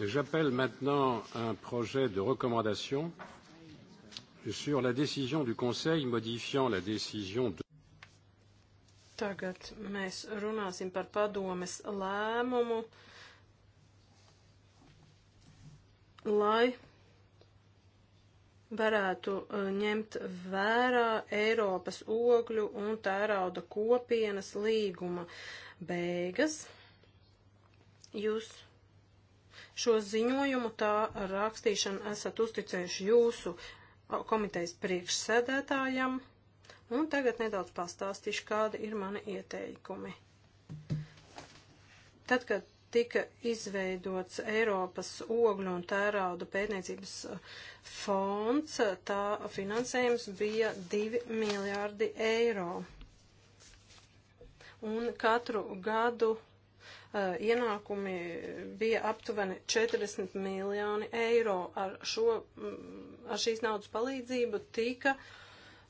J'appelle maintenant un projet de recommandation sur la décision du Conseil modifiant la décision de. Tagad mēs runāsim par padomes lēmumu, lai varētu e, ņemt vērā Eiropas ogļu un tērauda kopienas līguma beigas. Jūs Šo ziņojumu tā rakstīšanu esat uzticējuši jūsu komitejas priekšsēdētājam, un tagad nedaudz pastāstīšu, kādi ir mani ieteikumi. Tad, kad tika izveidots Eiropas ogļu un tērauda pētniecības uh, fonds, uh, tā finansējums bija 2 miljārdi eiro. Un katru gadu ienākumi bija aptuveni 40 miljoni eiro. Ar, šo, mm, ar šīs naudas palīdzību tika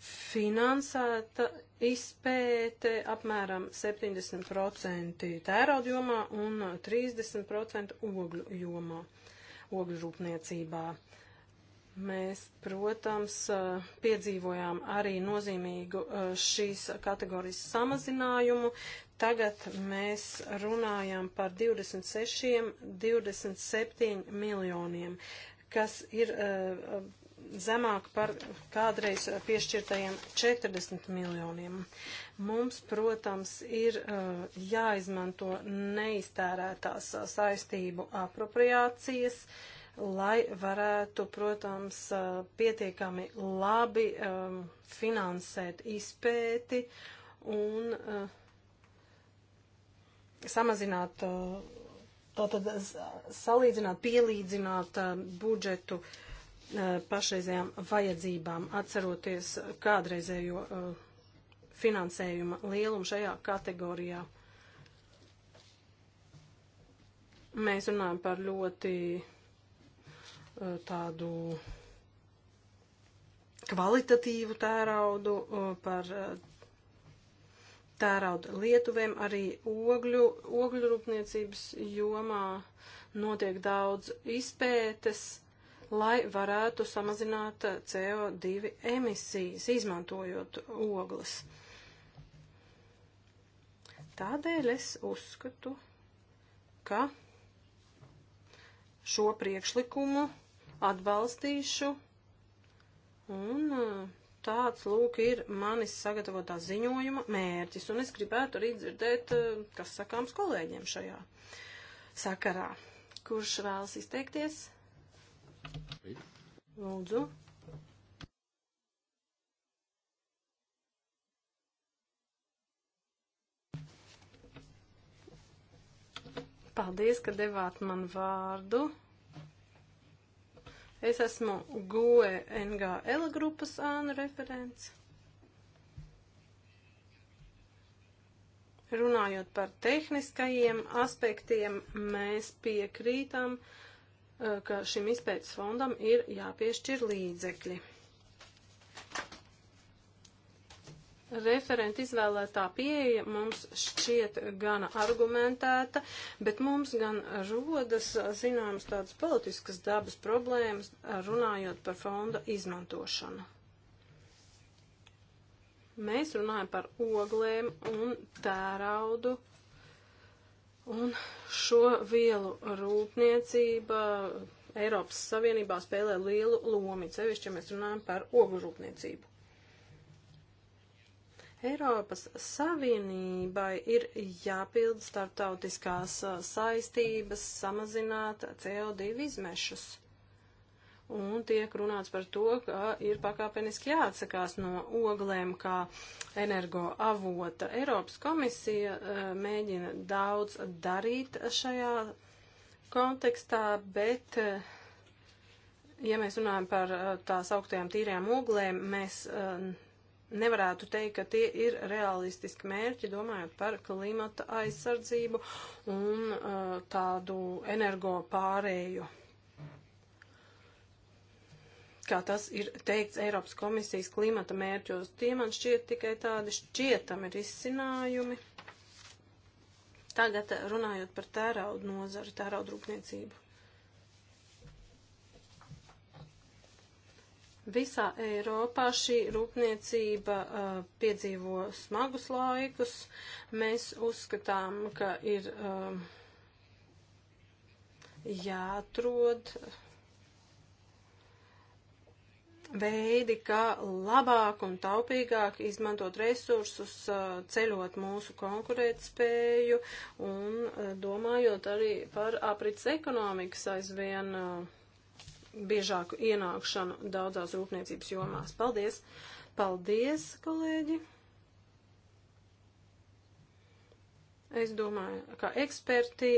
finansēta izpēte apmēram 70% tērauda jomā un 30% ogļu jomā, ogļu rūpniecībā. Mēs, protams, piedzīvojām arī nozīmīgu šīs kategorijas samazinājumu. Tagad mēs runājam par 26, 27 miljoniem, kas ir uh, zemāk par kādreiz piešķirtajiem 40 miljoniem. Mums, protams, ir uh, jāizmanto neiztērētās saistību apropriācijas, lai varētu, protams, uh, pietiekami labi um, finansēt izpēti un uh, samazināt, uh, tātad salīdzināt, pielīdzināt uh, budžetu uh, pašreizējām vajadzībām, atceroties kādreizējo finansējuma lielumu šajā kategorijā. Mēs runājam par ļoti tādu kvalitatīvu tēraudu, par tērauda lietuviem, arī ogļu, ogļu rūpniecības jomā notiek daudz izpētes, lai varētu samazināt CO2 emisijas, izmantojot ogles. Tādēļ es uzskatu, ka šo priekšlikumu atbalstīšu un uh, tāds, lūk, ir manis sagatavotā ziņojuma mērķis, un es gribētu arī dzirdēt, eh, kas sakāms kolēģiem šajā sakarā. Kurš vēlas izteikties? Lūdzu. Paldies, ka devāt man vārdu. Es esmu GUE NGL grupas ānu referents. Runājot par tehniskajiem aspektiem, mēs piekrītam, eh, ka šim izpētes fondam ir jāpiešķir līdzekļi. Referenta izvēlētā pieeja mums šķiet gana argumentēta, bet mums gan rodas zināmas tādas politiskas dabas problēmas, runājot par fonda izmantošanu. Mēs runājam par oglēm un tēraudu un šo vielu rūpniecība Eiropas Savienībā spēlē lielu lomu, cevišķi, ja mēs runājam par ogļu rūpniecību. Eiropas Savienībai ir jāpild starptautiskās saistības samazināt CO2 izmešus. Un tiek runāts par to, ka ir pakāpeniski jāatsakās no oglēm kā energo avota. Eiropas komisija mēģina daudz darīt šajā kontekstā, bet ja mēs runājam par tās augstajām tīrajām oglēm, mēs nevarētu teikt, ka tie ir realistiski mērķi, domājot par klimata aizsardzību un uh, tādu energo pārēju. Kā tas ir teikts Eiropas komisijas klimata mērķos, tie man šķiet tikai tādi šķietami risinājumi. Tagad uh, runājot par tērauda nozari, tērauda rūpniecību. Visā Eiropā šī rūpniecība uh, piedzīvo smagus laikus. Mēs uzskatām, ka ir uh, jāatrod veidi, kā labāk un taupīgāk izmantot resursus, uh, ceļot mūsu konkurētspēju un uh, domājot arī par aprits ekonomikas aizvien uh, biežāku ienākšanu daudzās rūpniecības jomās. Paldies! Paldies, kolēģi! Es domāju, ka eksperti,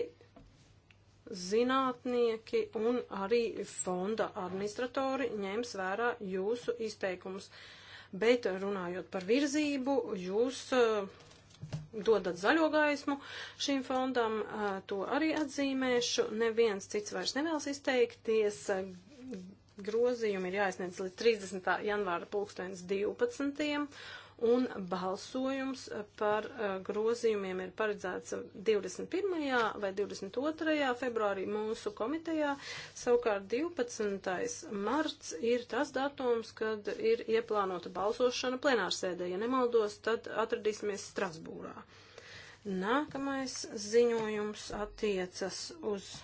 zinātnieki un arī fonda administratori ņems vērā jūsu izteikumus. Bet runājot par virzību, jūs uh, dodat zaļo gaismu šīm fondam, eh, to arī atzīmēšu. Neviens cits vairs nevēlas izteikties. Grozījumi ir jāizniedz līdz 30. janvāra pulkstens 12. Un balsojums par uh, grozījumiem ir paredzēts 21. vai 22. februārī mūsu komitejā. Savukārt 12. marts ir tas datums, kad ir ieplānota balsošana plenārsēdē. Ja nemaldos, tad atradīsimies Strasbūrā. Nākamais ziņojums attiecas uz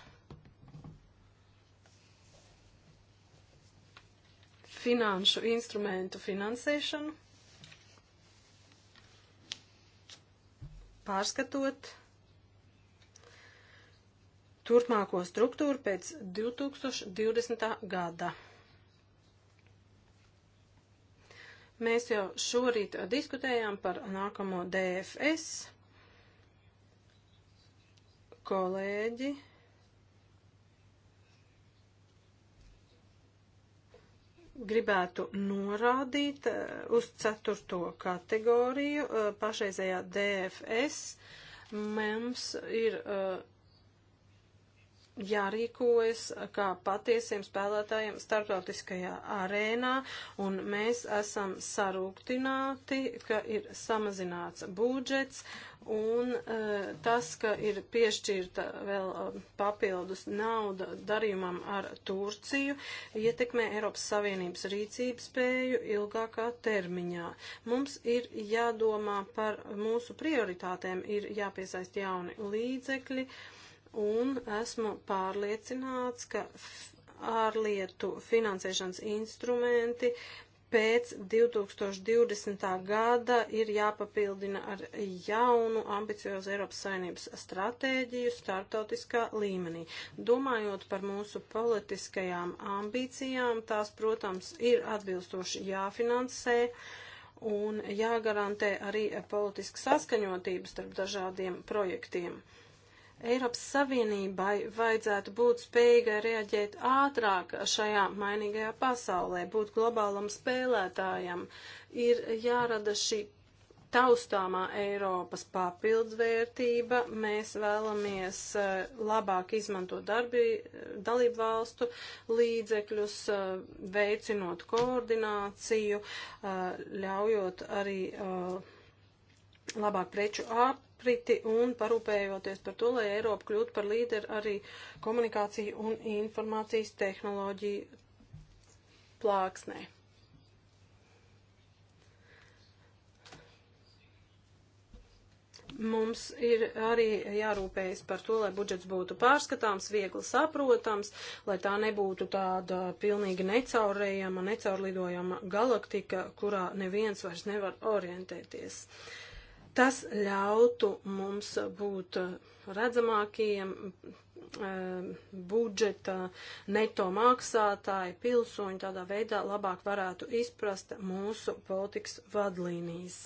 finanšu instrumentu finansēšanu, pārskatot turpmāko struktūru pēc 2020. gada. Mēs jau šorīt diskutējām par nākamo DFS. Kolēģi gribētu norādīt eh, uz ceturto kategoriju eh, pašreizējā DFS. Mums ir uh, jārīkojas kā patiesiem spēlētājiem starptautiskajā arēnā, un mēs esam sarūktināti, ka ir samazināts budžets, un uh, tas, ka ir piešķirta vēl uh, papildus nauda darījumam ar Turciju, ietekmē Eiropas Savienības rīcības spēju ilgākā termiņā. Mums ir jādomā par mūsu prioritātēm, ir jāpiesaist jauni līdzekļi. Uh, un esmu pārliecināts, ka ārlietu finansēšanas instrumenti pēc 2020. gada ir jāpapildina ar jaunu ambiciozu Eiropas Savienības stratēģiju startautiskā līmenī. Domājot par mūsu politiskajām ambīcijām, tās, protams, ir atbilstoši jāfinansē un jāgarantē arī politiska saskaņotība starp dažādiem projektiem. Eiropas Savienībai vajadzētu būt spējīgai reaģēt ātrāk šajā mainīgajā pasaulē, būt globālam spēlētājam, ir jārada šī taustāmā Eiropas papildvērtība. Mēs vēlamies eh, labāk izmantot darbi, eh, dalību valstu līdzekļus, eh, veicinot koordināciju, ļaujot arī labāk preču ap sakriti un parūpējoties par to, lai Eiropa kļūtu par līderi arī komunikāciju un informācijas tehnoloģiju plāksnē. Mums ir arī jārūpējas par to, lai budžets būtu pārskatāms, viegli saprotams, lai tā nebūtu tāda pilnīgi necaurējama, necaurlidojama galaktika, kurā neviens vairs nevar orientēties. Uh, Tas ļautu mums būt redzamākiem ehm, budžeta neto maksātāji, pilsoņi tādā veidā labāk varētu izprast mūsu politikas vadlīnijas.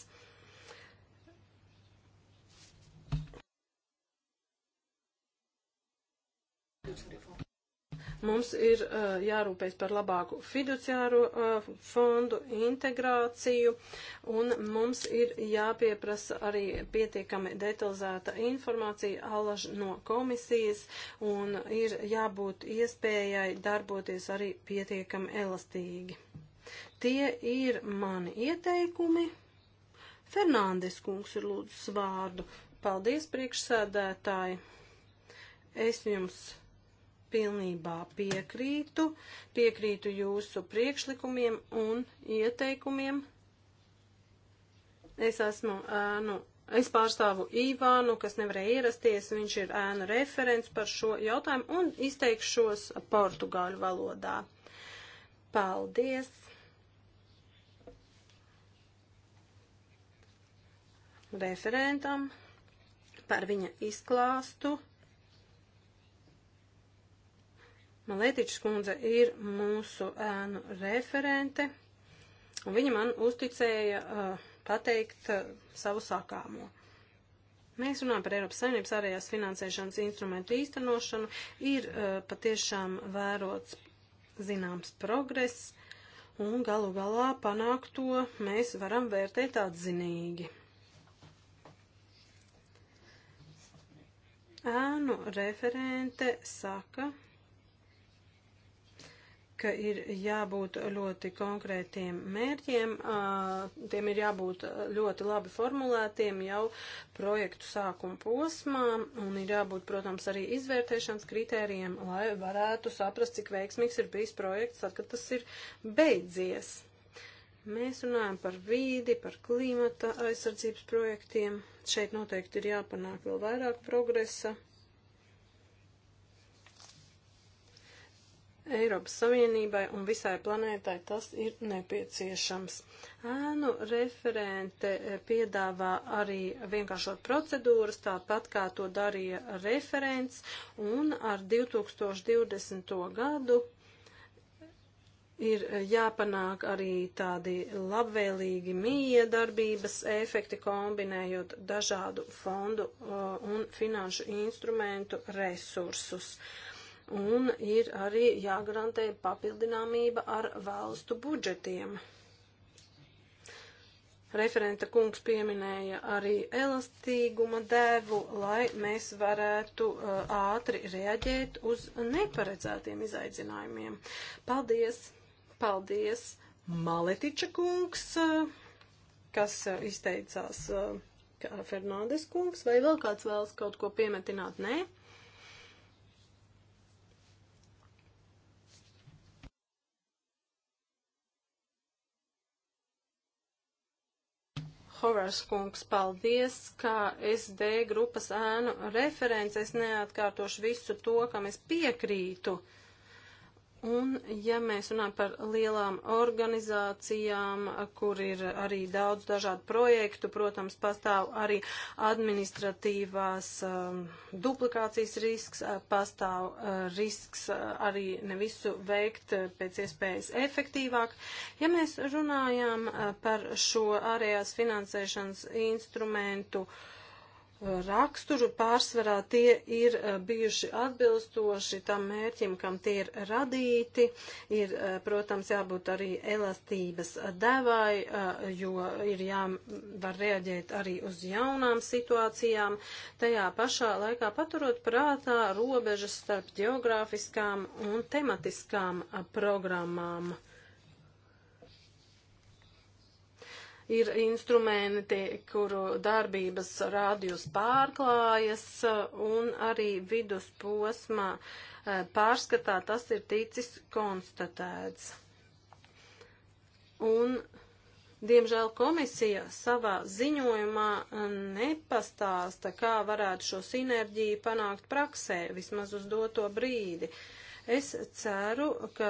Mums ir uh, eh, jārūpēs par labāku fiduciāro uh, fondu integrāciju, un mums ir jāpieprasa arī pietiekami detalizēta informācija alaž no komisijas, un ir jābūt iespējai darboties arī pietiekami elastīgi. Tie ir mani ieteikumi. Fernandes kungs ir lūdzu svārdu. Paldies, priekšsēdētāji! Es jums pilnībā piekrītu, piekrītu jūsu priekšlikumiem un ieteikumiem. Es esmu ēnu, es pārstāvu Īvānu, kas nevarēja ierasties, viņš ir ēnu referents par šo jautājumu un izteikšos portugāļu valodā. Paldies! Referentam par viņa izklāstu Malētiča skundze ir mūsu ēnu referente, un viņa man uzticēja uh, pateikt uh, savu sākāmo. Mēs runājam par Eiropas Savienības ārējās finansēšanas instrumentu īstenošanu. Ir uh, patiešām vērots zināms progress, un galu galā panākto mēs varam vērtēt atzinīgi. Ēnu referente saka, ka ir jābūt ļoti konkrētiem mērķiem, tiem ir jābūt ļoti labi formulētiem jau projektu sākuma posmā, un ir jābūt, protams, arī izvērtēšanas kritērijiem, lai varētu saprast, cik veiksmīgs ir bijis projekts, tad, kad tas ir beidzies. Mēs runājam par vīdi, par klimata aizsardzības projektiem. Šeit noteikti ir jāpanāk vēl vairāk progresa. Eiropas Savienībai un visai planētai tas ir nepieciešams. Ēnu referente piedāvā arī vienkāršot procedūras, tāpat kā to darīja referents, un ar 2020. gadu ir jāpanāk arī tādi labvēlīgi miedarbības efekti, kombinējot dažādu fondu uh, un finanšu instrumentu resursus. Uh, un ir arī jāgarantē papildināmība ar valstu budžetiem. Referenta kungs pieminēja arī elastīguma devu, lai mēs varētu uh, ātri reaģēt uz neparedzētiem izaicinājumiem. Paldies! Paldies! Maletiča kungs, uh, kas uh, izteicās, uh, Fernandes kungs, vai vēl kāds vēlas kaut ko piemetināt? Nē. Hovars kungs, paldies, kā SD grupas ēnu referents. Es neatkārtošu visu to, kam es piekrītu. Uh, Un, ja mēs runājam par lielām organizācijām, kur ir arī daudz dažādu projektu, protams, pastāv arī administratīvās um, duplikācijas risks, uh, pastāv uh, risks uh, arī ne visu veikt uh, pēc iespējas efektīvāk. Ja mēs runājam uh, par šo ārējās finansēšanas instrumentu, uh, raksturu pārsvarā tie ir eh, bijuši atbilstoši tam mērķim, kam tie ir radīti. Ir, eh, protams, jābūt arī elastības devai, eh, jo ir jāvar reaģēt arī uz jaunām situācijām. Tajā pašā laikā paturot prātā robežas starp geogrāfiskām un tematiskām programmām. ir instrumenti, kuru darbības rādījus pārklājas, un arī vidusposmā e, pārskatā tas ir ticis konstatēts. Un Diemžēl komisija savā ziņojumā nepastāsta, kā varētu šo sinerģiju panākt praksē, vismaz uz doto brīdi. Uh, Es ceru, ka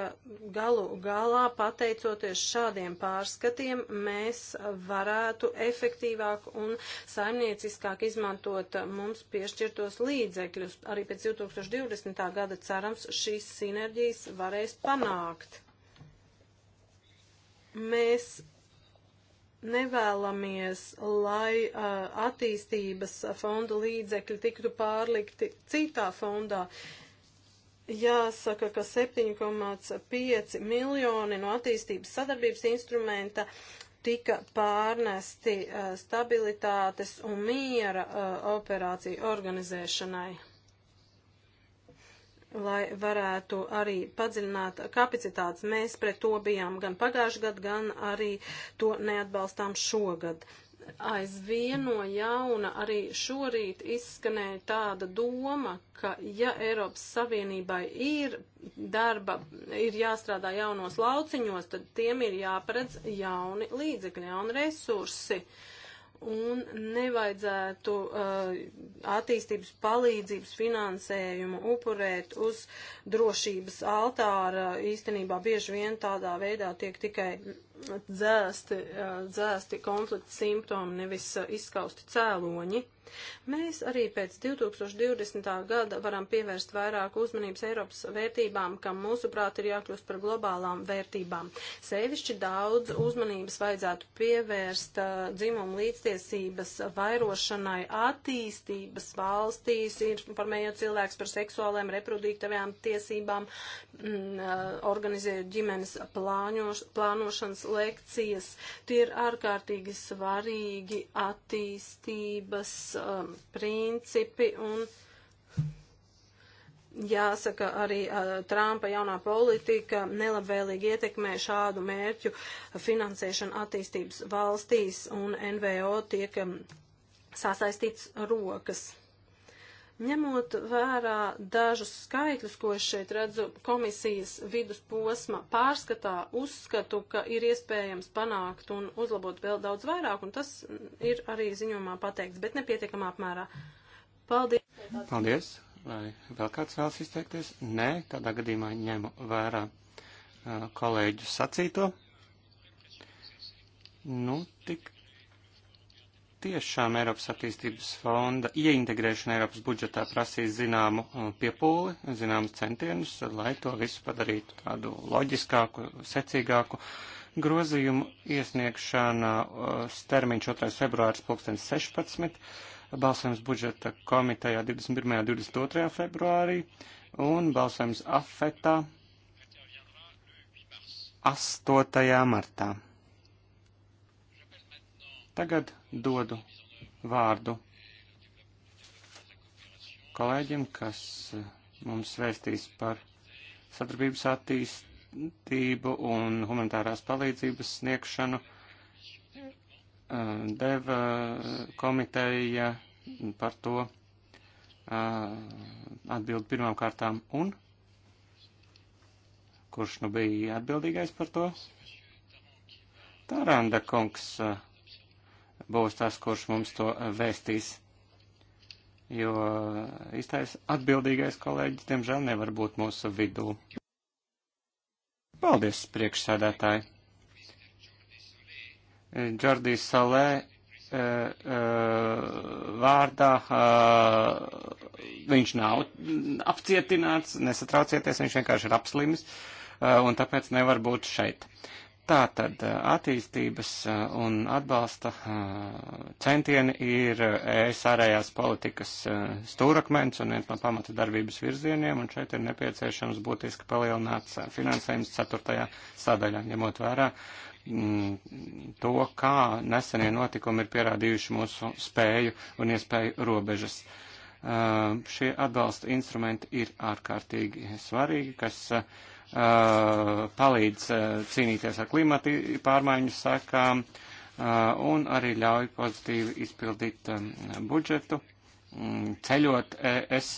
galu galā, pateicoties šādiem pārskatiem, mēs varētu efektīvāk un saimnieciskāk izmantot mums piešķirtos līdzekļus. Arī pēc 2020. gada cerams šīs sinerģijas varēs panākt. Mēs nevēlamies, lai uh, attīstības fonda līdzekļi tiktu pārlikti citā fondā. Uh, Jāsaka, ka 7,5 miljoni no attīstības sadarbības instrumenta tika pārnesti uh, stabilitātes un miera uh, operāciju organizēšanai, lai varētu arī padziļināt kapacitātes. Mēs pret to bijām gan pagājušajā gadā, gan arī to neatbalstām šogad aizvien no jauna arī šorīt izskanēja tāda doma, ka ja Eiropas Savienībai ir darba, ir jāstrādā jaunos lauciņos, tad tiem ir jāparedz jauni līdzekļi, jauni resursi. Un nevajadzētu uh, attīstības palīdzības finansējumu upurēt uz drošības altāra. Īstenībā bieži vien tādā veidā tiek tikai dzēsti, dzēsti konflikta simptomi, nevis izskausti cēloņi. Mēs arī pēc 2020. gada varam pievērst vairāk uzmanības Eiropas vērtībām, kam mūsuprāt ir jākļūst par globālām vērtībām. Sevišķi daudz uzmanības vajadzētu pievērst uh, dzimumu līdztiesības vairošanai attīstības valstīs, informējot cilvēks par seksuālēm, reproduktīvajām tiesībām, mm, uh, organizējot ģimenes plāņoš, plānošanas lekcijas. Tie ir ārkārtīgi svarīgi attīstības um, principi un jāsaka arī uh, Trumpa jaunā politika nelabvēlīgi ietekmē šādu mērķu finansēšanu attīstības valstīs un NVO tiek um, sasaistīts rokas. Ņemot vērā dažus skaitļus, ko es šeit redzu komisijas vidusposma pārskatā, uzskatu, ka ir iespējams panākt un uzlabot vēl daudz vairāk, un tas ir arī ziņojumā pateikts, bet nepietiekamā apmērā. Paldies! Paldies! Vai vēl kāds vēlas izteikties? Nē, tādā gadījumā ņemu vērā uh, kolēģu sacīto. Nu, tik tiešām Eiropas attīstības fonda ieintegrēšana Eiropas budžetā prasīs zināmu uh, piepūli, zināmas centienus, lai to visu padarītu tādu loģiskāku, secīgāku. Grozījumu iesniegšana uh, termiņš 2. februāris 2016, balsojums budžeta komitejā 21. un 22. februārī un balsojums afetā 8. martā. Tagad dodu vārdu kolēģiem, kas eh, mums vēstīs par sadarbības attīstību un humanitārās palīdzības sniegšanu. Eh, Deva komiteja par to eh, atbild pirmām kārtām un kurš nu bija atbildīgais par to? Taranda kungs. Uh, būs tas, kurš mums to vēstīs. Jo īstais atbildīgais kolēģis, diemžēl, nevar būt mūsu vidū. Paldies, priekšsēdētāji! Džordijs Salē eh, eh, vārdā eh, viņš nav apcietināts, nesatraucieties, viņš vienkārši ir apslimis un tāpēc nevar būt šeit. Tā tad attīstības un atbalsta centieni ir ES ārējās politikas stūrakmens un viens no pamata darbības virzieniem, un šeit ir nepieciešams būtiski palielināts finansējums ceturtajā sadaļā, ņemot vērā mm, to, kā nesenie notikumi ir pierādījuši mūsu spēju un iespēju robežas. Šie atbalsta instrumenti ir ārkārtīgi svarīgi, kas Uh, palīdz uh, cīnīties ar klimata pārmaiņu sekām uh, un arī ļauj pozitīvi izpildīt um, budžetu, mm, ceļot es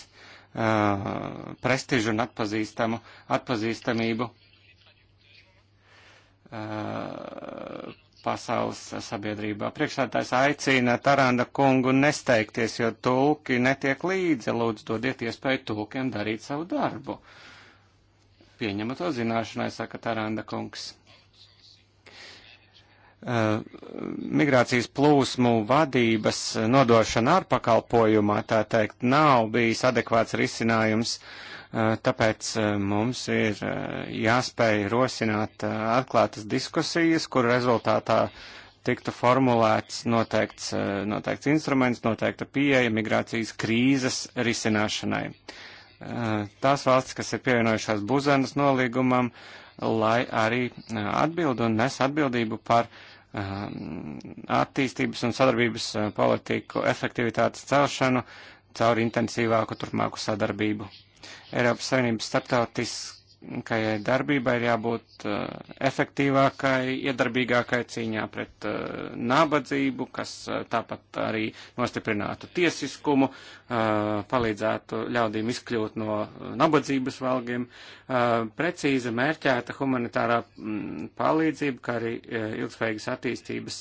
prestižu un atpazīstamu, atpazīstamību pasaules sabiedrībā. Priekšsētājs aicina Taranda kungu nesteigties, jo tulki netiek līdzi, lūdzu dodiet iespēju tulkiem darīt savu darbu. Uh, pieņemu to zināšanai, saka Taranda kungs. Uh, migrācijas plūsmu vadības nodošana ar pakalpojumā, tā teikt, nav bijis adekvāts risinājums, uh, tāpēc uh, mums ir jāspēj rosināt atklātas diskusijas, kur rezultātā tiktu formulēts noteikts, noteikts instruments, noteikta pieeja migrācijas krīzes risināšanai. Uh, Eh, tās valstis, kas ir pievienojušās Buzenas nolīgumam, lai arī eh, atbild un nes atbildību par eh, attīstības un sadarbības politiku efektivitātes celšanu caur intensīvāku turpmāku sadarbību. Eiropas Savienības starptautiski ka ja darbībai ir jābūt uh, efektīvākai, iedarbīgākai cīņā pret uh, nabadzību, kas uh, tāpat arī nostiprinātu tiesiskumu, palīdzētu ļaudīm izkļūt no nabadzības valgiem. Precīza mērķēta humanitārā mm, palīdzība, kā arī ilgspējīgas attīstības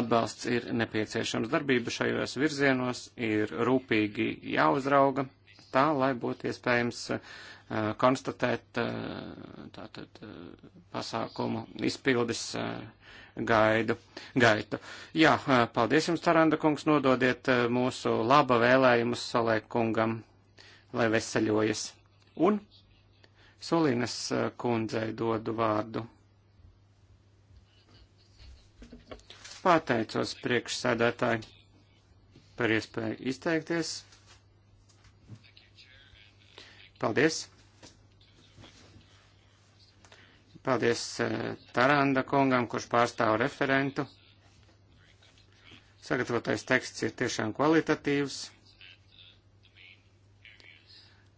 atbalsts ir nepieciešams. Darbība šajos virzienos ir rūpīgi jāuzrauga tā, lai būtu iespējams uh, konstatēt uh, tātad uh, pasākumu izpildes gaidu, gaitu. Jā, paldies jums, Taranda kungs, nododiet mūsu laba vēlējumus Solē kungam, lai veseļojas. Un Solīnas kundzei dodu vārdu. Pateicos priekšsēdētāji par iespēju izteikties. Paldies! Paldies eh, Taranda kungam, kurš pārstāv referentu. Sagatavotais teksts ir tiešām kvalitatīvs.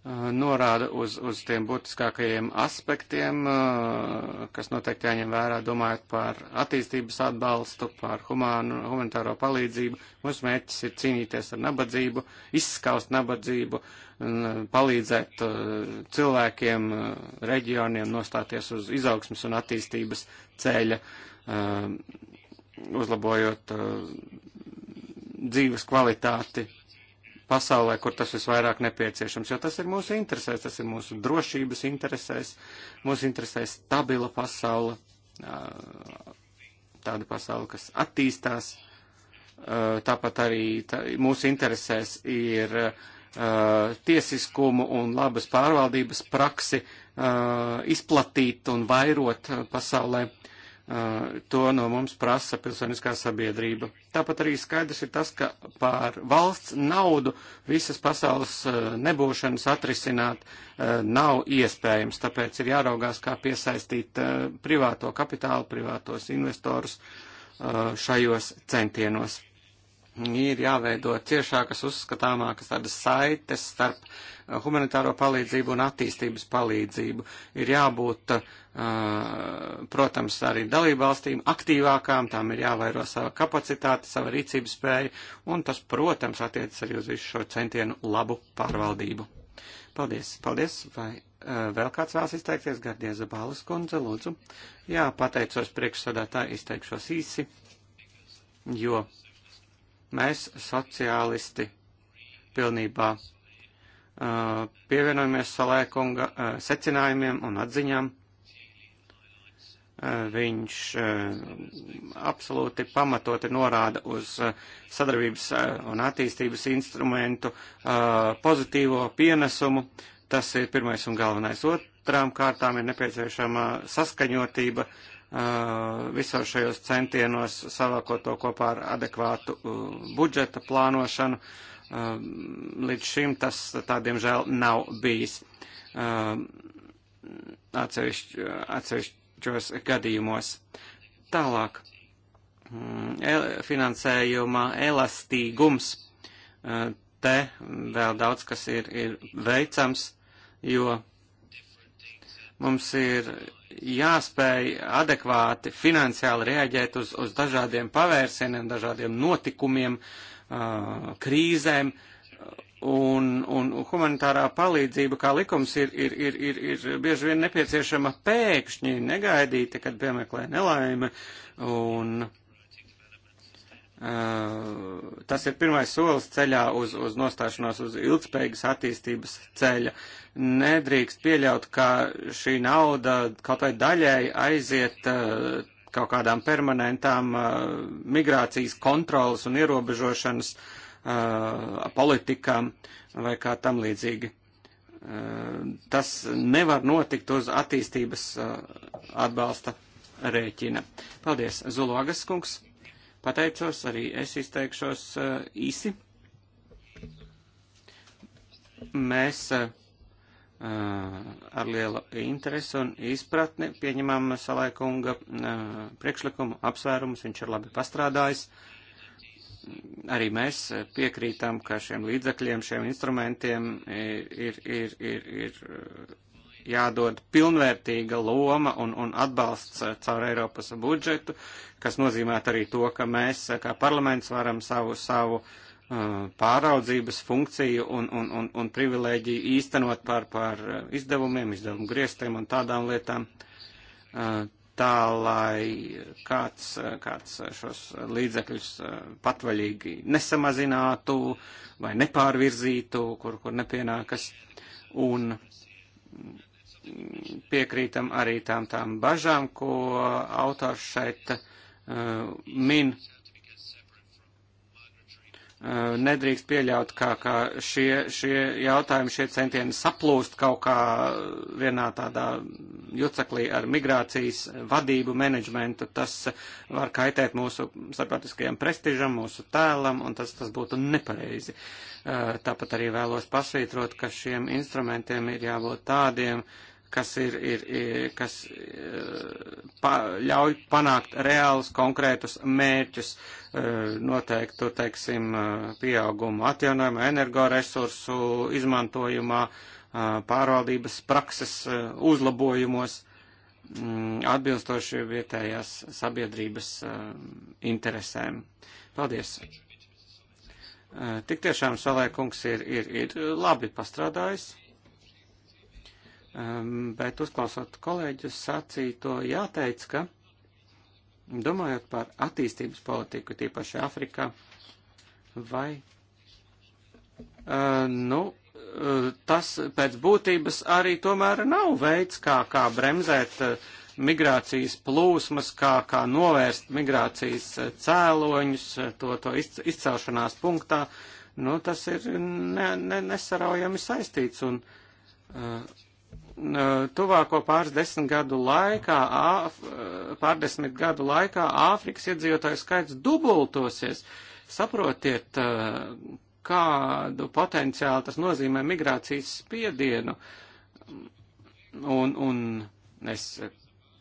Uh, norāda uz, uz tiem būtiskākajiem aspektiem, uh, kas noteikti jāņem vērā, domājot par attīstības atbalstu, par humānu, humanitāro palīdzību. Mūsu mērķis ir cīnīties ar nabadzību, izskaust nabadzību, uh, palīdzēt cilvēkiem, reģioniem nostāties uz izaugsmas un attīstības ceļa, uzlabojot dzīves kvalitāti pasaulē, kur tas visvairāk nepieciešams, jo tas ir mūsu interesēs, tas ir mūsu drošības interesēs, mūsu interesēs stabila pasaula, tāda pasaula, kas attīstās. Tāpat arī tā, mūsu interesēs ir tiesiskumu un labas pārvaldības praksi izplatīt un vairot pasaulē. Uh, Eh, to no mums prasa pilsoniskā sabiedrība. Tāpat arī skaidrs ir tas, ka pār valsts naudu visas pasaules eh, nebūšanas atrisināt eh, nav iespējams, tāpēc ir jāraugās, kā piesaistīt privāto kapitālu, privātos investorus šajos centienos ir jāveido ciešākas, uzskatāmākas tādas saites starp uh, humanitāro palīdzību un attīstības palīdzību. Ir jābūt, uh, protams, arī dalībvalstīm aktīvākām, tām ir jāvairo sava kapacitāte, sava rīcības spēja, un tas, protams, attiecas arī uz visu šo centienu labu pārvaldību. Paldies, paldies, vai uh, vēl kāds vēlas izteikties, Gardieza Bālas kundze, lūdzu. Jā, pateicos priekšsādātāji, izteikšos īsi, jo Mēs, sociālisti, pilnībā uh, pievienojamies Salēkunga uh, secinājumiem un atziņām. Uh, viņš absolūti pamatoti norāda uz sadarbības un attīstības instrumentu pozitīvo pienesumu. Tas ir pirmais un galvenais. Otrām kārtām ir nepieciešama saskaņotība uh, Uh, visā šajos centienos savākot to kopā ar adekvātu uh, budžeta plānošanu. Uh, līdz šim tas tādiem žēl nav bijis atsevišķ, atsevišķos gadījumos. Tālāk, mm, finansējuma elastīgums. Te vēl daudz kas ir, ir veicams, jo mums ir jāspēj adekvāti finansiāli reaģēt uz, uz dažādiem pavērsieniem, dažādiem notikumiem, krīzēm, un, un humanitārā palīdzība, kā likums, ir, ir, ir, ir, ir bieži vien nepieciešama pēkšņi, negaidīti, kad piemeklē nelaime, un Eh, tas ir pirmais solis ceļā uz, uz nostāšanos uz ilgspējīgas attīstības ceļa. Nedrīkst pieļaut, ka šī nauda kaut vai daļēji aiziet eh, kaut kādām permanentām eh, migrācijas kontrolas un ierobežošanas politikām vai kā tam līdzīgi. Tas nevar notikt uz attīstības atbalsta rēķina. Paldies, Zulogas kungs! pateicos, arī es izteikšos eh, īsi. Mēs eh, eh, ar lielu interesi un izpratni pieņemam Salaikunga priekšlikumu apsvērumus, viņš ir labi pastrādājis. Arī mēs piekrītam, ka šiem līdzekļiem, šiem instrumentiem ir, ir, ir, ir jādod pilnvērtīga loma un, un atbalsts eh, caur Eiropas budžetu, kas nozīmē arī to, ka mēs eh, kā parlaments varam savu, savu uh, pāraudzības funkciju un, un, un, un privilēģiju īstenot par, par izdevumiem, izdevumu griestiem un tādām lietām, uh, tā lai kāds, kāds šos līdzekļus patvaļīgi nesamazinātu vai nepārvirzītu, kur, kur nepienākas. Un piekrītam arī tām tām bažām, ko autors šeit uh, min. Uh, nedrīkst pieļaut, ka, ka šie, šie jautājumi, šie centieni saplūst kaut kā vienā tādā juceklī ar migrācijas vadību, menedžmentu. Tas var kaitēt mūsu starptautiskajam prestižam, mūsu tēlam, un tas, tas būtu nepareizi. Uh, tāpat arī vēlos pasvītrot, ka šiem instrumentiem ir jābūt tādiem, uh, kas, ir, ir, kas eh, pa, ļauj panākt reālus konkrētus mērķus, eh, noteiktu, teiksim, eh, pieaugumu atjaunojumu, energoresursu izmantojumā, pārvaldības prakses uzlabojumos, mm, atbilstoši vietējās sabiedrības interesēm. Paldies! Tik tiešām Salēkungs ir, ir, ir labi pastrādājis. Um, bet uzklausot kolēģus sacīto, jāteic, ka domājot par attīstības politiku, tīpaši Afrikā, vai, uh, nu, uh, tas pēc būtības arī tomēr nav veids, kā, kā bremzēt uh, migrācijas plūsmas, kā, kā novērst migrācijas cēloņus, to, to izcelšanās punktā, nu, tas ir ne, ne, nesaraujami saistīts. Un, uh, tuvāko pāris desmit gadu laikā, Āf, eh, pārdesmit gadu laikā Āfrikas iedzīvotāju skaits dubultosies. Saprotiet, eh, kādu potenciālu tas nozīmē migrācijas spiedienu. Un, un es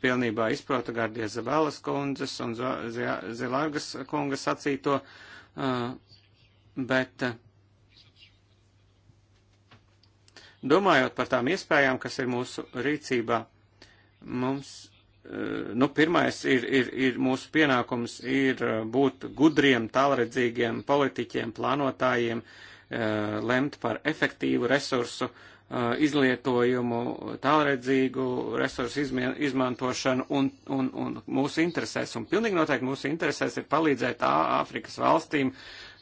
pilnībā izprotu Gardies Zabelas kundzes un Zilārgas kungas sacīto, eh, bet. Uh, Domājot par tām iespējām, kas ir mūsu rīcībā, mums, eh, nu, pirmais ir, ir, ir mūsu pienākums ir eh, būt gudriem, tālredzīgiem politiķiem, plānotājiem, eh, lemt par efektīvu resursu izlietojumu, tālredzīgu resursu izmantošanu un, un, un mūsu interesēs. Un pilnīgi noteikti mūsu interesēs ir palīdzēt Āfrikas valstīm uh,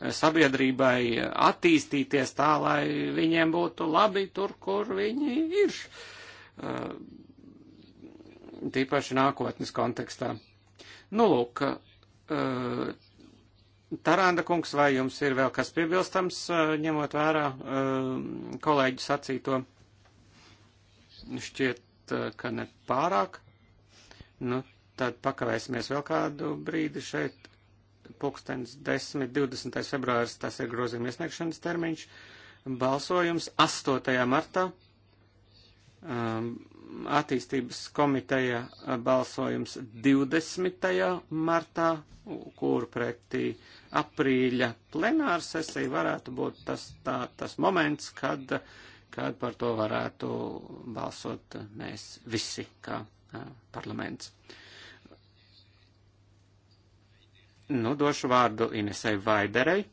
sabiedrībai attīstīties tā, lai viņiem būtu labi tur, kur viņi ir. Eh, tīpaši nākotnes kontekstā. Nu, lūk, eh, Taranda kungs, vai jums ir vēl kas piebilstams, eh, ņemot vērā kolēģu sacīto? Šķiet, ka ne pārāk. Nu, tad pakavēsimies vēl kādu brīdi šeit pulkstens 10. 20. februāris, tas ir grozījuma iesniegšanas termiņš. Balsojums 8. martā. Um, attīstības komiteja uh, balsojums 20. martā, kur pretī aprīļa plenāra sesija varētu būt tas, tā, tas moments, kad, kad par to varētu balsot uh, mēs visi kā uh, parlaments. Uh, Nu, došu vārdu Inesai Vaiderei.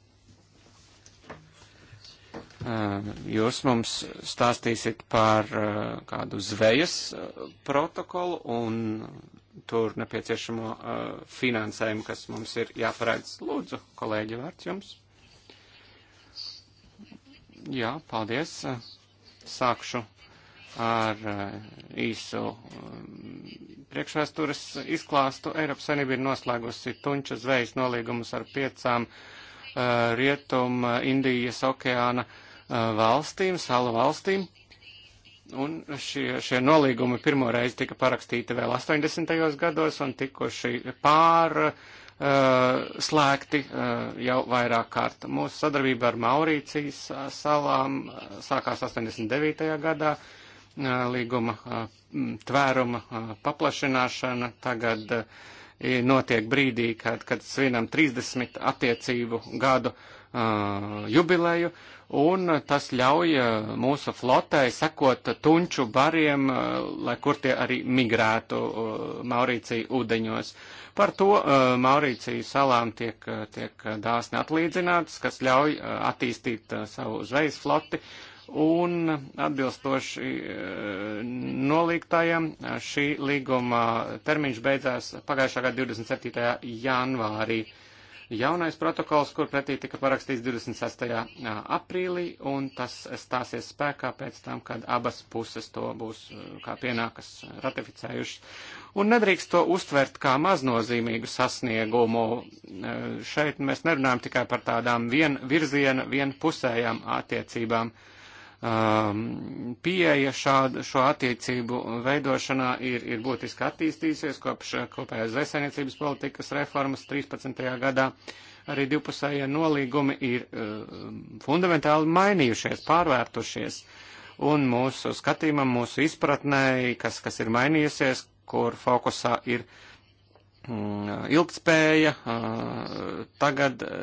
Uh, jūs mums stāstīsiet par uh, kādu zvejas uh, protokolu un tur nepieciešamo finansējumu, kas mums ir jāparādz. Lūdzu, kolēģi, vārds jums. Jā, paldies. Sākšu ar eh, īsu mm, priekšvēstures izklāstu. Eiropas Savienība ir noslēgusi tunča zvejas nolīgumus ar piecām eh, rietum eh, Indijas okeāna valstīm, salu valstīm. Un šie, šie nolīgumi pirmoreiz tika parakstīti vēl 80. gados un tikuši pār uh, slēgti uh, jau vairāk kārt. Mūsu sadarbība ar Maurīcijas salām sākās 89. gadā. Uh, līguma tvēruma paplašināšana tagad notiek brīdī, kad, kad svinam 30 attiecību gadu jubileju, un tas ļauj mūsu flotei sekot tunču bariem, lai kur tie arī migrētu Maurīcija ūdeņos. Par to Maurīcija salām tiek, tiek dāsni atlīdzināts, kas ļauj attīstīt savu zvejas floti, uh, un atbilstoši e, noliktajam šī līguma termiņš beidzās pagājušā gada 27. janvārī. Jaunais protokols, kur pretī tika parakstīts 26. aprīlī, un tas stāsies spēkā pēc tam, kad abas puses to būs e, kā pienākas ratificējušas. Un nedrīkst to uztvert kā maznozīmīgu sasniegumu. E, šeit mēs nerunājam tikai par tādām vien virziena, vienpusējām attiecībām. Uh, Um, pieeja šādu, šo attiecību veidošanā ir, ir būtiski attīstījusies kopš uh, kopējās zvejasainiecības politikas reformas 13. gadā. Arī divpusējie nolīgumi ir uh, fundamentāli mainījušies, pārvērtušies. Un mūsu skatījumam, mūsu izpratnē, kas, kas ir mainījusies, kur fokusā ir mm, ilgtspēja, uh, tagad uh,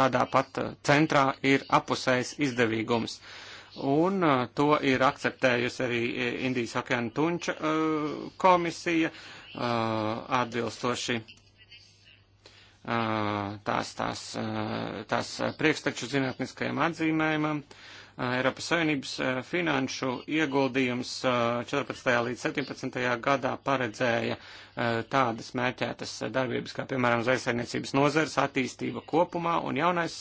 tādā pat uh, centrā ir apusējs izdevīgums. Uh, un uh, to ir akceptējusi arī e, Indijas okeāna tunča uh, komisija uh, atbilstoši tās, tās, tās priekšteču zinātniskajam atzīmējumam. Uh, Eh, Eiropas Savienības eh, finanšu ieguldījums 14. Eh, līdz 17. gadā paredzēja tādas mērķētas darbības, kā piemēram zaisainiecības nozares attīstība kopumā un jaunais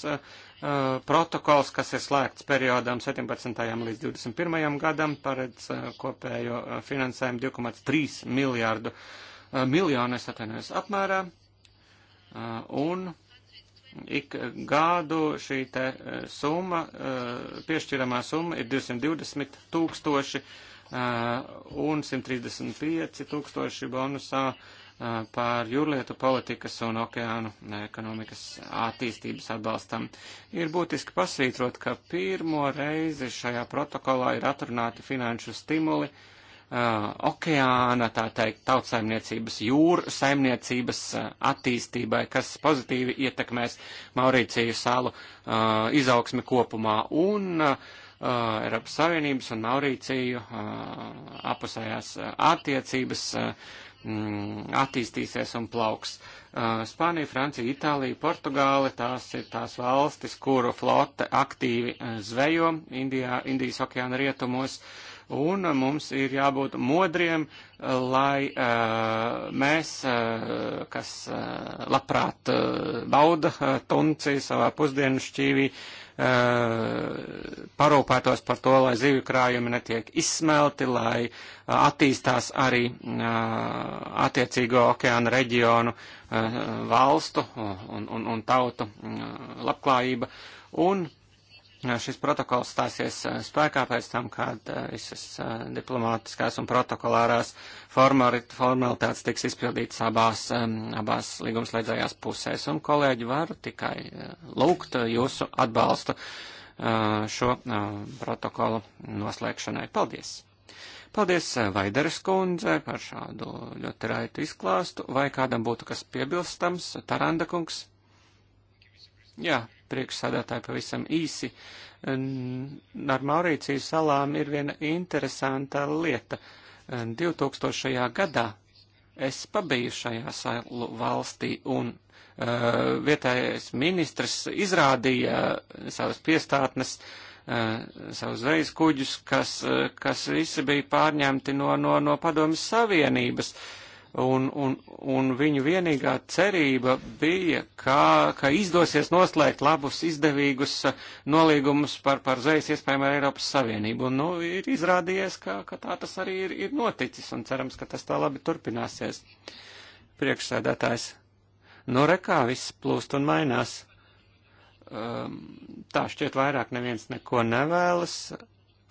protokols, kas ir slēgts periodam 17. līdz 21. gadam, paredz kopējo finansējumu 2,3 miljārdu miljonus atvainojas apmērā. Un Ik gādu šī te e, summa, e, piešķiramā summa ir 220 tūkstoši e, un 135 tūkstoši bonusā par jūrlietu politikas un okeānu ekonomikas attīstības atbalstam. Ir būtiski pasvītrot, ka pirmo reizi šajā protokolā ir atrunāti finanšu stimuli uh, Uh, okeāna, tā teikt, tautsaimniecības, jūru saimniecības uh, attīstībai, kas pozitīvi ietekmēs Maurīciju salu uh, izaugsmi kopumā un Eiropas Savienības un Maurīciju apusējās attiecības mm, attīstīsies un plauks. Spānija, Francija, Itālija, Portugāle - tās ir tās valstis, kuru flote aktīvi zvejo Indijā, Indijas okeāna rietumos. Uh, un uh, mums ir jābūt modriem, uh, lai uh, mēs, kas labprāt bauda tunci savā pusdienu šķīvī, parūpētos par to, lai zivju krājumi netiek izsmelti, lai attīstās arī attiecīgo okeāna reģionu valstu un, un, un tautu labklājība. Un šis protokols stāsies eh, spēkā pēc tam, kad eh, visas eh, diplomātiskās un protokolārās formalitātes tiks izpildītas abās, abās līgumslēdzējās pusēs. Un, kolēģi, varu tikai lūgt jūsu atbalstu šo protokolu noslēgšanai. Paldies! Paldies Vaideres kundze par šādu ļoti raitu izklāstu. Vai kādam būtu kas piebilstams? Taranda kungs? Jā. Yeah priekšsādātāji pavisam īsi. Ar Maurīcijas salām ir viena interesanta lieta. 2000. gadā es pabiju šajā salu valstī un uh, vietējais ministrs izrādīja savas piestātnes, uh, savus zvejaskuģus, kas, uh, kas visi bija pārņemti no, no, no padomjas Savienības. Uh, un, un, un viņu vienīgā cerība bija, ka, ka izdosies noslēgt labus, izdevīgus uh, nolīgumus par, par zvejas iespējām ar Eiropas Savienību. Un, nu, ir izrādījies, ka, ka tā tas arī ir, ir noticis, un cerams, ka tas tā labi turpināsies. Priekšsēdētājs. Nu, rekā viss plūst un mainās. Um, tā šķiet vairāk neviens neko nevēlas.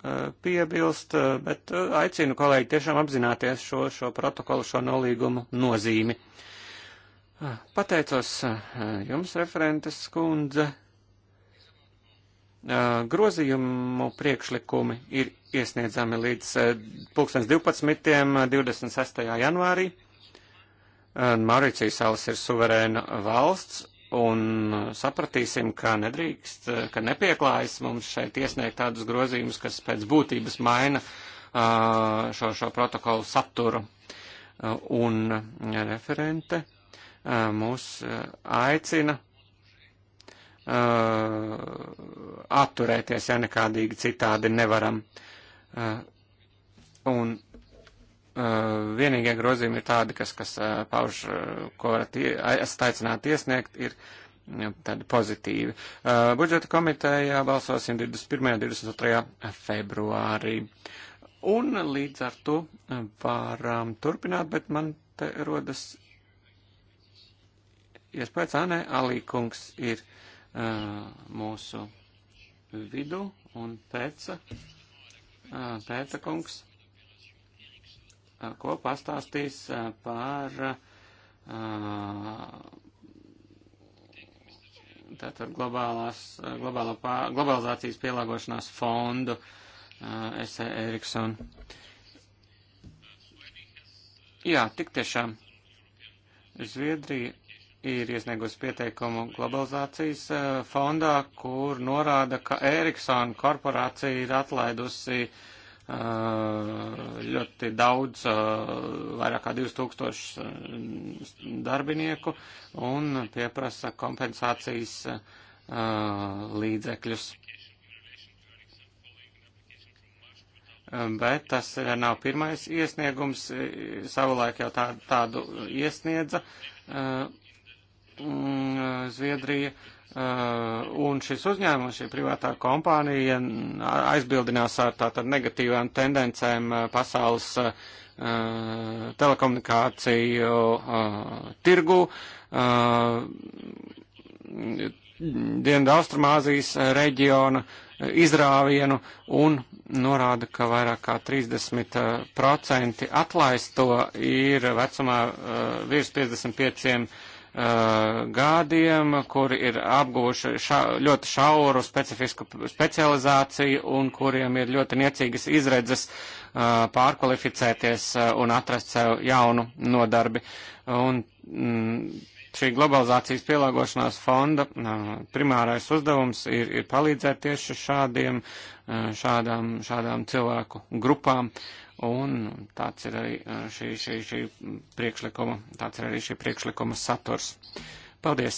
Eh, piebilst, eh, bet eh, aicinu kolēģi tiešām apzināties šo, šo protokolu, šo nolīgumu nozīmi. Pateicos jums, referentes kundze. Grozījumu priekšlikumi ir iesniedzami līdz 2012.26. janvārī. Mauricijas salas ir suverēna valsts, un uh, sapratīsim, ka nedrīkst, uh, ka nepieklājas mums šeit iesniegt tādus grozījumus, kas pēc būtības maina uh, šo, šo protokolu saturu. Un referente mūs aicina atturēties, ja nekādīgi citādi nevaram. Un Uh, vienīgie grozījumi ir tādi, kas, kas uh, pauž, uh, ko varat esat aicināti iesniegt, ir nu, tādi pozitīvi. Budžeta komitejā balsosim 21. un 22. februārī. Un līdz ar to varam turpināt, bet man te rodas iespējas, ja Anē, Alī kungs ir mūsu vidu un pēca, pēca kungs. Eh, ko pastāstīs eh, par eh, tātad globālās, globālā, globalizācijas pielāgošanās fondu S.E. Eriksson. Jā, tik tiešām. Zviedrija ir iesniegusi pieteikumu globalizācijas fondā, kur norāda, ka Eriksona korporācija ir atlaidusi uh, Eh, ļoti daudz, eh, vairāk kā 2000 darbinieku un pieprasa kompensācijas eh, līdzekļus. Bet tas nav pirmais iesniegums, savulaik jau tā, tādu iesniedza mm, Zviedrija. Uh, Uh, un šis uzņēmums, šī privātā kompānija aizbildinās ar tātad negatīvām tendencēm uh, pasaules uh, telekomunikāciju uh, tirgu. Uh, Dienvidaustrumāzijas reģiona uh, izrāvienu un norāda, ka vairāk kā 30% atlaisto ir vecumā virs 55 Uh, gadiem, kuri ir apguvuši ša, ļoti šauru specifisku specializāciju un kuriem ir ļoti niecīgas izredzes uh, pārkvalificēties uh, un atrast sev jaunu nodarbi. Un, mm, Šī globalizācijas pielāgošanās fonda uh, primārais uzdevums ir, ir palīdzēt tieši šādiem, uh, šādām, šādām cilvēku grupām Un tāds ir arī uh, šī, šī, šī priekšlikuma, tāds ir arī šī priekšlikuma saturs. Paldies!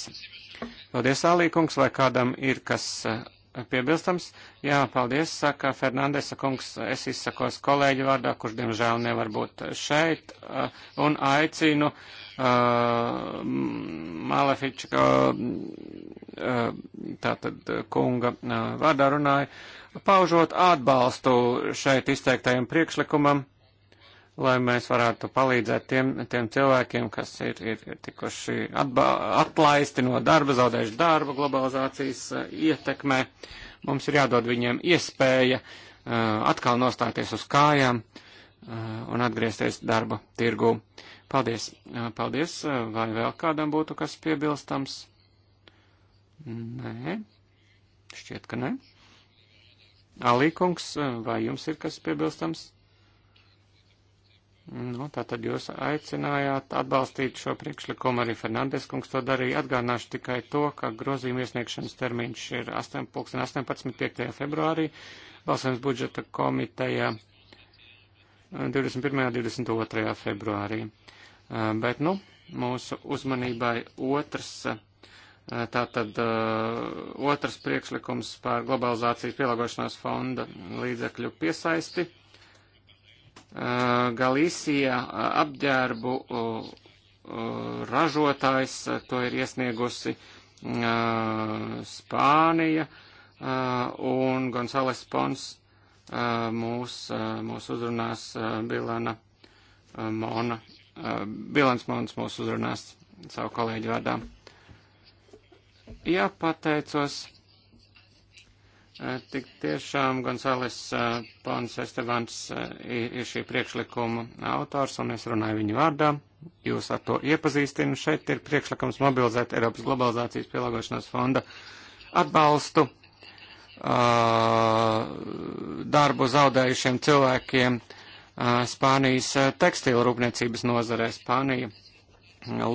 Paldies, Alīkungs, vai kādam ir kas uh, piebilstams? Jā, paldies, saka Fernandesa kungs, es izsakos kolēģi vārdā, kurš diemžēl nevar būt šeit, uh, un aicinu uh, uh, eh, Malefiča uh, eh, tātad kunga uh, vārdā runāja, paužot atbalstu šeit izteiktajam priekšlikumam, lai mēs varētu palīdzēt tiem, tiem cilvēkiem, kas ir, ir, ir tikuši atba, atlaisti no darba, zaudējuši darbu globalizācijas uh, ietekmē. Mums ir jādod viņiem iespēja uh, atkal nostāties uz kājām uh, un atgriezties darba tirgū. Paldies. Paldies. Vai vēl kādam būtu kas piebilstams? Nē. Šķiet, ka nē. Alīkungs, vai jums ir kas piebilstams? Nu, tātad jūs aicinājāt atbalstīt šo priekšlikumu, arī Fernandes kungs to darīja. Atgādināšu tikai to, ka grozījuma iesniegšanas termiņš ir 18.5. februārī, balsojums budžeta komiteja 21. un 22. februārī. Uh, bet, nu, mūsu uzmanībai otrs. Uh, tātad uh, otrs priekšlikums par globalizācijas pielāgošanās fonda līdzekļu piesaisti. Galīsija apģērbu ražotājs, to ir iesniegusi Spānija, un Gonzales Pons mūs, mūs uzrunās Bilana Mona Bilans Mons mūs uzrunās savu kolēģu vārdā. Jā, pateicos. Tik tiešām Gonzales Pons Estevans ir šī priekšlikuma autors, un es runāju viņu vārdā. Jūs ar to iepazīstinu. Šeit ir priekšlikums mobilizēt Eiropas globalizācijas pielāgošanās fonda atbalstu darbu zaudējušiem cilvēkiem. Uh, Spānijas tekstilu rūpniecības nozarē. Spānija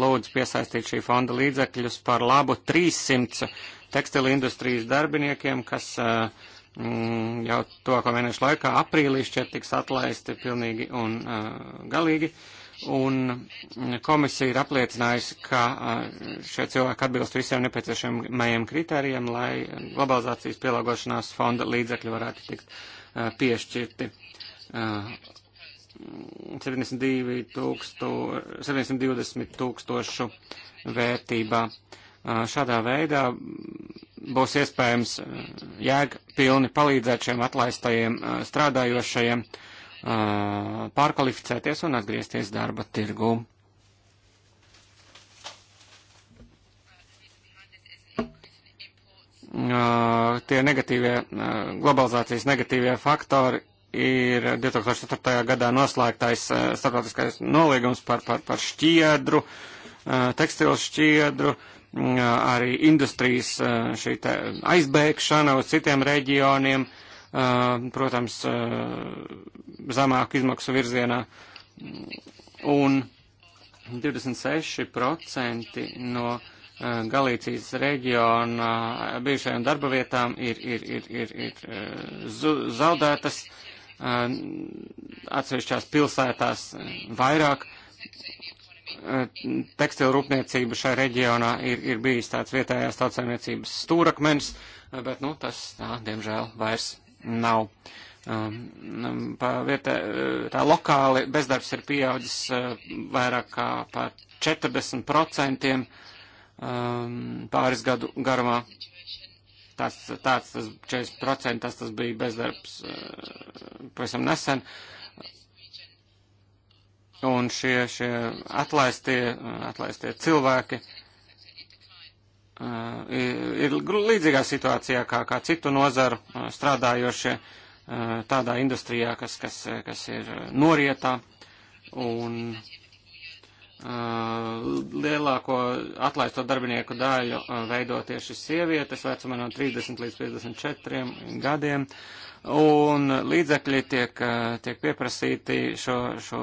lūdz piesaistīt šī fonda līdzekļus par labu 300 tekstilu industrijas darbiniekiem, kas mm, jau to, ko mēnešu laikā aprīlī šķiet tiks atlaisti pilnīgi un uh, galīgi. Un komisija ir apliecinājusi, ka uh, šie cilvēki atbilst visiem nepieciešamajiem kritērijiem, lai globalizācijas pielāgošanās fonda līdzekļi varētu tikt uh, piešķirti. Uh, 72 tūkstu, 720 tūkstošu vērtībā. Šādā veidā būs iespējams jēg pilni palīdzēt šiem atlaistajiem strādājošajiem pārkvalificēties un atgriezties darba tirgū. Tie negatīvie, globalizācijas negatīvie faktori ir 2004. gadā noslēgtais eh, starptautiskais noliegums par, par, par šķiedru, eh, tekstilu šķiedru, mm, eh, arī industrijas šī aizbēgšana uz citiem reģioniem, protams, zemāku izmaksu virzienā. Un 26% no Galīcijas reģiona bijušajām darba vietām ir, ir, ir, ir, ir zaudētas. Uh, Uh, atsevišķās pilsētās vairāk. Uh, tekstilu rūpniecība šai reģionā ir, ir bijis tāds vietējās tautsēmniecības stūrakmens, uh, bet, nu, tas, tā, diemžēl, vairs nav. Um, um, vietē, tā lokāli bezdarbs ir pieaudzis vairāk kā par 40% um, pāris gadu garumā tas, tāds tas 40% tas, tas bija bezdarbs eh, pavisam nesen. Un šie, šie atlaistie, atlaistie cilvēki eh, ir, ir līdzīgā situācijā kā, kā citu nozaru eh, strādājošie tādā industrijā, kas, kas, kas ir norietā. Un Uh, lielāko atlaisto darbinieku daļu uh, veido tieši sievietes vecumā no 30 līdz 54 gadiem, un līdzekļi tiek, uh, tiek pieprasīti šo, šo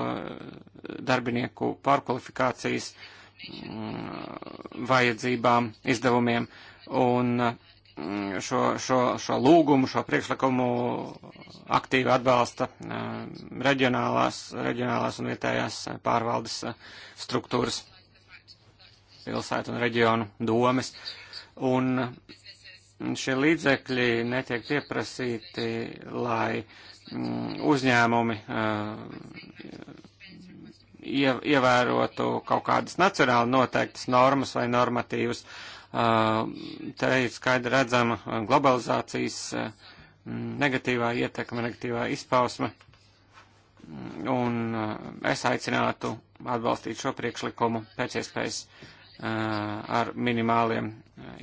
darbinieku pārkvalifikācijas mm, vajadzībām, izdevumiem, un uh, šo, šo, šo lūgumu, šo priekšlikumu aktīvi atbalsta eh, reģionālās, reģionālās un vietējās pārvaldes eh, struktūras, pilsētu un reģionu domes. Un šie līdzekļi netiek pieprasīti, lai mm, uzņēmumi eh, ievērotu kaut kādas nacionāli noteiktas normas vai normatīvas. Uh, Te ir skaidri redzama globalizācijas mm, negatīvā ietekme, negatīvā izpausme. Un mm, es aicinātu atbalstīt šo priekšlikumu pēc iespējas mm, ar minimāliem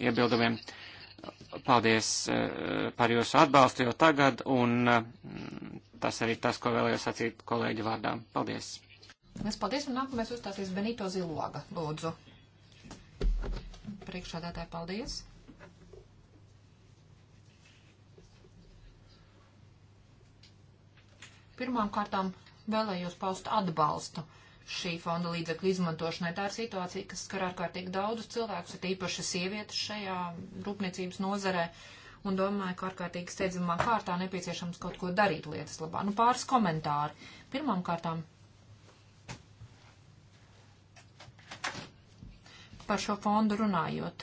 iebildumiem. Paldies par jūsu atbalstu jau tagad, un tas arī tas, ko vēlējos sacīt kolēģi vārdām. Paldies! Mēs paldies, un nākamais uzstāsies Benito Ziloga, lūdzu. Priekšādātāji, paldies! Pirmām kārtām vēlējos paust atbalstu šī fonda līdzekļu izmantošanai. Tā ir situācija, kas skar ārkārtīgi daudzus cilvēkus, ir īpaši sievietes šajā rūpniecības nozarē, un domāju, ka ārkārtīgi steidzamā kārtā nepieciešams kaut ko darīt lietas labā. Nu, pāris komentāri. Pirmām kārtām par šo fondu runājot.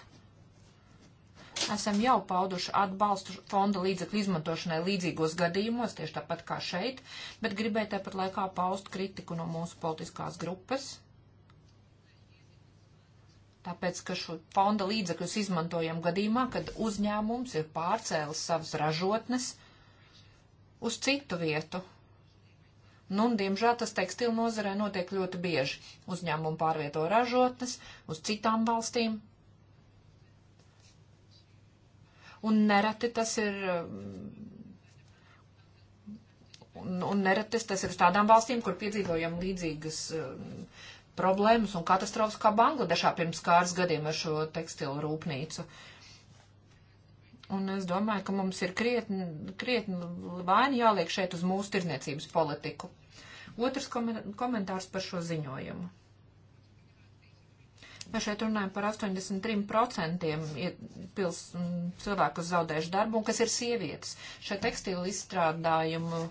Esam jau pauduši atbalstu fonda līdzekļu izmantošanai līdzīgos gadījumos, tieši tāpat kā šeit, bet gribēju tāpat laikā paust kritiku no mūsu politiskās grupas. Tāpēc, ka šo fonda līdzekļus izmantojam gadījumā, kad uzņēmums ir pārcēlis savas ražotnes uz citu vietu, Nu, un, diemžēl, tas tekstilu nozarē notiek ļoti bieži. Uzņēmumi pārvieto ražotnes uz citām valstīm. Un nereti tas ir. Un, un nereti tas ir uz tādām valstīm, kur piedzīvojam līdzīgas uh, problēmas un katastrofas kā Bangladešā pirms kārs gadiem ar šo tekstilu rūpnīcu. Uh, Un es domāju, ka mums ir krietni, krietni vaini jāliek šeit uz mūsu tirniecības politiku. Otrs komentārs par šo ziņojumu. Mēs šeit runājam par 83% pils, cilvēku, kas zaudējuši darbu un kas ir sievietes. Šai tekstīlu izstrādājumu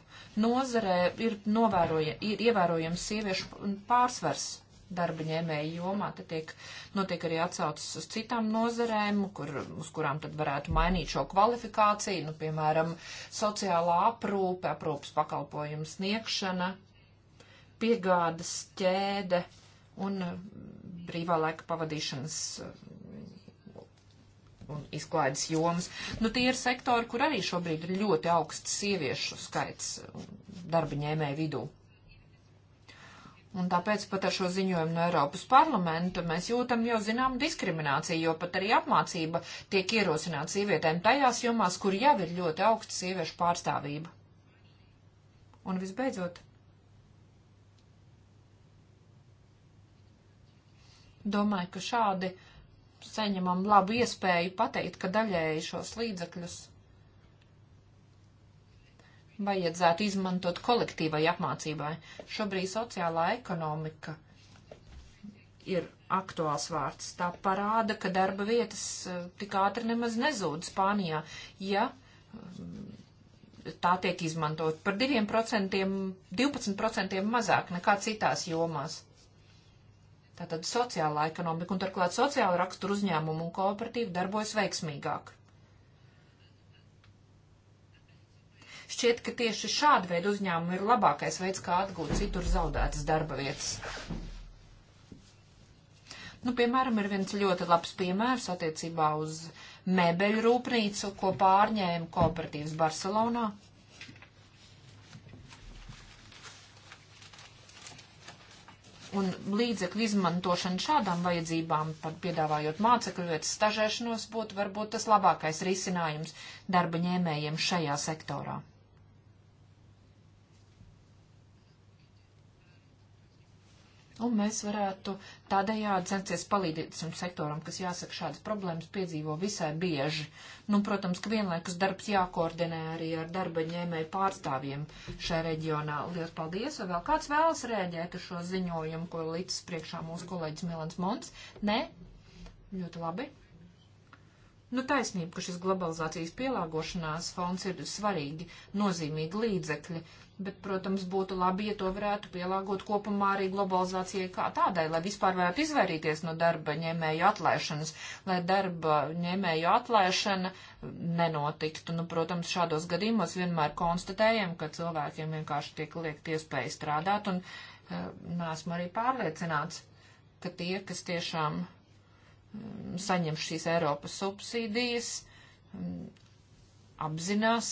nozarē ir, novēroja, ir ievērojams sieviešu pārsvars darba ņēmēju jomā. Te tiek, notiek arī atsaucas uz citām nozerēm, kur, uz kurām tad varētu mainīt šo kvalifikāciju, nu, piemēram, sociālā aprūpe, aprūpas pakalpojumu sniegšana, piegādas ķēde un mm, brīvā laika pavadīšanas mm, un izklaides jomas. Nu, tie ir sektori, kur arī šobrīd ir ļoti augsts sieviešu skaits mm, darba ņēmēju vidū. Un tāpēc pat ar šo ziņojumu no Eiropas parlamenta mēs jūtam jau zinām diskrimināciju, jo pat arī apmācība tiek ierosināta sievietēm tajās jomās, kur jau ir ļoti augsta sieviešu pārstāvība. Un visbeidzot, domāju, ka šādi saņemam labu iespēju pateikt, ka daļēji šos līdzekļus vajadzētu izmantot kolektīvai apmācībai. Šobrīd sociālā ekonomika ir aktuāls vārds. Tā parāda, ka darba vietas eh, tik ātri nemaz nezūd Spānijā, ja mm, tā tiek izmantot par 2%, 12% mazāk nekā citās jomās. Tātad sociālā ekonomika un turklāt sociāla rakstura uzņēmumu un kooperatīva darbojas veiksmīgāk. Šķiet, ka tieši šāda veida uzņēmumi ir labākais veids, kā atgūt citur zaudētas darba vietas. Nu, piemēram, ir viens ļoti labs piemērs attiecībā uz mebeļu rūpnīcu, ko pārņēma kooperatīvas Barcelonā. un līdzekļu izmantošana šādām vajadzībām, piedāvājot mācekļu vietas stažēšanos, būtu varbūt tas labākais risinājums darba ņēmējiem šajā sektorā. un mēs varētu tādējādi censties palīdzēt šim sektoram, kas jāsaka šādas problēmas piedzīvo visai bieži. Nu, protams, ka vienlaikus darbs jākoordinē arī ar darba ņēmēju pārstāvjiem šajā reģionā. Lielas paldies, vai vēl kāds vēlas rēģēt uz šo ziņojumu, ko līdz priekšā mūsu kolēģis Milans Mons? Nē? Ļoti labi. Nu, taisnība, ka šis globalizācijas pielāgošanās fonds ir svarīgi, nozīmīgi līdzekļi, bet, protams, būtu labi, ja to varētu pielāgot kopumā arī globalizācijai kā tādai, lai vispār varētu izvairīties no darba ņēmēju atlaišanas, lai darba ņēmēju atlaišana nenotiktu. Nu, protams, šādos gadījumos vienmēr konstatējam, ka cilvēkiem vienkārši tiek liekt iespēja strādāt, un uh, eh, esmu arī pārliecināts, ka tie, kas tiešām saņemšu šīs Eiropas subsīdijas, apzinās,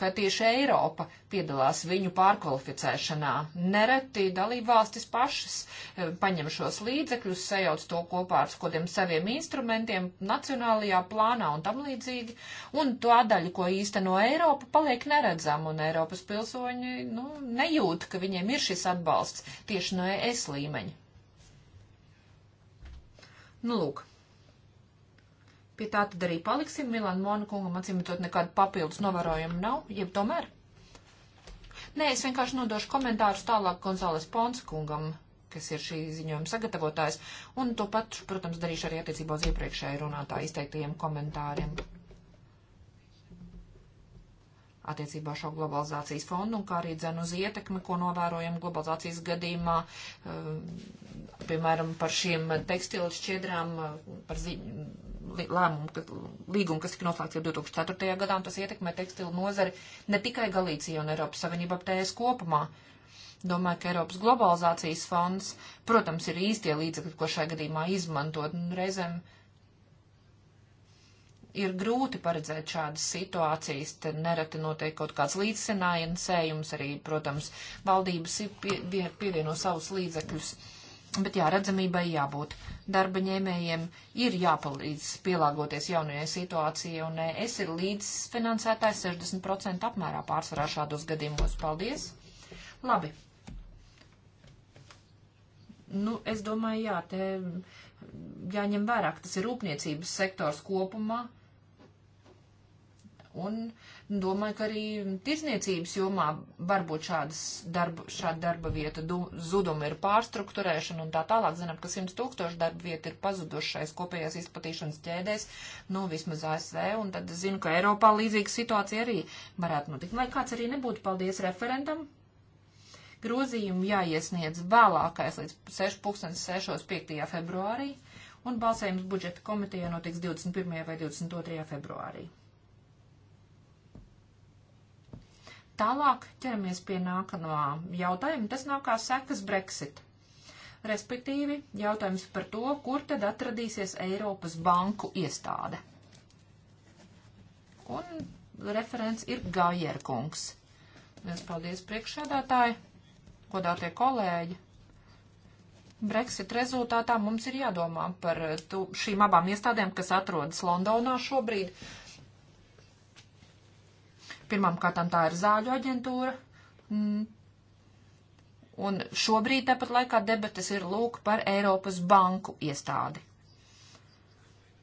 ka tieši Eiropa piedalās viņu pārkvalificēšanā. Nereti dalībvalstis pašas e, paņem šos līdzekļus, sajauc to kopā ar kodiem saviem instrumentiem, nacionālajā plānā un tam līdzīgi, un to daļu, ko īsteno Eiropa, paliek neredzama, un Eiropas pilsoņi nu, nejūt, ka viņiem ir šis atbalsts tieši no ES līmeņa. Nu, lūk. Pie tā tad arī paliksim. Milan Monikungam atsimtot nekādu papildus novērojumu nav, jeb tomēr. Nē, es vienkārši nodošu komentārus tālāk Gonzāles Ponskungam, kas ir šī ziņojuma sagatavotājs, un to pat, protams, darīšu arī attiecībā uz iepriekšēju runātāju izteiktajiem komentāriem attiecībā šo globalizācijas fondu un kā arī dzen uz ietekmi, ko novērojam globalizācijas gadījumā, eh, piemēram, par šiem tekstilu šķiedrām, eh, par zi, lēmumu, līgumu, kas tika noslēgts jau 2004. gadā, un tas ietekmē tekstilu nozari ne tikai Galīcija un Eiropas Savienība, bet ES kopumā. Domāju, ka Eiropas globalizācijas fonds, protams, ir īstie līdzekļi, ko šai gadījumā izmantot, un reizēm. Uh, ir grūti paredzēt šādas situācijas, tad nereti notiek kaut kāds līdzsinājums, arī, protams, valdības pie, pievieno savus līdzekļus. Bet jā, redzamībai jābūt. Darba ņēmējiem ir jāpalīdz pielāgoties jaunajai situācijai, un es ir līdzfinansētājs 60% apmērā pārsvarā šādos gadījumos. Paldies! Labi. Nu, es domāju, jā, te jāņem vērā, ka tas ir rūpniecības sektors kopumā, Un domāju, ka arī tirzniecības jomā varbūt šādas darba, šāda darba vieta du, zuduma ir pārstruktūrēšana un tā tālāk. Zinām, ka 100 tūkstoši darba vieta ir pazudušais kopējās izplatīšanas ķēdēs, nu vismaz ASV, un tad zinu, ka Eiropā līdzīga situācija arī varētu notikt. Lai kāds arī nebūtu paldies referentam, grozījumi jāiesniedz vēlākais līdz 6.6.5. februārī, un balsējums budžeta komitejā notiks 21. vai 22. februārī. Tālāk ķeramies pie nākamā jautājuma. Tas nav kā sekas Brexit. Respektīvi, jautājums par to, kur tad atradīsies Eiropas banku iestāde. Un referents ir Gajerkungs. Es paldies priekšsādātāji, godātie kolēģi. Brexit rezultātā mums ir jādomā par tu, šīm abām iestādēm, kas atrodas Londonā šobrīd, Pirmām kārtām tā ir zāļu aģentūra. Mm. Un šobrīd tāpat laikā debatas ir lūk par Eiropas banku iestādi.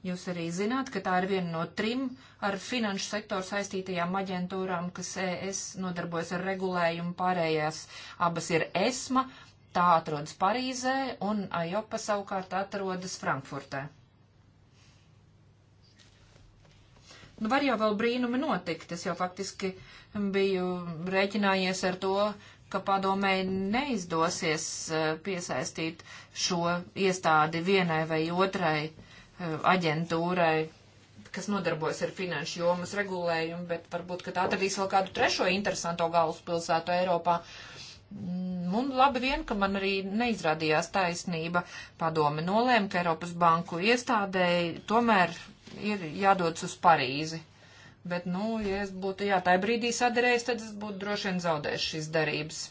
Jūs arī zināt, ka tā ir viena no trim ar finanšu sektoru saistītajām aģentūrām, kas ES nodarbojas ar regulējumu. Pārējās abas ir ESMA, tā atrodas Parīzē, un AJOPA savukārt atrodas Frankfurtē. Nu, var jau vēl brīnumi notikt. Es jau faktiski biju rēķinājies ar to, ka padomēji neizdosies eh, piesaistīt šo iestādi vienai vai otrai eh, aģentūrai, kas nodarbojas ar finanšu jomas regulējumu, bet varbūt, ka tā atradīs vēl kādu trešo interesanto galvaspilsētu Eiropā. Mm, un labi vien, ka man arī neizrādījās taisnība. Padome nolēma, ka Eiropas banku iestādēji tomēr ir jādodas uz Parīzi. Bet, nu, ja es būtu, jā, tajā brīdī sadarējis, tad es būtu droši vien zaudējis šīs darības.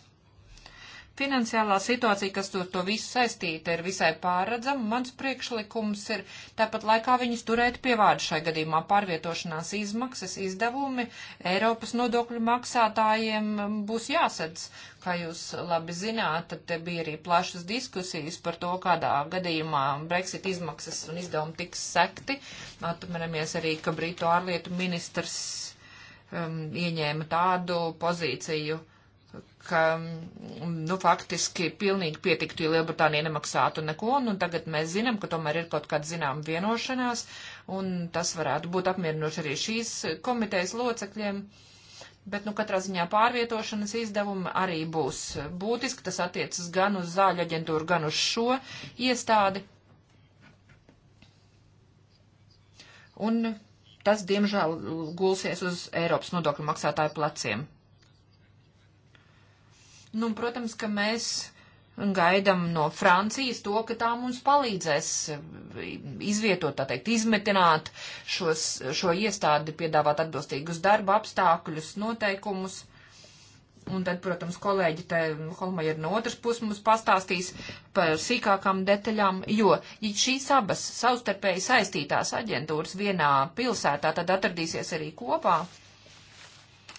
Finansiālā situācija, kas to, to visu saistīta, ir visai pārredzama. Mans priekšlikums ir tāpat laikā viņus turēt pie vārdu šai gadījumā pārvietošanās izmaksas, izdevumi Eiropas nodokļu maksātājiem būs jāsadz. Kā jūs labi zināt, tad bija arī plašas diskusijas par to, kādā gadījumā Brexit izmaksas un izdevumi tiks sekti. Atmeramies arī, ka Brītu ārlietu ministrs um, ieņēma tādu pozīciju ka, nu, faktiski pilnīgi pietiktu, ja Lielbritānija nemaksātu neko, un, un nu, tagad mēs zinām, ka tomēr ir kaut kāda zinām vienošanās, un tas varētu būt apmierinoši arī šīs komitejas locekļiem. Bet, nu, katrā ziņā pārvietošanas izdevumi arī būs būtiski. Tas attiecas gan uz zāļu aģentūru, gan uz šo iestādi. Un tas, diemžēl, gulsies uz Eiropas nodokļu maksātāju pleciem. Nu, protams, ka mēs gaidām no Francijas to, ka tā mums palīdzēs izvietot, tā teikt, izmetināt šos, šo iestādi, piedāvāt atbilstīgus darba apstākļus, noteikumus. Un tad, protams, kolēģi te Holmajer no otras puses mums pastāstīs par sīkākām detaļām, jo šīs abas savstarpēji saistītās aģentūras vienā pilsētā tad atradīsies arī kopā. Uh,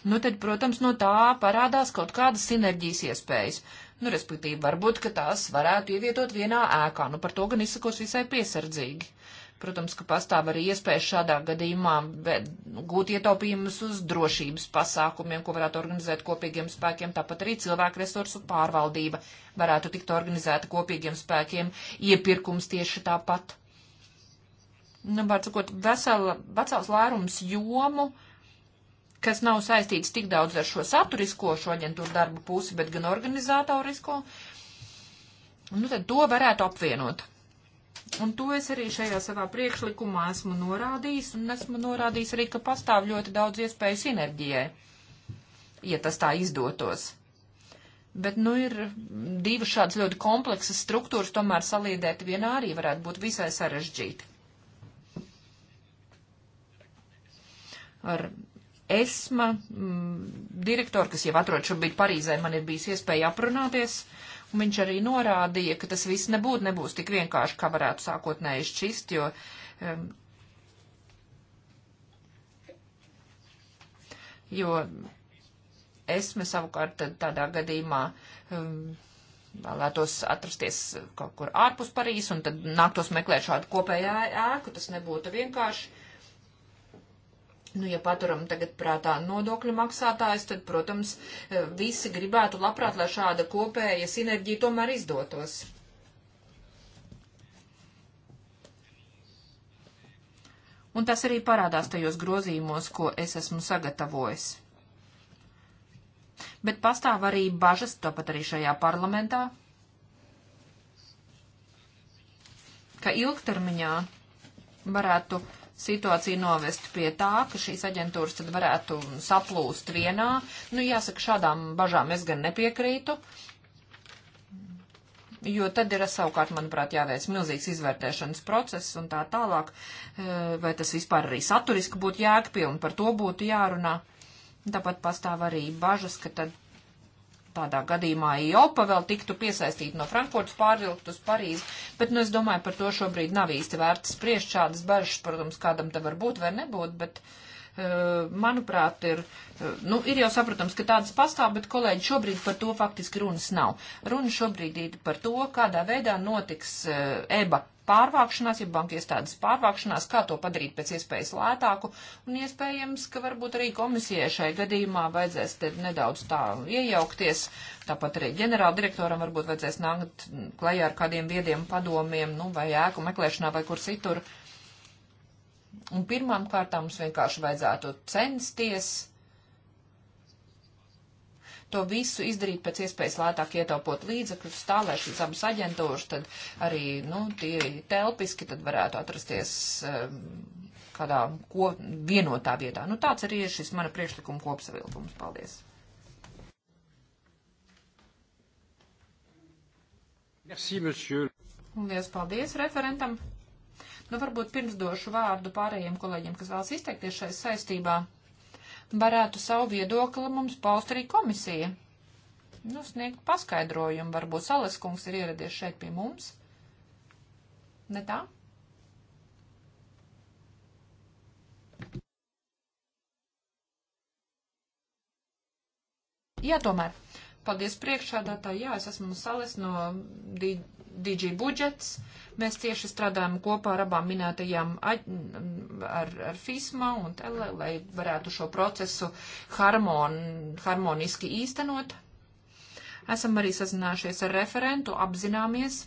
nu tad, protams, no tā parādās kaut kādas sinerģijas iespējas. Nu, respektīvi, varbūt, ka tās varētu ievietot vienā ēkā, nu par to gan izsakos visai piesardzīgi. Protams, ka pastāv arī iespēja šādā gadījumā nu, gūt ietaupījumus uz drošības pasākumiem, ko varētu organizēt kopīgiem spēkiem, tāpat arī cilvēku resursu pārvaldība varētu tikt organizēta kopīgiem spēkiem, iepirkums tieši tāpat. Nu, var sakot, vesela, vesels lērums jomu, uh, kas nav saistīts tik daudz ar šo saturisko šo aģentūru darbu pusi, bet gan organizatorisko, nu tad to varētu apvienot. Un to es arī šajā savā priekšlikumā esmu norādījis, un esmu norādījis arī, ka pastāv ļoti daudz iespēju sinerģijai, ja tas tā izdotos. Bet, nu, ir divas šādas ļoti kompleksas struktūras, tomēr salīdēt vienā arī varētu būt visai sarežģīti. Ar ESMA mm, direktoru, kas jau atrod šobrīd Parīzē, man ir bijis iespēja aprunāties, un viņš arī norādīja, ka tas viss nebūtu, nebūs tik vienkārši, kā varētu sākotnēji šķist, jo um, jo esmu savukārt tādā gadījumā um, vēlētos atrasties kaut kur ārpus Parīzes un tad nāktos meklēt šādu kopējā ēku, tas nebūtu vienkārši. Nu, ja paturam tagad prātā nodokļu maksātājs, tad, protams, eh, visi gribētu labprāt, lai šāda kopēja sinerģija tomēr izdotos. Un tas arī parādās tajos grozījumos, ko es esmu sagatavojis. Bet pastāv arī bažas, tāpat arī šajā parlamentā, ka ilgtermiņā varētu situācija novest pie tā, ka šīs aģentūras tad varētu saplūst vienā. Nu, jāsaka, šādām bažām es gan nepiekrītu. Jo tad ir savukārt, manuprāt, jāveic milzīgs izvērtēšanas process un tā tālāk, eh, vai tas vispār arī saturiski būtu jēgpilni, par to būtu jārunā. Tāpat pastāv arī bažas, ka tad tādā gadījumā IOPA vēl tiktu piesaistīta no Frankfurtas pārvilkt uz Parīzi, bet, nu, es domāju, par to šobrīd nav īsti vērts spriest šādas bažas, protams, kādam te var būt vai nebūt, bet. Uh, Eh, manuprāt, ir, eh, nu, ir jau saprotams, ka tādas pastāv, bet kolēģi šobrīd par to faktiski runas nav. Runa šobrīd ir par to, kādā veidā notiks eh, EBA pārvākšanās, ja banka iestādes pārvākšanās, kā to padarīt pēc iespējas lētāku, un iespējams, ka varbūt arī komisijai šai gadījumā vajadzēs te nedaudz tā iejaukties, tāpat arī ģenerāldirektoram varbūt vajadzēs nākt klajā ar kādiem viediem padomiem, nu, vai ēku meklēšanā vai kur citur. Uh, Un pirmām kārtām mums vienkārši vajadzētu censties to visu izdarīt pēc iespējas lētāk ietaupot līdzekļus, tā lai šīs abas aģentūras tad arī, nu, tie telpiski tad varētu atrasties um, kādā ko, vienotā vietā. Nu, tāds arī ir šis mana priekšlikuma kopsavilkums. Paldies! Merci, monsieur. Un liels paldies referentam. Nu, varbūt pirms došu vārdu pārējiem kolēģiem, kas vēlas izteikties šai saistībā, varētu savu viedokli mums paust arī komisija. Nu, sniegt paskaidrojumu, varbūt Saleskungs ir ieradies šeit pie mums. Ne tā? Jā, tomēr. Paldies priekšādātā. Jā, es esmu Sales no DG budžets. Uh, Mēs cieši strādājam kopā ar abām minētajām, ar, ar FISMA un TELE, lai varētu šo procesu harmon, harmoniski īstenot. Esam arī sazinājušies ar referentu, apzināmies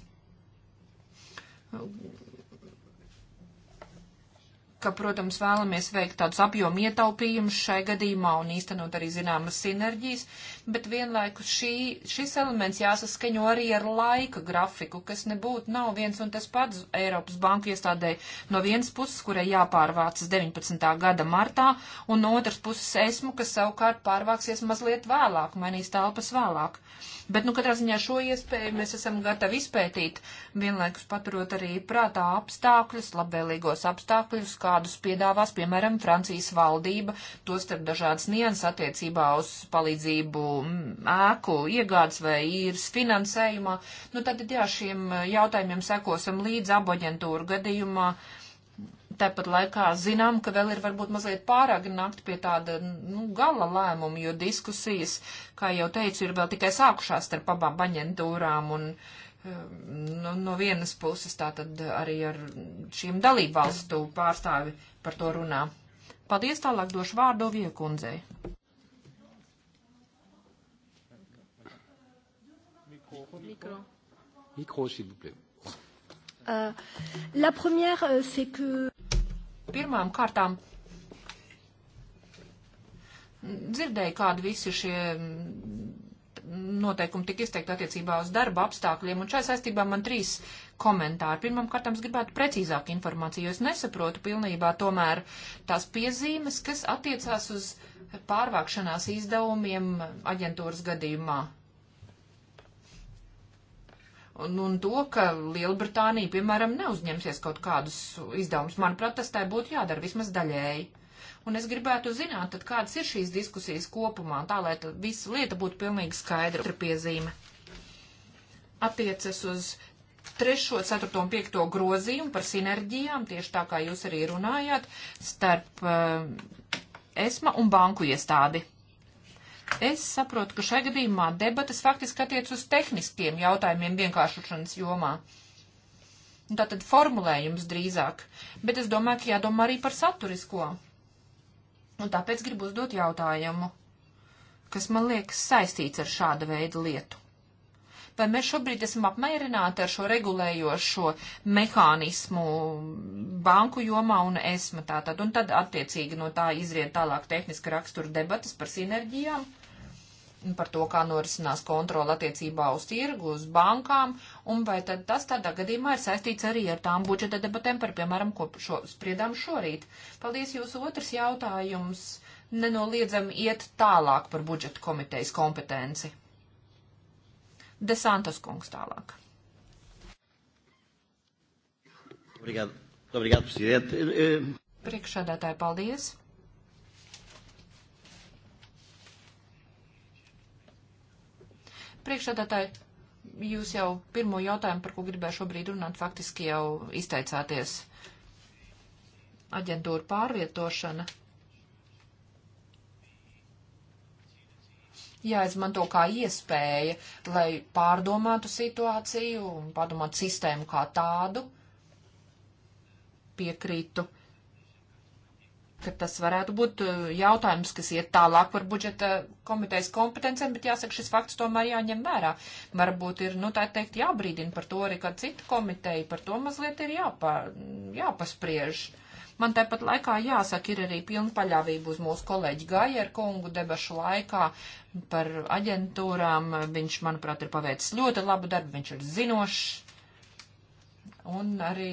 ka, protams, vēlamies veikt tādus apjomu ietaupījumus šai gadījumā un īstenot arī zināmas sinerģijas, bet vienlaikus šī, šis elements jāsaskaņo arī ar laika grafiku, kas nebūtu nav viens un tas pats Eiropas banku iestādē no vienas puses, kurai jāpārvācas 19. gada martā, un no otras puses esmu, kas savukārt pārvāksies mazliet vēlāk, mainīs telpas vēlāk. Uh, Bet, nu, katrā ziņā šo iespēju mēs esam gatavi izpētīt, vienlaikus paturot arī prātā apstākļus, labvēlīgos apstākļus, kādus piedāvās, piemēram, Francijas valdība, tostarp dažādas nianses attiecībā uz palīdzību mm, ēku iegādes vai īres finansējumā. Nu, tad, jā, šiem jautājumiem sekosim līdz abu aģentūru gadījumā. Uh, tāpat laikā zinām, ka vēl ir varbūt mazliet pārāk nakt pie tāda nu, gala lēmuma, jo diskusijas, kā jau teicu, ir vēl tikai sākušās starp abām aģentūrām un eh, nu, no vienas puses tātad arī ar šīm dalību valstu pārstāvi par to runā. Paldies, tālāk došu vārdu Viekundzei. Mikro. Mikro, s'il vous plaît. Uh, la première, euh, c'est que. Pirmām kārtām dzirdēju, kādi visi šie noteikumi tika izteikti attiecībā uz darba apstākļiem, un šai saistībā man trīs komentāri. Pirmam kārtām es gribētu precīzāku informāciju, jo es nesaprotu pilnībā tomēr tās piezīmes, kas attiecās uz pārvākšanās izdevumiem aģentūras gadījumā. Un, un to, ka Lielbritānija, piemēram, neuzņemsies kaut kādus izdevumus, manuprāt, tas tai būtu jādara vismaz daļēji. Un es gribētu zināt, tad kādas ir šīs diskusijas kopumā, tā lai visa lieta būtu pilnīgi skaidra. Otra piezīme attiecas uz 3, 4 un 5 grozījumu par sinerģijām, tieši tā kā jūs arī runājāt, starp uh, ESMA un banku iestādi. Ja Es saprotu, ka šajā gadījumā debatas faktiski attiec uz tehniskiem jautājumiem vienkāršošanas jomā. Tātad formulējums drīzāk, bet es domāju, ka jādomā arī par saturisko. Un tāpēc gribu uzdot jautājumu, kas man liekas saistīts ar šāda veida lietu vai mēs šobrīd esam apmierināti ar šo regulējošo mehānismu banku jomā un esma tātad, un tad attiecīgi no tā izriet tālāk tehniska rakstura debatas par sinerģijām par to, kā norisinās kontrola attiecībā uz tirgu, uz bankām, un vai tad tas tādā gadījumā ir saistīts arī ar tām budžeta debatēm, par piemēram, ko šo, spriedām šorīt. Paldies, jūsu otrs jautājums nenoliedzami iet tālāk par budžeta komitejas kompetenci. Desantos kungs tālāk. Obrigado. Obrigado, presidente. Eh, eh. Priekšādātāji, paldies. Priekšsēdētāji, jūs jau pirmo jautājumu, par ko gribēju šobrīd runāt, faktiski jau izteicāties. Aģentūra pārvietošana. Jāizmanto kā iespēja, lai pārdomātu situāciju un pārdomātu sistēmu kā tādu. Piekrītu ka tas varētu būt eh, jautājums, kas iet tālāk par budžeta komitejas kompetencēm, bet jāsaka, šis fakts tomēr jāņem vērā. Varbūt ir, nu tā teikt, jābrīdina par to arī kā cita komiteja, par to mazliet ir jāpa, jāpaspriež. Man tāpat laikā jāsaka, ir arī pilna paļāvība uz mūsu kolēģi Gajeru kungu debašu laikā par aģentūrām. Viņš, manuprāt, ir paveicis ļoti labu darbu, viņš ir zinošs un arī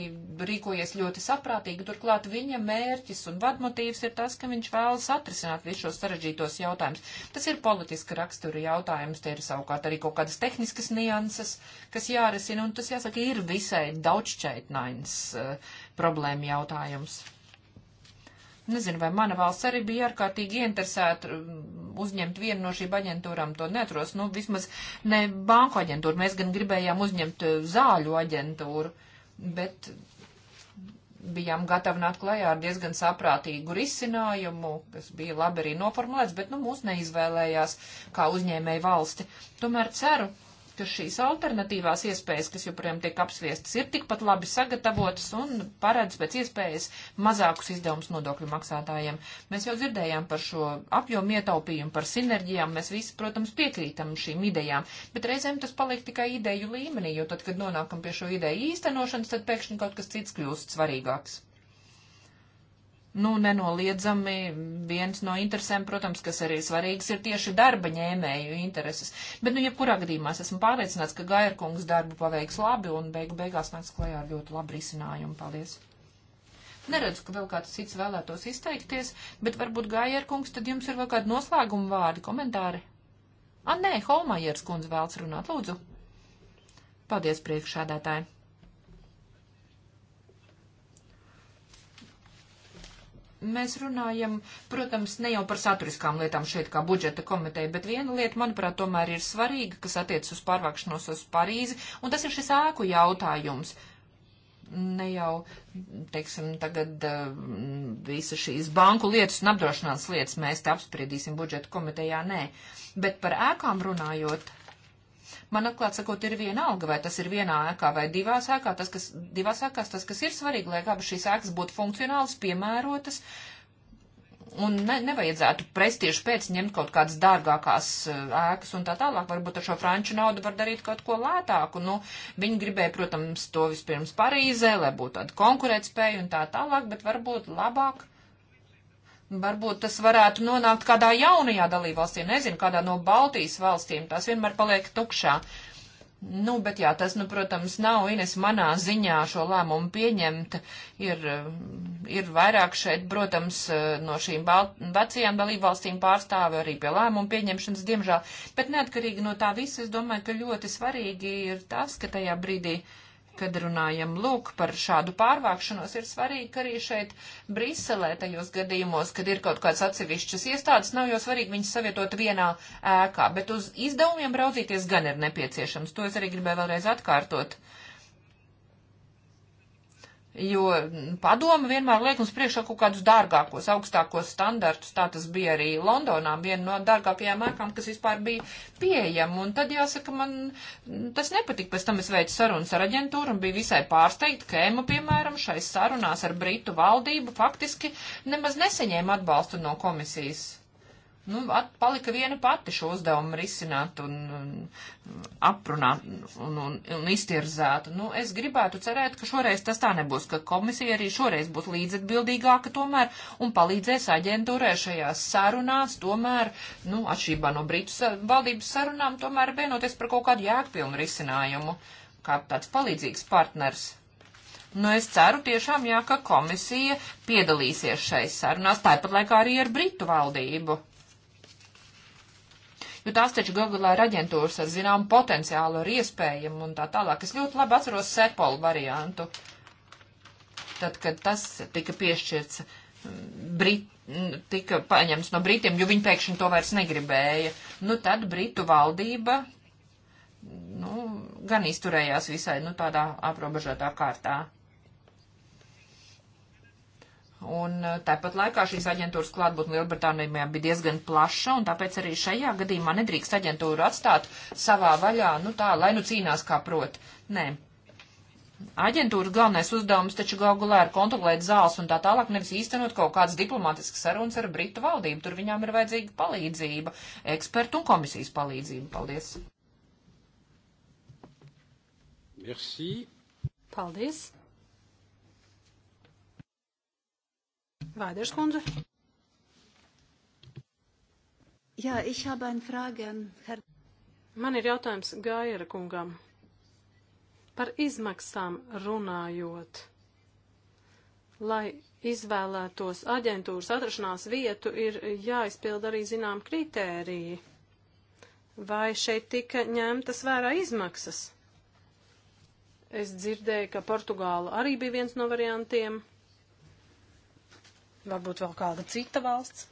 rīkojies ļoti saprātīgi. Turklāt viņa mērķis un vadmotīvs ir tas, ka viņš vēlas atrisināt visus šos sarežģītos jautājumus. Tas ir politiska rakstura jautājums, tie ir savukārt arī kaut kādas tehniskas nianses, kas jārisina, un tas, jāsaka, ir visai daudzšķaitnains uh, problēma jautājums. Nezinu, vai mana valsts arī bija ārkārtīgi interesēta mm, uzņemt vienu no šīm aģentūrām, to netros. Nu, vismaz ne banku aģentūru, mēs gan gribējām uzņemt eh, zāļu aģentūru. Uh, bet bijām gatavi nākt klajā ar diezgan saprātīgu risinājumu, kas bija labi arī noformulēts, bet nu, mūs neizvēlējās kā uzņēmēju valsti. Tomēr ceru, ka šīs alternatīvās iespējas, kas joprojām tiek apsviestas, ir tikpat labi sagatavotas un paredz pēc iespējas mazākus izdevumus nodokļu maksātājiem. Mēs jau dzirdējām par šo apjomu ietaupījumu, par sinerģijām, mēs visi, protams, piekrītam šīm idejām, bet reizēm tas paliek tikai ideju līmenī, jo tad, kad nonākam pie šo ideju īstenošanas, tad pēkšņi kaut kas cits kļūst svarīgāks nu, nenoliedzami viens no interesēm, protams, kas arī svarīgs, ir tieši darba ņēmēju intereses. Bet, nu, jebkurā gadījumā es esmu pārliecināts, ka Gairkungs darbu paveiks labi un beigu beigās nāks klajā ar ļoti labu risinājumu. Paldies! Neredzu, ka vēl kāds cits vēlētos izteikties, bet varbūt Gairkungs, tad jums ir vēl kādi noslēguma vārdi, komentāri? A, nē, Holmajers kundze vēlas runāt, lūdzu. Paldies, priekšādātāji! Mēs runājam, protams, ne jau par saturiskām lietām šeit kā budžeta komiteja, bet viena lieta, manuprāt, tomēr ir svarīga, kas attiec uz pārvākšanos uz Parīzi, un tas ir šis ēku jautājums ne jau, teiksim, tagad eh, visa šīs banku lietas un apdrošināšanas lietas mēs te apspriedīsim budžeta komitejā, nē. Bet par ēkām runājot, Man atklāt sakot, ir viena alga, vai tas ir vienā ēkā vai divās ēkā. Tas, kas, divās ēkās tas, kas ir svarīgi, lai abas šīs ēkas būtu funkcionālas, piemērotas. Un ne, nevajadzētu prestižu pēc ņemt kaut kādas dārgākās eh, ēkas un tā tālāk. Varbūt ar šo franču naudu var darīt kaut ko lētāku. Nu, viņi gribēja, protams, to vispirms Parīzē, lai būtu tāda konkurētspēja un tā tālāk, bet varbūt labāk Varbūt tas varētu nonākt kādā jaunajā dalībvalstī, nezinu, kādā no Baltijas valstīm. Tās vienmēr paliek tukšā. Nu, bet jā, tas, nu, protams, nav Ines manā ziņā šo lēmumu pieņemt. Ir, ir vairāk šeit, protams, no šīm Balt vecajām dalībvalstīm pārstāvi arī pie lēmumu pieņemšanas, diemžēl. Bet neatkarīgi no tā visa, es domāju, ka ļoti svarīgi ir tas, ka tajā brīdī. Uh, kad runājam lūk par šādu pārvākšanos, ir svarīgi, ka arī šeit Briselē tajos gadījumos, kad ir kaut kāds atsevišķas iestādes, nav jau svarīgi viņas savietot vienā ēkā, bet uz izdevumiem raudzīties gan ir nepieciešams. To es arī gribēju vēlreiz atkārtot. Uh, jo padoma vienmēr liek mums priekšā kaut kādus dārgākos, augstākos standartus. Tā tas bija arī Londonā, viena no dārgākajām ēkām, kas vispār bija pieejama. Un tad jāsaka, man tas nepatika. Pēc tam es veicu sarunas ar aģentūru un bija visai pārsteigta, ka Ema, piemēram, šai sarunās ar Britu valdību faktiski nemaz neseņēma atbalstu no komisijas nu, at, palika viena pati šo uzdevumu risināt un, un aprunāt un, un, un iztirzēt. Nu, es gribētu cerēt, ka šoreiz tas tā nebūs, ka komisija arī šoreiz būs līdzatbildīgāka tomēr un palīdzēs aģentūrē šajās sarunās, tomēr, nu, atšķirībā no Britu valdības sarunām, tomēr vienoties par kaut kādu jēgpilnu risinājumu, kā tāds palīdzīgs partners. Nu, es ceru tiešām, jā, ka komisija piedalīsies šai sarunās, tāpat laikā arī ar Britu valdību jo nu, tās taču Google ir aģentūras ar zinām potenciālu, ar iespējumu un tā tālāk. Es ļoti labi atceros Sepolu variantu, tad, kad tas tika piešķirts mm, Brit, mm, tika paņemts no Britiem, jo viņi pēkšņi to vairs negribēja. Nu, tad Britu valdība, nu, gan izturējās visai, nu, tādā aprobežotā kārtā. Un eh, tāpat laikā šīs aģentūras klātbūtne Lielbritānijā bija diezgan plaša, un tāpēc arī šajā gadījumā nedrīkst aģentūru atstāt savā vaļā, nu tā, lai nu cīnās kā prot. Nē. Aģentūras galvenais uzdevums taču gaugulē ir kontrolēt zāles un tā tālāk, nevis īstenot kaut kādas diplomātiskas sarunas ar Britu valdību. Tur viņām ir vajadzīga palīdzība, ekspertu un komisijas palīdzība. Paldies! Merci. Paldies! Vēders kundze. Jā, ich habe eine Frage an Herrn. Man ir jautājums Gājera kungam. Par izmaksām runājot, lai izvēlētos aģentūras atrašanās vietu, ir jāizpild arī zinām kritēriji. Vai šeit tika ņemtas vērā izmaksas? Es dzirdēju, ka Portugāla arī bija viens no variantiem varbūt vēl kāda cita valsts.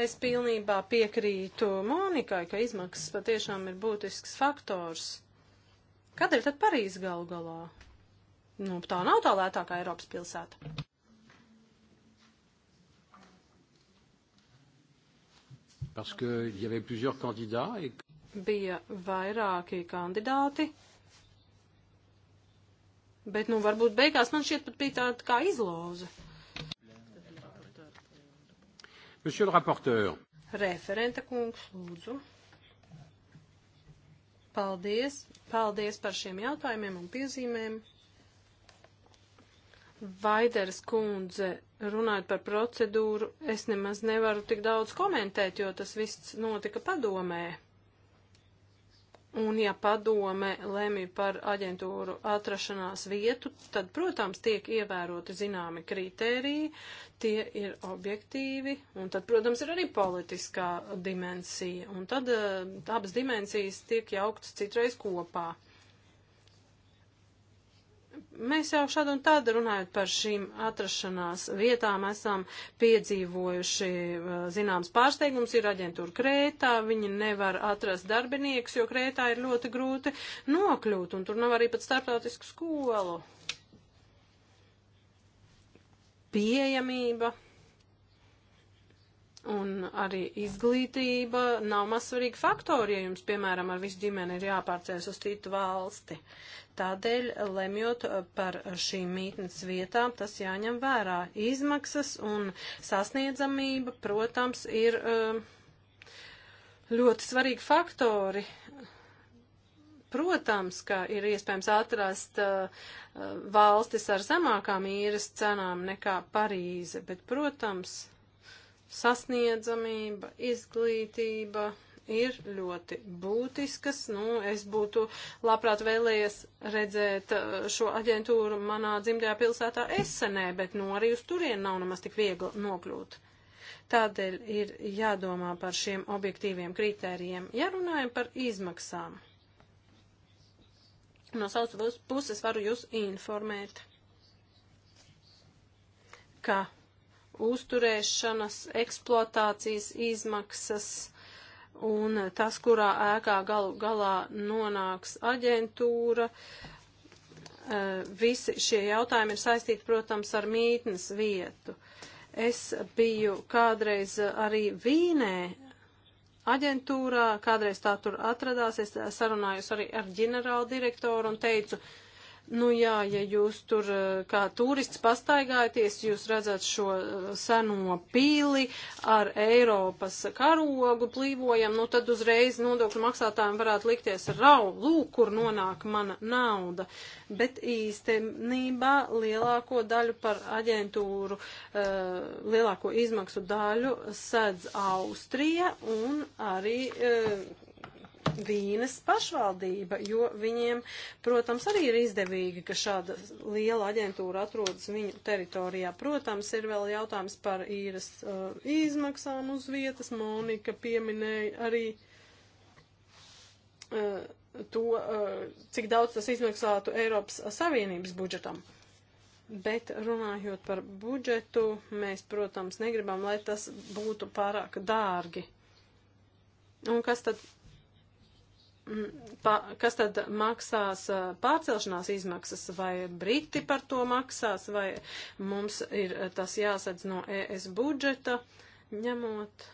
Es pilnībā piekrītu Monikai, ka izmaksas patiešām ir būtisks faktors. Kādēļ tad Parīze galu galā? Nu, tā nav tā lētākā Eiropas pilsēta. Parce qu'il y avait plusieurs candidats et... Bija vairāki kandidāti, Bet, nu, varbūt beigās man šķiet pat bija tāda kā izlauze. Monsieur le rapporteur. Referenta kungs, lūdzu. Paldies. Paldies par šiem jautājumiem un piezīmēm. Vaideras kundze, runājot par procedūru, es nemaz nevaru tik daudz komentēt, jo tas viss notika padomē. Un ja padome lemj par aģentūru atrašanās vietu, tad, protams, tiek ievēroti zināmi kritēriji, tie ir objektīvi, un tad, protams, ir arī politiskā dimensija, un tad uh, abas dimensijas tiek jauktas citreiz kopā. Mēs jau šādu un tādu runājot par šīm atrašanās vietām esam piedzīvojuši zināms pārsteigums. Ir aģentūra Krētā, viņi nevar atrast darbiniekus, jo Krētā ir ļoti grūti nokļūt, un tur nav arī pat starptautisku skolu. Pieejamība un arī izglītība nav mazsvarīgi faktori, ja jums, piemēram, ar visu ģimeni ir jāpārcēs uz citu valsti. Tādēļ, lemjot par šīm mītnes vietām, tas jāņem vērā. Izmaksas un sasniedzamība, protams, ir eh, ļoti svarīgi faktori. Protams, ka ir iespējams atrast eh, valstis ar zemākām īres cenām nekā Parīze, bet, protams, sasniedzamība, izglītība ir ļoti būtiskas. Nu, es būtu labprāt vēlējies redzēt uh, šo aģentūru manā dzimtajā pilsētā Esenē, bet nu arī uz turien nav nemaz tik viegli nokļūt. Tādēļ ir jādomā par šiem objektīviem kritērijiem, ja runājam par izmaksām. No savas puses varu jūs informēt, ka uzturēšanas, eksploatācijas izmaksas, un tas, kurā ēkā galu galā nonāks aģentūra. Eh, visi šie jautājumi ir saistīti, protams, ar mītnes vietu. Es biju kādreiz arī Vīnē aģentūrā, kādreiz tā tur atradās, es sarunājos arī ar ģenerāldirektoru un teicu, uh, Nu jā, ja jūs tur eh, kā turists pastaigājaties, jūs redzat šo eh, seno pīli ar Eiropas karogu plīvojam, nu tad uzreiz nodokļu maksātājiem varētu likties rau, lūk, kur nonāk mana nauda. Bet īstenībā lielāko daļu par aģentūru, eh, lielāko izmaksu daļu sedz Austrija un arī Vīnes pašvaldība, jo viņiem, protams, arī ir izdevīgi, ka šāda liela aģentūra atrodas viņu teritorijā. Protams, ir vēl jautājums par īres uh, izmaksām uz vietas. Monika pieminēja arī uh, to, uh, cik daudz tas izmaksātu Eiropas Savienības budžetam. Bet runājot par budžetu, mēs, protams, negribam, lai tas būtu pārāk dārgi. Un kas tad pa, kas tad maksās pārcelšanās izmaksas, vai Briti par to maksās, vai mums ir tas jāsadz no ES budžeta, ņemot.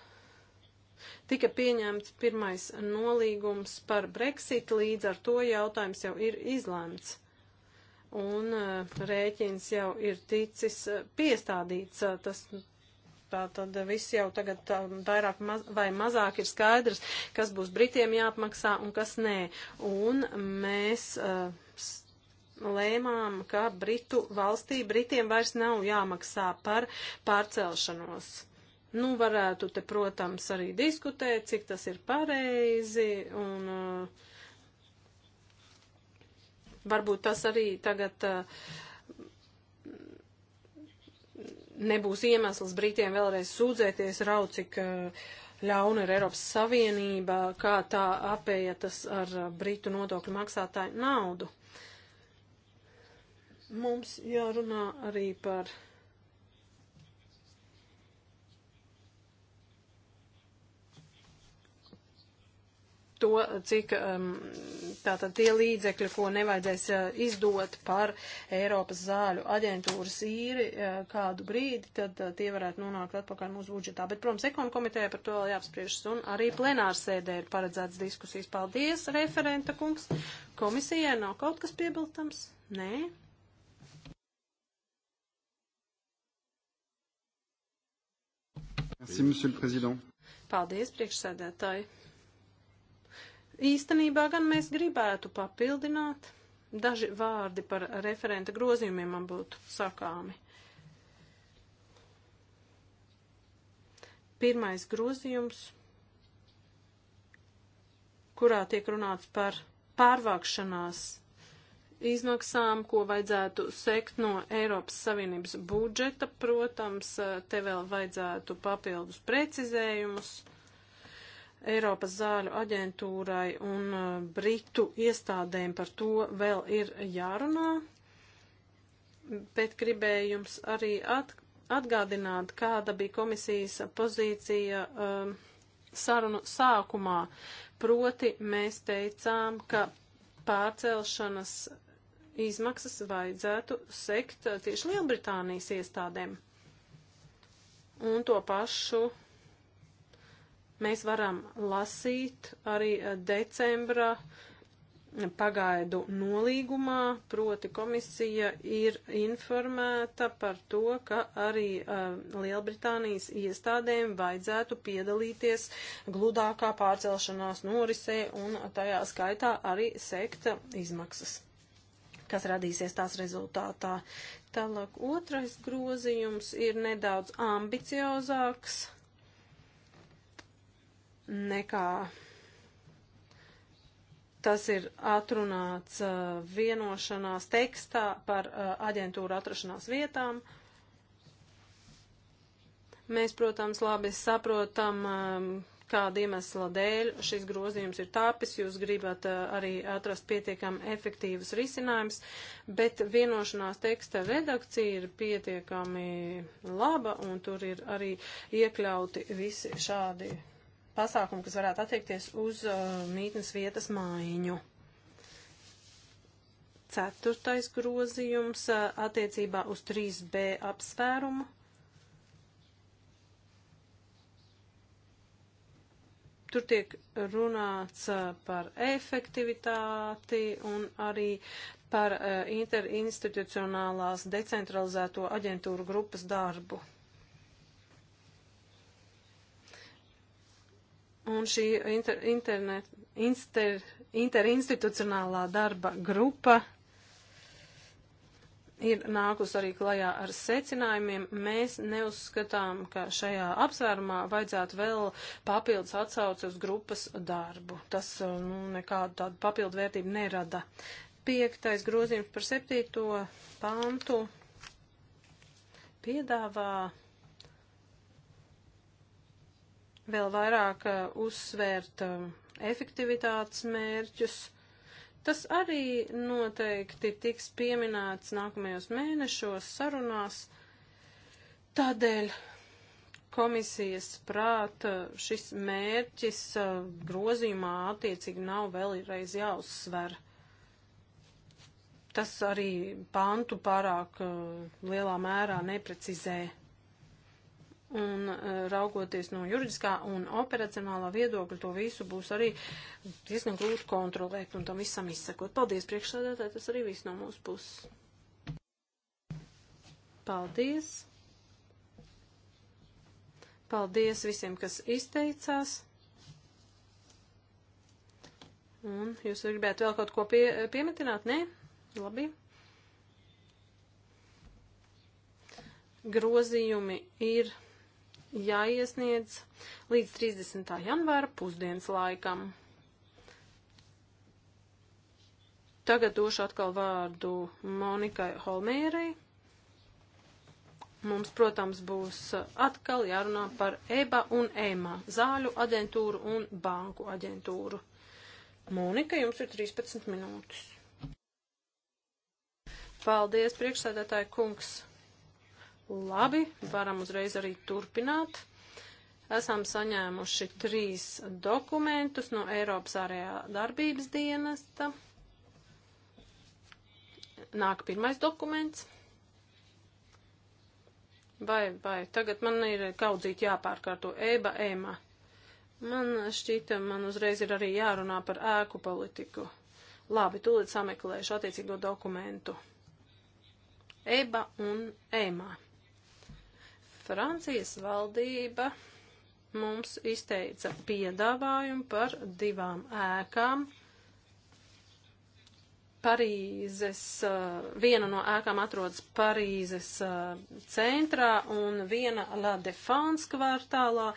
Tika pieņemts pirmais nolīgums par Brexit, līdz ar to jautājums jau ir izlēmts. Un rēķins jau ir ticis piestādīts, tas Tā tad viss jau tagad vairāk maz, vai mazāk ir skaidrs, kas būs Britiem jāapmaksā un kas nē. Un mēs. Uh, lēmām, ka Britu valstī Britiem vairs nav jāmaksā par pārcelšanos. Nu, varētu te, protams, arī diskutēt, cik tas ir pareizi, un uh, varbūt tas arī tagad uh, nebūs iemesls Britiem vēlreiz sūdzēties raud, cik eh, ļauna ir Eiropas Savienība, kā tā apēja tas ar eh, Britu nodokļu maksātāju naudu. Mums jārunā arī par to, cik um, tātad tie līdzekļi, ko nevajadzēs uh, izdot par Eiropas zāļu aģentūras īri uh, kādu brīdi, tad uh, tie varētu nonākt atpakaļ mūsu budžetā. Bet, protams, ekonu komitejā par to vēl jāapspriežas un arī plenārsēdē ir paredzēts diskusijas. Paldies, referenta kungs. Komisijai nav kaut kas piebilstams? Nē. Merci, Monsieur le Président. Paldies, priekšsēdētāji. Īstenībā gan mēs gribētu papildināt. Daži vārdi par referenta grozījumiem man būtu sakāmi. Pirmais grozījums, kurā tiek runāts par pārvākšanās izmaksām, ko vajadzētu sekt no Eiropas Savienības budžeta. Protams, te vēl vajadzētu papildus precizējumus. Eiropas zāļu aģentūrai un uh, Britu iestādēm par to vēl ir jārunā, bet gribēju jums arī atgādināt, kāda bija komisijas pozīcija um, sarunu sākumā. Proti mēs teicām, ka pārcelšanas izmaksas vajadzētu sekt tieši Lielbritānijas iestādēm. Un to pašu uh, Mēs varam lasīt arī eh, decembra pagaidu nolīgumā, proti komisija ir informēta par to, ka arī uh, Lielbritānijas iestādēm vajadzētu piedalīties gludākā pārcelšanās norisē un tajā skaitā arī sekta izmaksas kas radīsies tās rezultātā. Tālāk otrais grozījums ir nedaudz ambiciozāks nekā tas ir atrunāts uh, vienošanās tekstā par uh, aģentūru atrašanās vietām. Mēs, protams, labi saprotam, um, kāda iemesla dēļ šis grozījums ir tāpis, jūs gribat uh, arī atrast pietiekam efektīvas risinājums, bet vienošanās teksta redakcija ir pietiekami laba un tur ir arī iekļauti visi šādi pasākumu, kas varētu attiekties uz uh, mītnes vietas mājiņu. Ceturtais grozījums uh, attiecībā uz 3B apsvērumu. tur tiek runāts uh, par efektivitāti un arī par uh, interinstitucionālās decentralizēto aģentūru grupas darbu. Un šī inter, internet, inster, interinstitucionālā darba grupa ir nākus arī klajā ar secinājumiem. Mēs neuzskatām, ka šajā apsvērumā vajadzētu vēl papildus atsauci uz grupas darbu. Tas uh, nu, nekādu tādu papildu vērtību nerada. Piektais grozījums par septīto pāntu piedāvā vēl vairāk eh, uzsvērt eh, efektivitātes mērķus. Tas arī noteikti tiks pieminēts nākamajos mēnešos sarunās. Tādēļ komisijas prāta eh, šis mērķis grozījumā attiecīgi nav vēlreiz jāuzsver. Tas arī pantu pārāk lielā mērā neprecizē un e, raugoties no juridiskā un operacionālā viedokļa, to visu būs arī diezgan grūti kontrolēt un tam visam izsakot. Paldies priekšsādātāji, tas arī viss no mūsu puses. Paldies. Paldies visiem, kas izteicās. Un jūs gribētu vēl kaut ko pie, piemetināt? Nē? Labi. Grozījumi ir jāiesniedz līdz 30. janvāra pusdienas laikam. Tagad došu atkal vārdu Monikai Holmērai. Mums, protams, būs atkal jārunā par EBA un EMA, zāļu aģentūru un banku aģentūru. Monika, jums ir 13 minūtes. Paldies, priekšsēdētāji kungs. Labi, varam uzreiz arī turpināt. Esam saņēmuši trīs dokumentus no Eiropas ārējā darbības dienesta. Nāk pirmais dokuments. Vai, vai, tagad man ir kaudzīt jāpārkārto eba, ema. Man šķita, man uzreiz ir arī jārunā par ēku politiku. Labi, tūlīt sameklēšu attiecīgo dokumentu. Eba un ema. Francijas valdība mums izteica piedāvājumu par divām ēkām. Parīzes, uh, viena no ēkām atrodas Parīzes uh, centrā un viena La Défense kvartālā.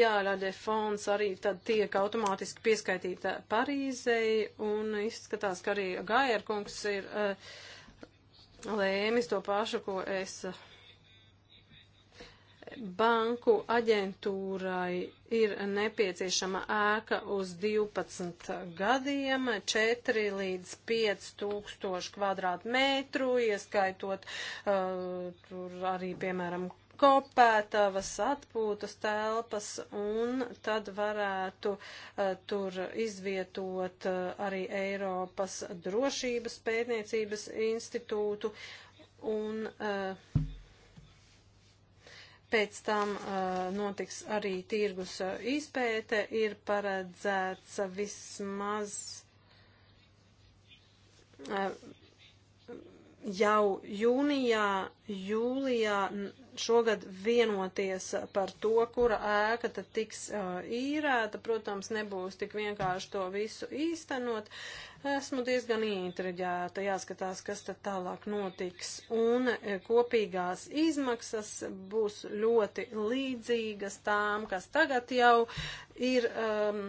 Jā, La Défense arī tad tiek automātiski pieskaitīta Parīzei un izskatās, ka arī Gajerkungs ir uh, lēmis to pašu, ko es. Uh, Banku aģentūrai ir nepieciešama ēka uz 12 gadiem, 4 līdz 5 tūkstoši kvadrātmetru, ieskaitot uh, tur arī, piemēram, kopētavas atpūtas telpas un tad varētu uh, tur izvietot uh, arī Eiropas drošības pētniecības institūtu un uh, Pēc tam uh, notiks arī tirgus eh, izpēte, ir paredzēts vismaz uh, jau jūnijā, jūlijā šogad vienoties par to, kura ēka tad tiks uh, īrēta. Protams, nebūs tik vienkārši to visu īstenot. Esmu diezgan ieintriģēta, jāskatās, kas tad tālāk notiks. Un kopīgās izmaksas būs ļoti līdzīgas tām, kas tagad jau ir. Um,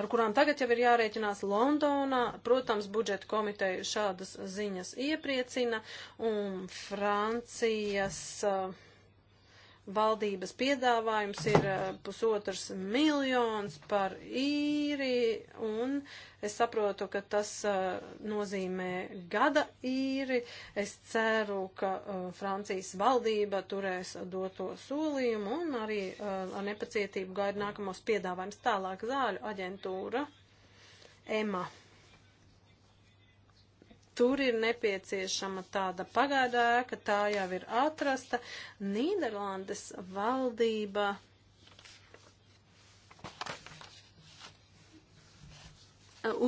ar kurām tagad jau ir jārēķinās Londonā. Protams, budžeta komiteja šādas ziņas iepriecina, un Francijas uh, Valdības piedāvājums ir eh, pusotrs miljons par īri, un es saprotu, ka tas eh, nozīmē gada īri. Es ceru, ka eh, Francijas valdība turēs doto solījumu un arī ar nepacietību gaida nākamos piedāvājums tālāk zāļu aģentūra EMA. Tur ir nepieciešama tāda pagaidā ēka, tā jau ir atrasta. Nīderlandes valdība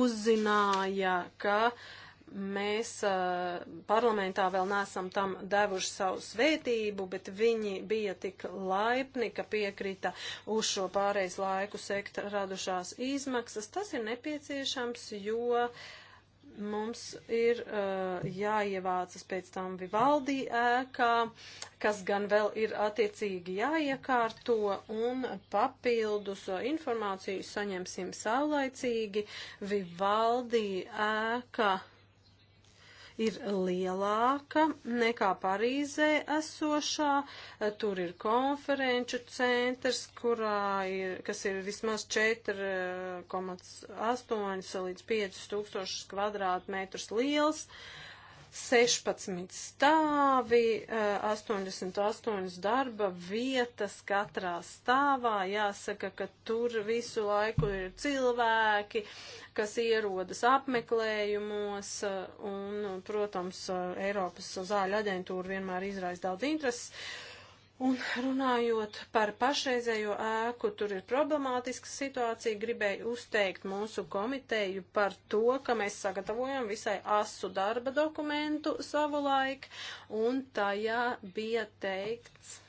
uzzināja, ka mēs uh, parlamentā vēl nesam tam devuši savu svētību, bet viņi bija tik laipni, ka piekrita uz šo pāreiz laiku sekt radušās izmaksas. Tas ir nepieciešams, jo uh, mums ir uh, jāievācas pēc tam Vivaldi ēkā, kas gan vēl ir attiecīgi jāiekārto, un papildus uh, informāciju saņemsim saulaicīgi Vivaldi ēkā. Uh, ir lielāka nekā Parīzē esošā. Tur ir konferenču centrs, kurā ir, kas ir vismaz 4,8 eh, līdz 5 tūkstošus kvadrātmetrus liels. Uh, 16 stāvi, 88 eh, darba vietas katrā stāvā. Jāsaka, ka tur visu laiku ir cilvēki, kas ierodas apmeklējumos, eh, un, protams, eh, Eiropas zāļu aģentūra vienmēr izraisa daudz intereses. Un runājot par pašreizējo ēku, tur ir problemātiska situācija. Gribēju uzteikt mūsu komiteju par to, ka mēs sagatavojam visai asu darba dokumentu savulaik, un tajā bija teikts,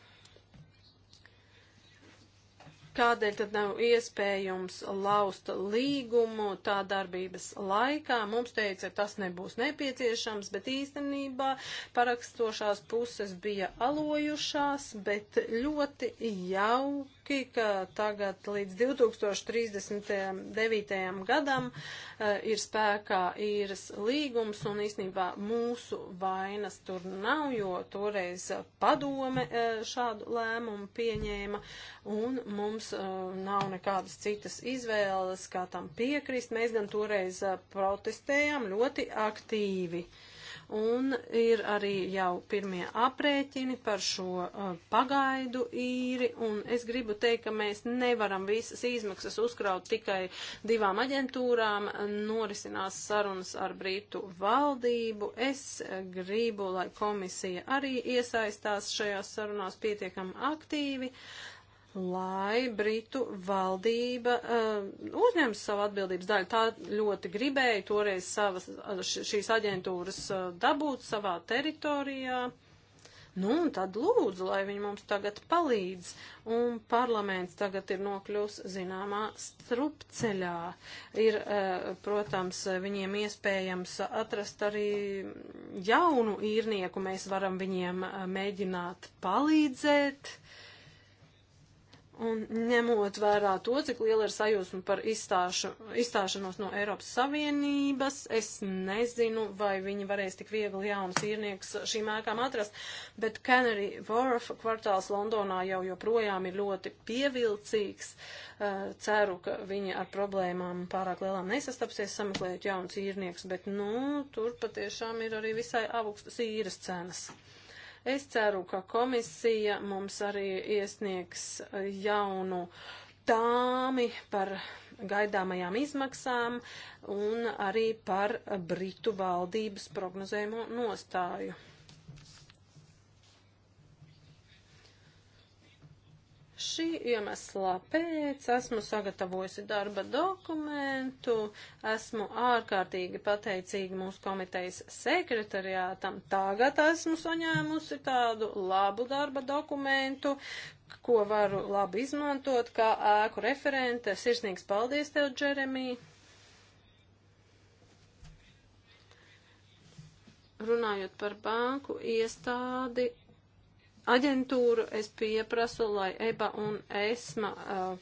Kādēļ tad nav iespējams laust līgumu tā darbības laikā? Mums teica, tas nebūs nepieciešams, bet īstenībā parakstošās puses bija alojušās, bet ļoti jau mērķi, ka tagad līdz 2039. gadam eh, ir spēkā īres līgums un īstenībā mūsu vainas tur nav, jo toreiz padome eh, šādu lēmumu pieņēma un mums eh, nav nekādas citas izvēles, kā tam piekrist. Mēs gan toreiz protestējām ļoti aktīvi un ir arī jau pirmie aprēķini par šo uh, pagaidu īri, un es gribu teikt, ka mēs nevaram visas izmaksas uzkraut tikai divām aģentūrām, norisinās sarunas ar Brītu valdību. Es gribu, lai komisija arī iesaistās šajās sarunās pietiekami aktīvi. Uh, lai Britu valdība uh, uzņems savu atbildības daļu. Tā ļoti gribēja toreiz savas, šīs aģentūras uh, dabūt savā teritorijā. Nu, un tad lūdzu, lai viņi mums tagad palīdz, un parlaments tagad ir nokļūs zināmā strupceļā. Ir, eh, protams, viņiem iespējams atrast arī jaunu īrnieku, mēs varam viņiem mēģināt palīdzēt Un ņemot vērā to, cik liela ir sajūsma par izstāšu, izstāšanos no Eiropas Savienības, es nezinu, vai viņi varēs tik viegli jaunus īrniekus šīm ēkām atrast, bet Canary Wharf kvartāls Londonā jau joprojām ir ļoti pievilcīgs. Eh, ceru, ka viņi ar problēmām pārāk lielām nesastapsies sameklējot jaunus īrniekus, bet, nu, tur patiešām ir arī visai augstas īres cenas. Es ceru, ka komisija mums arī iesniegs jaunu tāmi par gaidāmajām izmaksām un arī par Britu valdības prognozējumu nostāju. šī iemesla pēc esmu sagatavojusi darba dokumentu, esmu ārkārtīgi pateicīga mūsu komitejas sekretariātam. Tagad esmu saņēmusi tādu labu darba dokumentu, ko varu labi izmantot kā ēku referente. Sirsnīgs paldies tev, Džeremija! Runājot par banku iestādi, aģentūru, es pieprasu, lai EBA un ESMA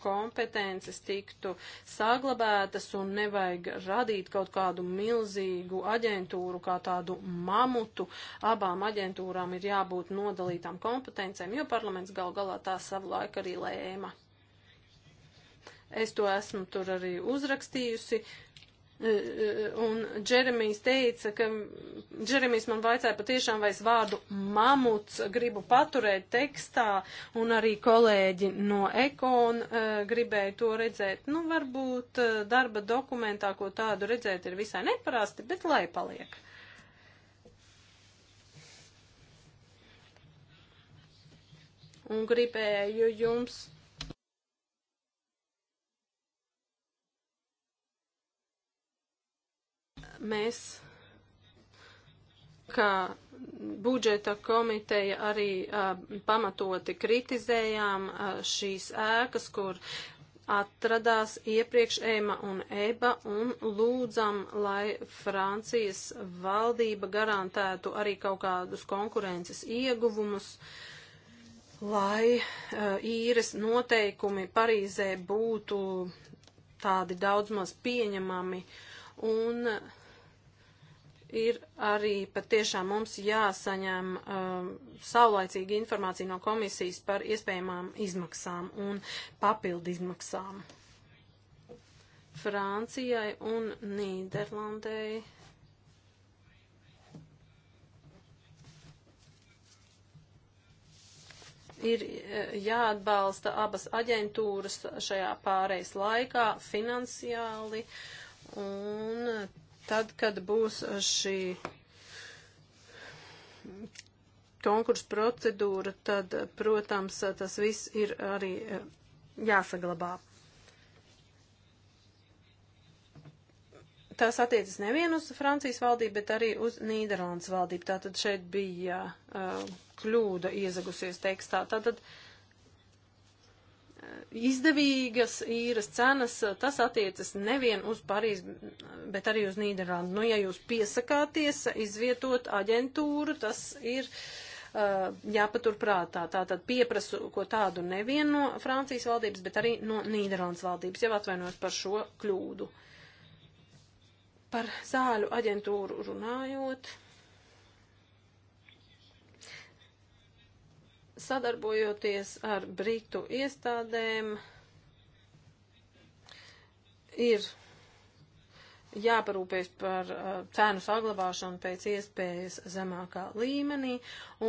kompetences tiktu saglabētas un nevajag radīt kaut kādu milzīgu aģentūru, kā tādu mamutu. Abām aģentūrām ir jābūt nodalītām kompetencēm, jo parlaments gal galā tā savulaik arī lēma. Es to esmu tur arī uzrakstījusi. Uh, E, e, un Džeremijs teica, ka Džeremijs man vaicāja patiešām, vai es vārdu mamuts gribu paturēt tekstā, un arī kolēģi no Ekon e, gribēja to redzēt. Nu, varbūt darba dokumentā, ko tādu redzēt, ir visai neparasti, bet lai paliek. Un gribēju jums mēs kā budžeta komiteja arī uh, pamatoti kritizējām uh, šīs ēkas, kur atradās iepriekš Ēma un Eba un lūdzam, lai Francijas valdība garantētu arī kaut kādus konkurences ieguvumus, lai uh, īres noteikumi Parīzē būtu tādi daudz maz pieņemami un uh, ir arī patiešām mums jāsaņem um, saulaicīga informācija no komisijas par iespējamām izmaksām un papildu izmaksām. Francijai un Nīderlandei ir eh, jāatbalsta abas aģentūras šajā pārejas laikā finansiāli, un Tad, kad būs šī konkursa procedūra, tad, protams, tas viss ir arī eh, jāsaglabā. Tas attiecas nevien uz Francijas valdību, bet arī uz Nīderlandes valdību. Tātad šeit bija uh, kļūda iezagusies tekstā. Tātad uh, izdevīgas īres cenas, eh, tas attiecas nevien uz Parīzi, bet arī uz Nīderlandu. Nu, ja jūs piesakāties izvietot aģentūru, tas ir uh, eh, jāpatur prātā. Tātad pieprasu, ko tādu nevien no Francijas valdības, bet arī no Nīderlandes valdības. Jau atvainojos par šo kļūdu. Par zāļu aģentūru runājot sadarbojoties ar Britu iestādēm, ir jāparūpēs par uh, cēnu saglabāšanu pēc iespējas zemākā līmenī,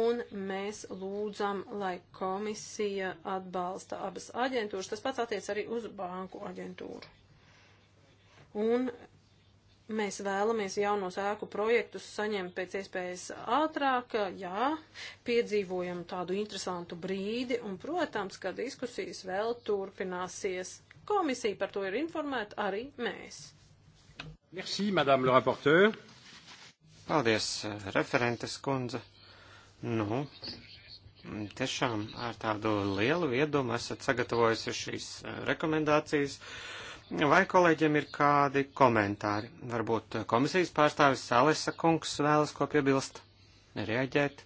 un mēs lūdzam, lai komisija atbalsta abas aģentūras. Tas pats attiec arī uz banku aģentūru. Un Mēs vēlamies jaunos ēku projektus saņemt pēc iespējas ātrāk, jā, piedzīvojam tādu interesantu brīdi, un, protams, ka diskusijas vēl turpināsies. Komisija par to ir informēta arī mēs. Merci, madame le rapporteur. Paldies, referentes kundze. Nu, tiešām ar tādu lielu viedumu esat sagatavojusi šīs eh, rekomendācijas. Uh, Vai kolēģiem ir kādi komentāri? Varbūt komisijas pārstāvis Salesa kungs vēlas ko piebilst, nereaģēt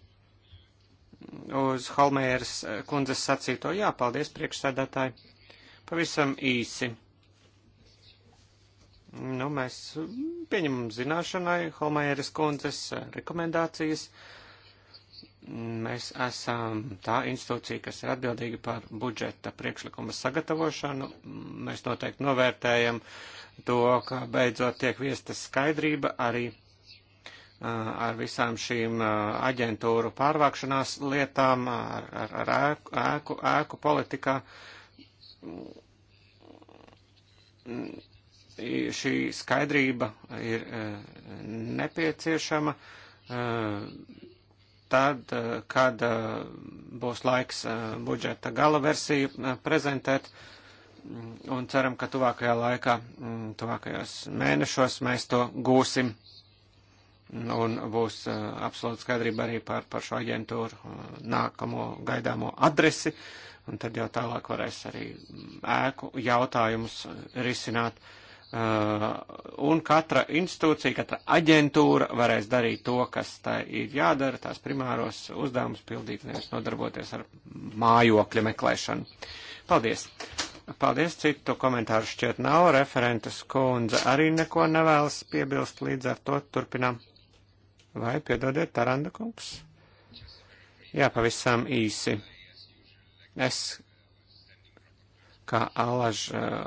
uz Holmēras kundzes sacīto. Jā, paldies priekšsēdētāji. Pavisam īsi. Nu, mēs pieņemam zināšanai Holmēras kundzes rekomendācijas. Uh, Mēs esam tā institūcija, kas ir atbildīga par budžeta priekšlikuma sagatavošanu. Mēs noteikti novērtējam to, ka beidzot tiek viesta skaidrība arī ar visām šīm aģentūru pārvākšanās lietām, ar, ar, ar ēku, ēku, ēku politikā. Šī skaidrība ir nepieciešama tad, eh, kad eh, būs laiks eh, budžeta gala versiju prezentēt. Mm, un ceram, ka tuvākajā laikā, mm, tuvākajos mēnešos mēs to gūsim. Un būs absolūta skaidrība arī par, par šo aģentūru nākamo gaidāmo adresi. Un tad jau tālāk varēs arī mm, ēku jautājumus risināt. Uh, Uh, un katra institūcija, katra aģentūra varēs darīt to, kas tai ir jādara, tās primāros uzdevumus pildīt, nevis nodarboties ar mājokļa meklēšanu. Paldies! Paldies, citu komentāru šķiet nav. Referentas kundze arī neko nevēlas piebilst, līdz ar to turpinām. Vai piedodiet, Taranda kungs? Jā, pavisam īsi. Es ka Alaž eh,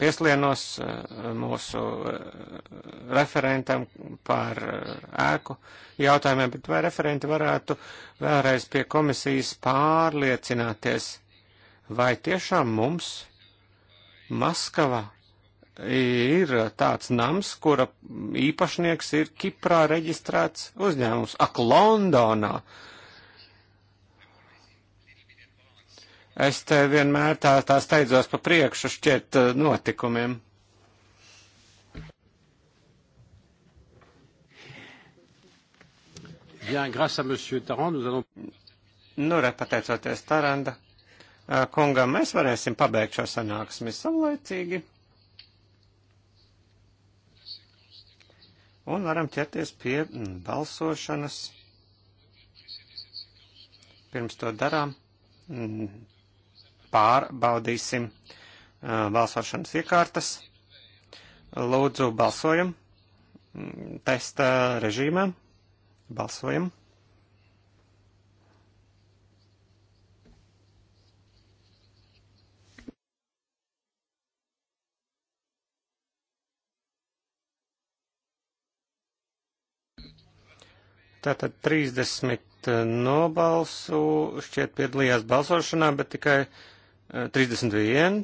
pieslienos eh, mūsu eh, referentam par ēku jautājumiem, bet vai referenti varētu vēlreiz pie komisijas pārliecināties, vai tiešām mums Maskava ir tāds nams, kura īpašnieks ir Kiprā reģistrēts uzņēmums, ak, Londonā. Uh, Es te vienmēr tā, tā steidzos pa priekšu šķiet eh, notikumiem. Bien, grâce à Monsieur Tarand, nous allons. Nu, re, pateicoties Taranda eh, kungam, mēs varēsim pabeigt šo sanāksmi savlaicīgi. Un varam ķerties pie mm, balsošanas. Pirms to darām, mm, pārbaudīsim uh, balsošanas iekārtas. Lūdzu, balsojam. Mm, testa režīmā. Balsojam. Tātad 30 nobalsu šķiet piedalījās balsošanā, bet tikai uh, 31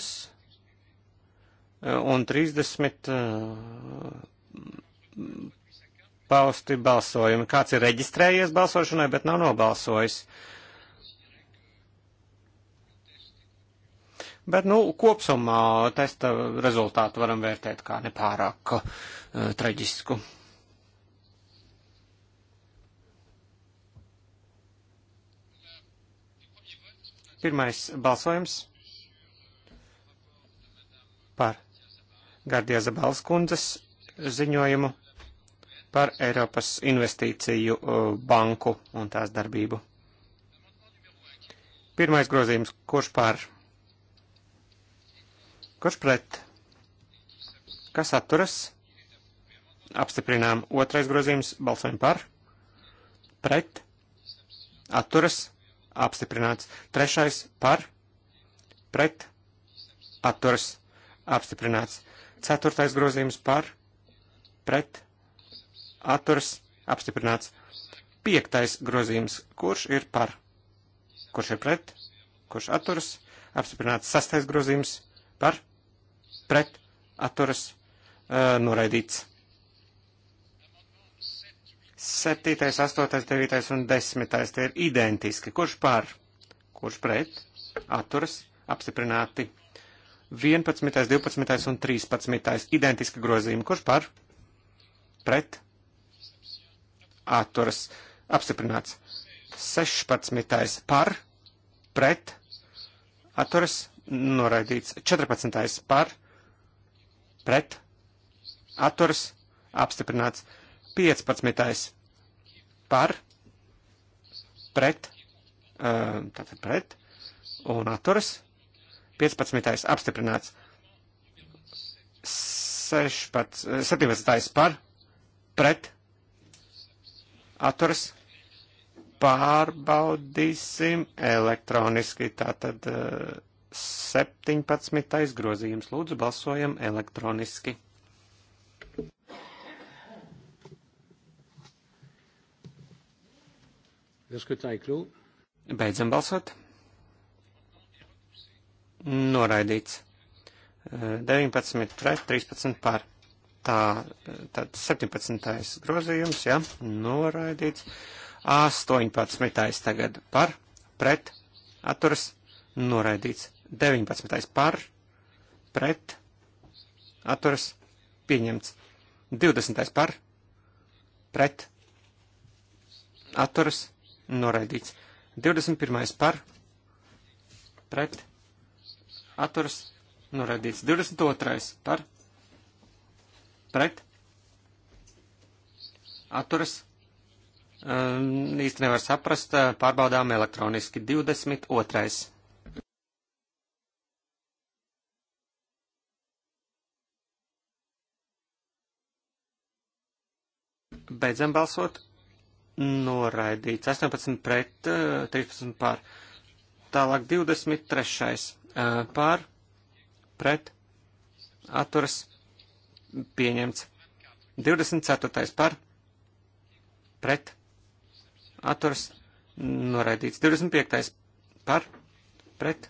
eh, un 30 eh, pausti balsojumi. Kāds ir reģistrējies balsošanai, bet nav nobalsojis. Bet, nu, kopsumā testa rezultātu varam vērtēt kā nepārāk uh, traģisku. Pirmais balsojums par Gardie Zabalskundzes ziņojumu par Eiropas investīciju uh, banku un tās darbību. Pirmais grozījums, kurš par? Kurš pret? Kas atturas? Apstiprinām. Otrais grozījums, balsojam par. Pret. Atturas. Apstiprināts. Trešais par. Pret. Atturas apstiprināts. Ceturtais grozījums par, pret, atturas, apstiprināts. Piektais grozījums, kurš ir par, kurš ir pret, kurš atturas, apstiprināts. Sastais grozījums par, pret, atturas, uh, eh, noraidīts. Septītais, astotais, devītais un desmitais tie ir identiski. Kurš par, kurš pret, atturas, apstiprināti 11, 12 un 13. Identiski grozījumi. Kurš par? Pret? Atturas. Apstiprināts. 16. par? Pret? Atturas. Noraidīts. 14. par? Pret? Atturas. Apstiprināts. 15. par? Pret? Tātad pret. Un atturas 15. apstiprināts. 16, 17. par, pret, atturas, pārbaudīsim elektroniski. Tātad 17. Eh, grozījums. Lūdzu, balsojam elektroniski. Beidzam balsot. Noraidīts. 19 pret, 13 pār. Tā, tad 17. grozījums, jā, ja? noraidīts. 18. tagad par, pret, atturas, noraidīts. 19. par, pret, atturas, pieņemts. 20. par, pret, atturas, noraidīts. 21. par, pret, atturas noraidīts. 22. par pret atturas um, īsti nevar saprast, pārbaudām elektroniski. 22. Beidzam balsot. Noraidīts. 18 pret, 13 uh, pār. Tālāk 23. Eh, pār, pret, atturas, pieņemts. 24. par, pret, atturas, noraidīts. 25. par, pret,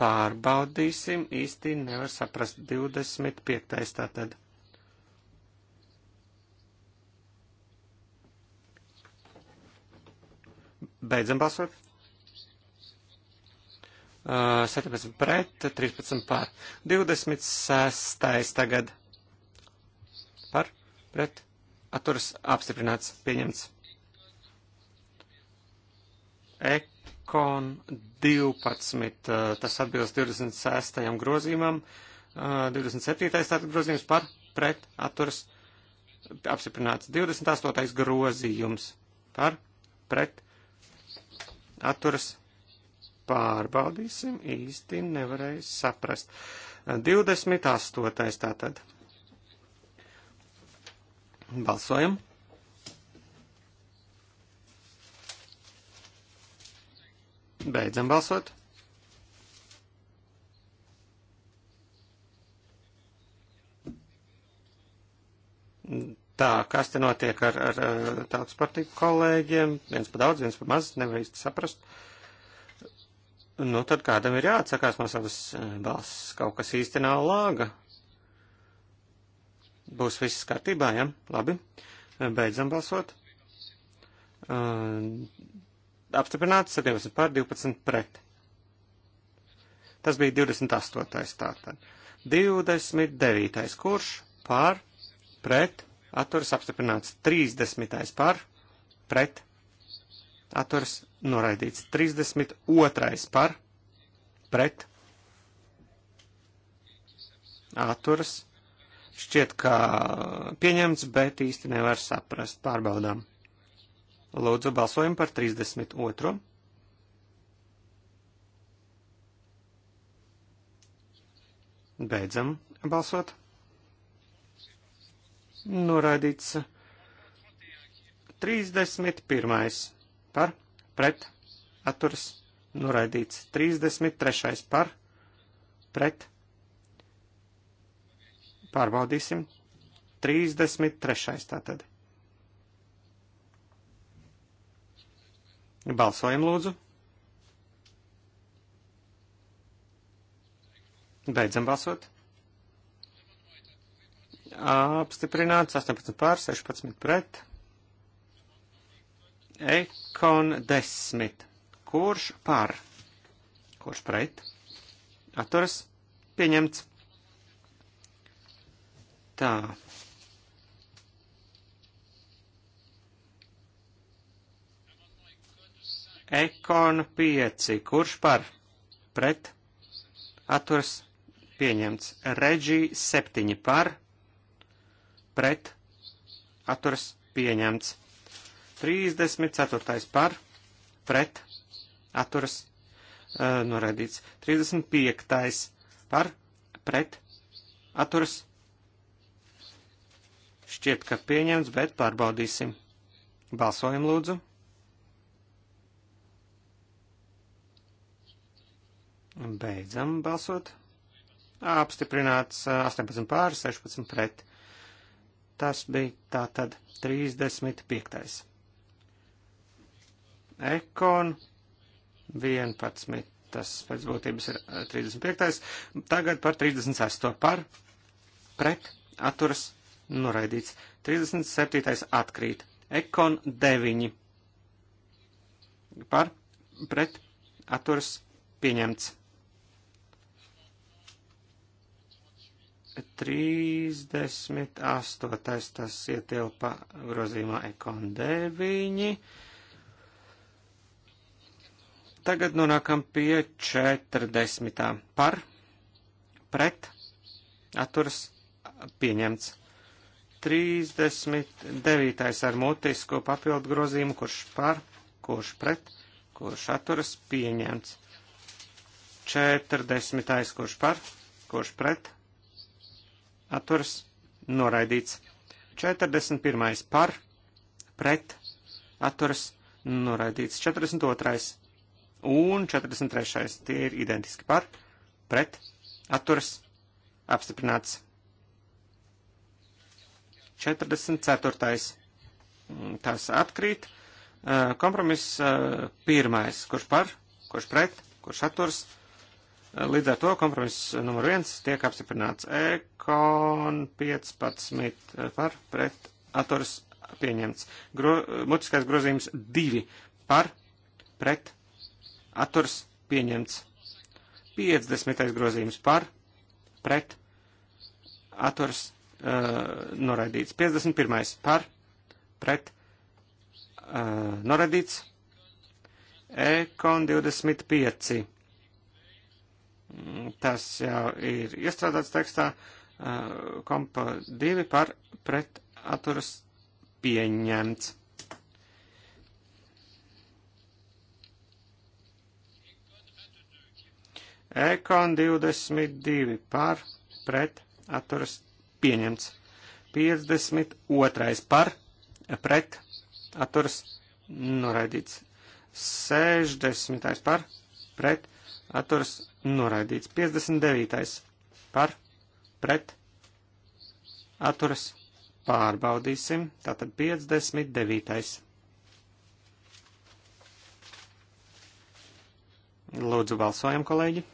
pārbaudīsim, īsti nevar saprast. 25. tātad. Beidzam balsot. 17 pret, 13 pār. 26. tagad par, pret, atturas apstiprināts, pieņemts. Ekon 12, tas atbilst 26. grozījumam, 27. tātad grozījums par, pret, atturas apstiprināts, 28. grozījums par, pret, atturas apstiprināts pārbaudīsim, īsti nevarēju saprast. 28. tātad. Balsojam. Beidzam balsot. Tā, kas te notiek ar, ar tautas partiju kolēģiem? Viens pa daudz, viens pa maz, nevar īsti saprast. Uh, nu tad kādam ir jāatsakās no savas eh, balss, kaut kas īsti nav lāga. Būs viss kārtībā, jā, ja? labi, eh, beidzam balsot. Uh, apstiprināts 17 pār 12 pret. Tas bija 28. tātad. 29. kurš pār, pret, atturas apstiprināts 30. pār, pret, atturas noraidīts. 32. par pret atturas šķiet, ka pieņemts, bet īsti nevar saprast. Pārbaudām. Lūdzu, balsojam par 32. Beidzam balsot. Noraidīts 31 par pret atturas noraidīts. 33. par pret pārbaudīsim. 33. tātad. Balsojam lūdzu. Beidzam balsot. Apstiprināts 18 pār 16 pret. Ekon 10. Kurš par? Kurš pret? Atturas pieņemts. Tā. Ekon 5. Kurš par? Pret? Atturas pieņemts. Reģī 7 par? Pret? Atturas pieņemts. 34. par, pret, atturas, uh, noraidīts. 35. par, pret, atturas. Šķiet, ka pieņemts, bet pārbaudīsim. Balsojam lūdzu. Beidzam balsot. Apstiprināts 18 pār 16 pret. Tas bija tātad 35 ekon 11, tas pēc būtības ir 35. Eh, tagad par 36. par pret atturas noraidīts. 37. atkrīt. Ekon 9 par pret atturas pieņemts. 38. tas ietilpa grozījumā ekon 9 Tagad nonākam pie 40. par, pret, atturas, pieņemts. 39. ar mutisko papildu grozījumu, kurš par, kurš pret, kurš atturas, pieņemts. 40. kurš par, kurš pret, atturas, noraidīts. 41. par, pret, atturas, noraidīts. 42 un 43. Tie ir identiski par, pret, atturas, apstiprināts. 44. Mm, tas atkrīt. Kompromiss pirmais, kurš par, kurš pret, kurš atturas. Līdz ar to kompromiss numur viens tiek apstiprināts. Ekon 15 par, pret, atturas pieņemts. Gro, mutiskais grozījums 2 par, pret, atturas atturs pieņemts. 50. grozījums par, pret, atturs uh, noraidīts. 51. par, pret, uh, noraidīts. Ekon 25. Mm, tas jau ir iestrādāts tekstā. Uh, kompa 2 par, pret, atturs pieņemts. Ekon 22 par, pret, atturas pieņemts. 52 par, pret, atturas noraidīts. 60 par, pret, atturas noraidīts. 59 par, pret, atturas pārbaudīsim. Tātad 59. Lūdzu, balsojam, kolēģi!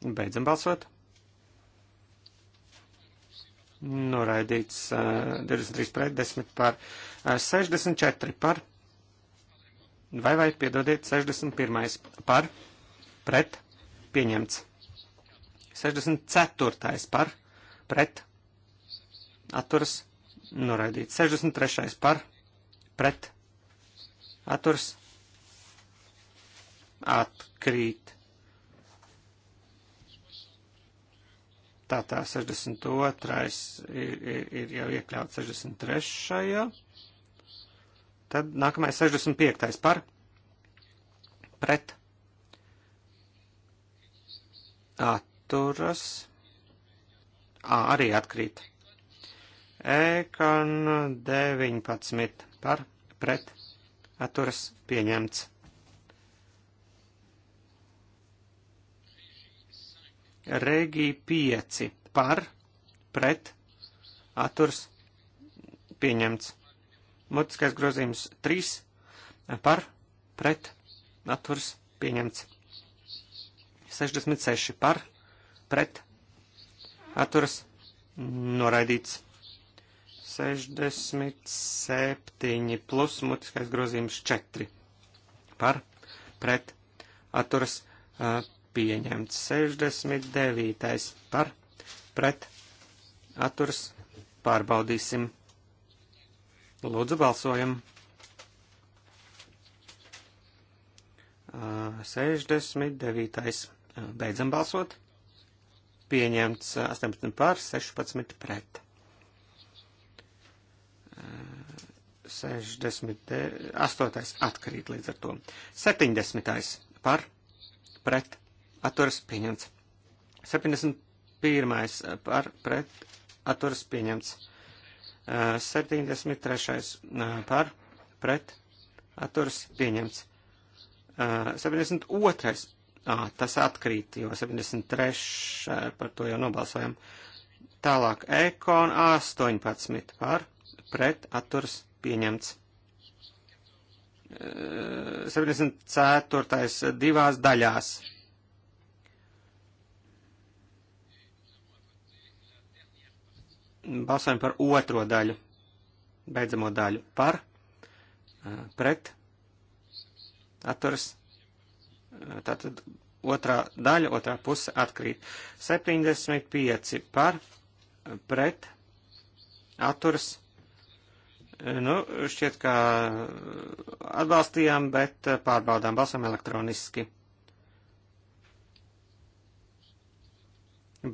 Beidzam balsot. Noraidīts 23 eh, pret 10 par 64 eh, par. Vai vai piedodiet 61 par pret pieņemts. 64 par pret atturas noraidīts. 63 par pret atturas atkrīt. Tātā 62. Ir, ir, ir jau iekļauts 63. Tad nākamais 65. par pret atturas. Ā, arī atkrīt. Ekon 19 par pret atturas pieņemts. Regija 5 par, pret, atturs, pieņemts. Mutiskais grozījums 3 par, pret, atturs, pieņemts. 66 par, pret, atturs, noraidīts. 67 plus mutiskais grozījums 4 par, pret, atturas uh, pieņemts 69. par pret atturs pārbaudīsim. Lūdzu, balsojam. 69. Beidzam balsot. Pieņemts 18 pār 16 pret. 68. atkrīt līdz ar to. 70. par pret atturas pieņemts. 71. Eh, par pret atturas pieņemts. 73. Eh, eh, par pret atturas pieņemts. 72. Ah, tas atkrīt, jo 73. par to jau nobalsojam. Tālāk ekon 18 par pret atturas pieņemts. 74. divās daļās. Balsojam par otro daļu, beidzamo daļu par, pret, atturas. Tātad otrā daļa, otrā puse atkrīt. 75 par, pret, atturas. Nu, šķiet, ka atbalstījām, bet pārbaudām balsam elektroniski.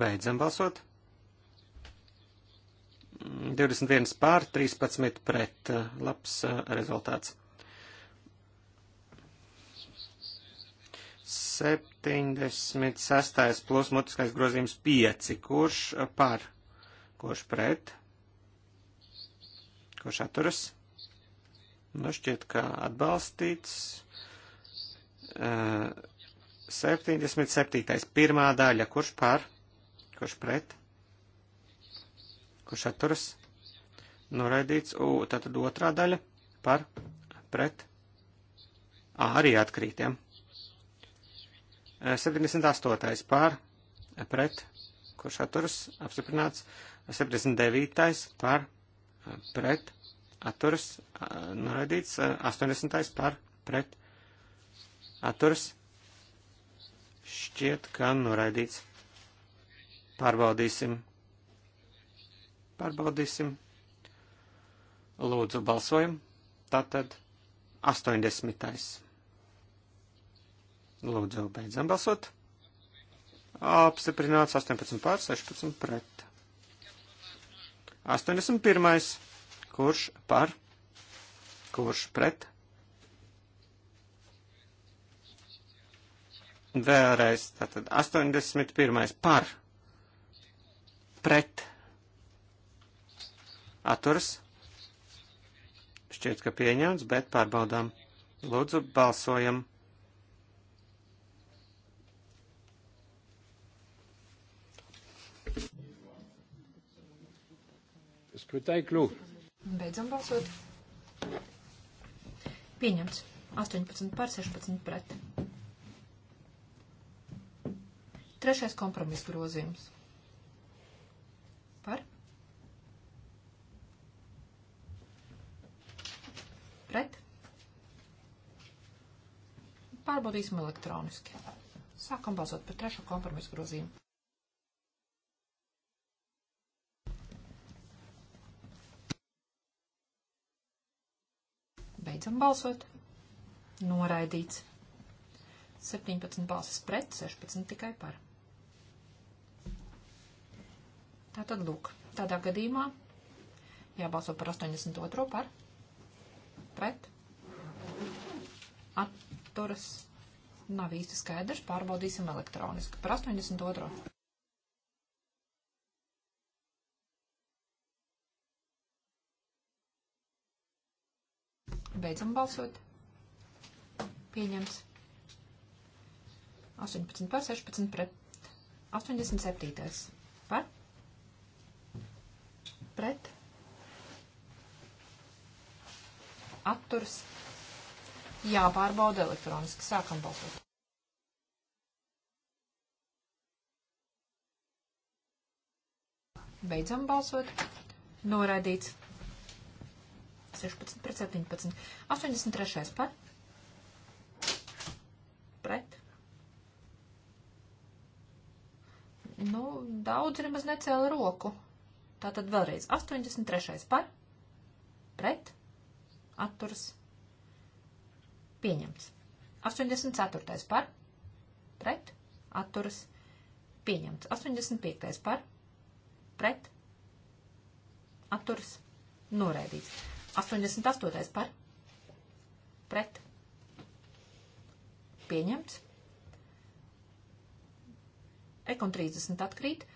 Beidzam balsot. 21 pār 13 pret. Labs eh, rezultāts. 76. plus mutiskais grozījums 5. Kurš eh, par? Kurš pret? Kurš atturas? Nu, šķiet, ka atbalstīts. 77. Eh, pirmā daļa. Kurš par? Kurš pret? kurš atturas noraidīts, u, tātad otrā daļa par pret a, arī atkrītiem. 78. par pret, kurš atturas apstiprināts, 79. par pret, atturas noraidīts, 80. par pret, atturas šķiet, ka noraidīts. Pārbaudīsim Pārbaudīsim. Lūdzu, balsojam. Tātad 80. Lūdzu, beidzam balsot. Apstiprināts 18 pār 16 pret. 81. Kurš par? Kurš pret? Vēlreiz, tātad 81. par, pret, Atturas. Šķiet, ka pieņemts, bet pārbaudām. Lūdzu, balsojam. Skrutai klū. Beidzam balsot. Pieņemts. 18 par 16 pret. Trešais kompromiss grozījums. Pret. Pārbaudīsim elektroniski. Sākam balsot par trešo kompromisu grozījumu. Beidzam balsot. Noraidīts. 17 balsis pret, 16 tikai par. Tātad, lūk, tādā gadījumā jābalso par 82 par pret atturas nav īsti skaidrs. Pārbaudīsim elektroniski par 82. Beidzam balsot. Pieņems. 18 par 16 pret 87. Par? Pret? atturas jāpārbauda elektroniski. Sākam balsot. Beidzam balsot. Noraidīts. 16 pret 17. 83. par. Pret. Nu, daudz nemaz necēla roku. Tātad vēlreiz 83. par. Pret atturs pieņemts. 84. par pret atturas pieņemts. 85. par pret atturas noraidīts. 88. par pret pieņemts. Ekon 30 atkrīt.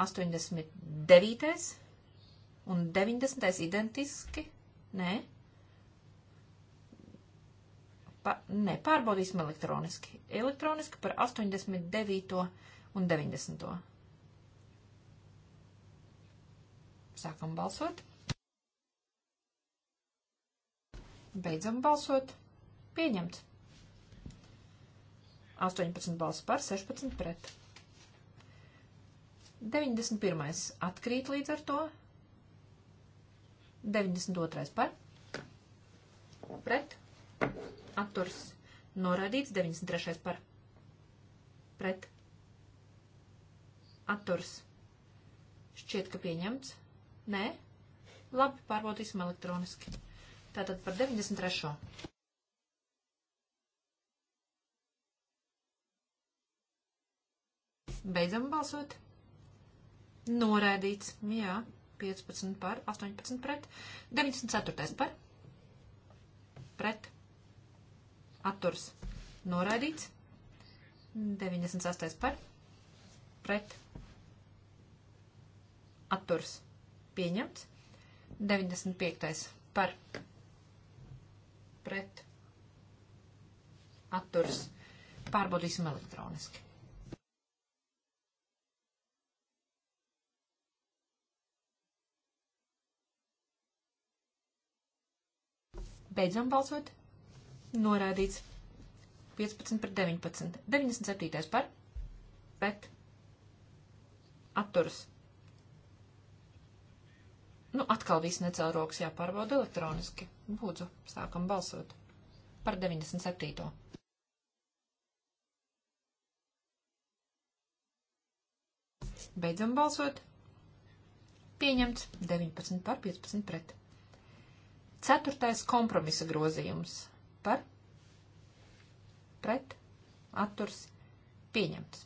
89. un 90. identiski. Nē. Pa, ne, pārbaudīsim elektroniski. Elektroniski par 89. un 90. Sākam balsot. Beidzam balsot. Pieņemts. 18 balsu par, 16 pret. 91. atkrīt līdz ar to. 92. par. Pret atturs noraidīts, 93. par pret atturs šķiet, ka pieņemts. Nē? Labi, pārbaudīsim elektroniski. Tātad par 93. Beidzam balsot. Noraidīts. Jā, 15 par, 18 pret, 94 par, pret, atturs noraidīts. 98. par pret atturs pieņemts. 95. par pret atturs pārbaudīsim elektroniski. Beidzam balsot. Noraidīts. 15 pret 19. 97. par. Pret. Atturas. Nu, atkal viss necēl rokas jāpārbauda elektroniski. Lūdzu, sākam balsot. Par 97. Beidzam balsot. Pieņemts 19 par 15 pret. Ceturtais kompromisa grozījums par pret atturs pieņemts.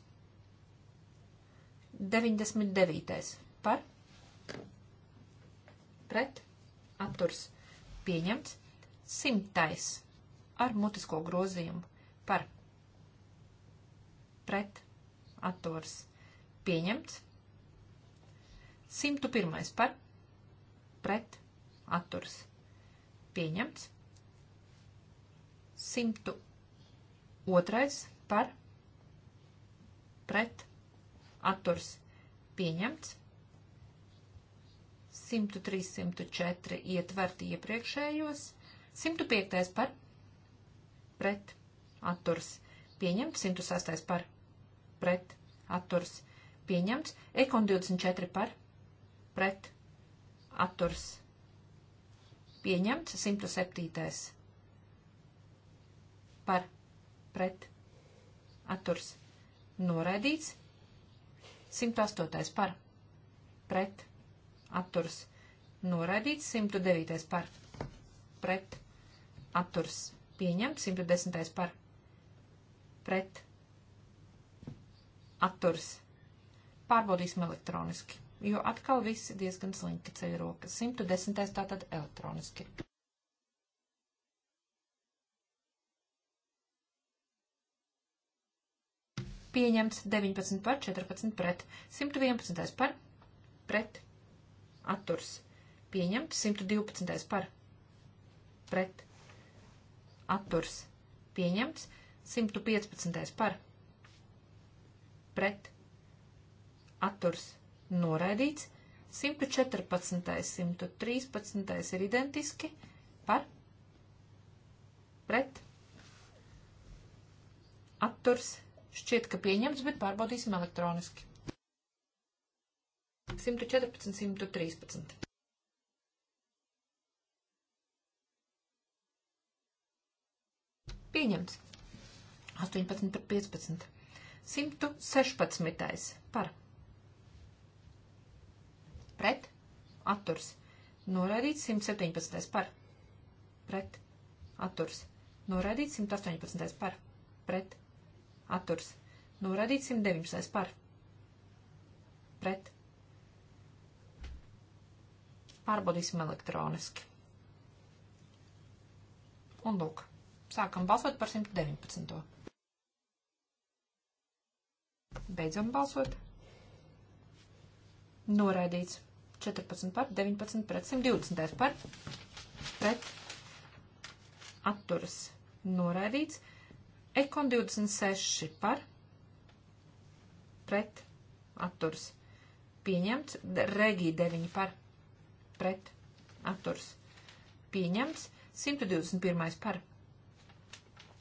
99. par pret atturs pieņemts. 100. ar mutisko grozījumu par pret atturs pieņemts. 101. par pret atturs pieņemts. 102. par pret atturs pieņemts. 103, 104 ietverti iepriekšējos. 105. par pret atturs pieņemts. 106. par pret atturs pieņemts. Ekon 24 par pret atturs pieņemts. 107 par pret atturs noraidīts. 108. par pret atturs noraidīts. 109. par pret atturs pieņemts. 110. par pret atturs pārbaudīsim elektroniski, jo atkal visi diezgan slinki ceļ rokas. 110. tātad elektroniski. pieņemts 19 par 14 pret, 111 par pret, atturs pieņemts 112 par pret, atturs pieņemts 115 par pret, atturs noraidīts 114, 113 ir identiski par pret, atturs pieņemts Šķiet, ka pieņemts, bet pārbaudīsim elektroniski. 114, 113. Pieņemts. 18 par 15. 116. par. Pret. Atturs. Noraidīts 117. par. Pret. Atturs. Noraidīts 118. par. Pret atturs norādīts 119. par pret. Pārbaudīsim elektroniski. Un lūk, sākam balsot par 119. Beidzam balsot. Noraidīts 14 par 19 pret 120 par pret atturas noraidīts Ekon 26 par pret atturs pieņemts. Regī 9 par pret atturs pieņemts. 121 par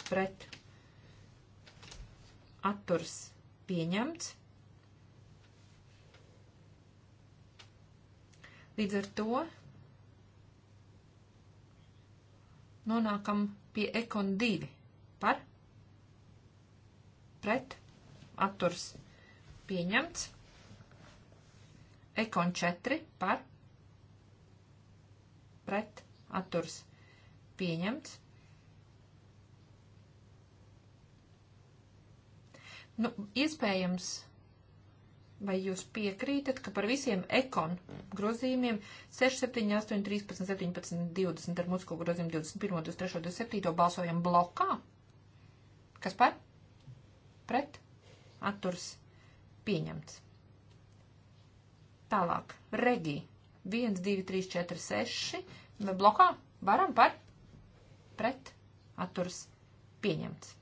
pret atturs pieņemts. Līdz ar to nonākam pie ekon 2 par pret pret atturs pieņemts. Ekon 4 par pret atturs pieņemts. Nu, iespējams, vai jūs piekrītat, ka par visiem ekon grozījumiem 6, 7, 8, 13, 17, 20 ar musko grozījumu 21, 23, 27 balsojam blokā? Kas par? pret, atturs, pieņemts. Tālāk, regi, 1, 2, 3, 4, 6, vai blokā, varam par, pret, atturs, pieņemts.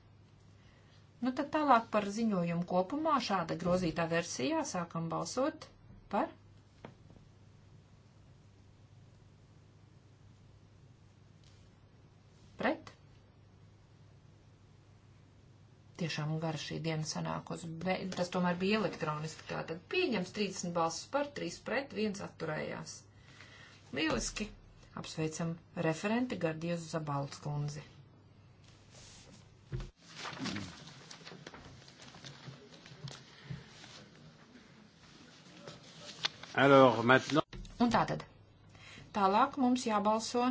Nu tad tālāk par ziņojumu kopumā šāda grozītā versijā sākam balsot par tiešām gara šī diena sanākos. Tas tomēr bija elektroniski. Tātad pieņems 30 balsis par, 3 pret, 1 atturējās. Lieliski! Apsveicam referenti Gardiezu Zabalts kundzi. Alors, maintenant... Un tātad. Tālāk mums jābalso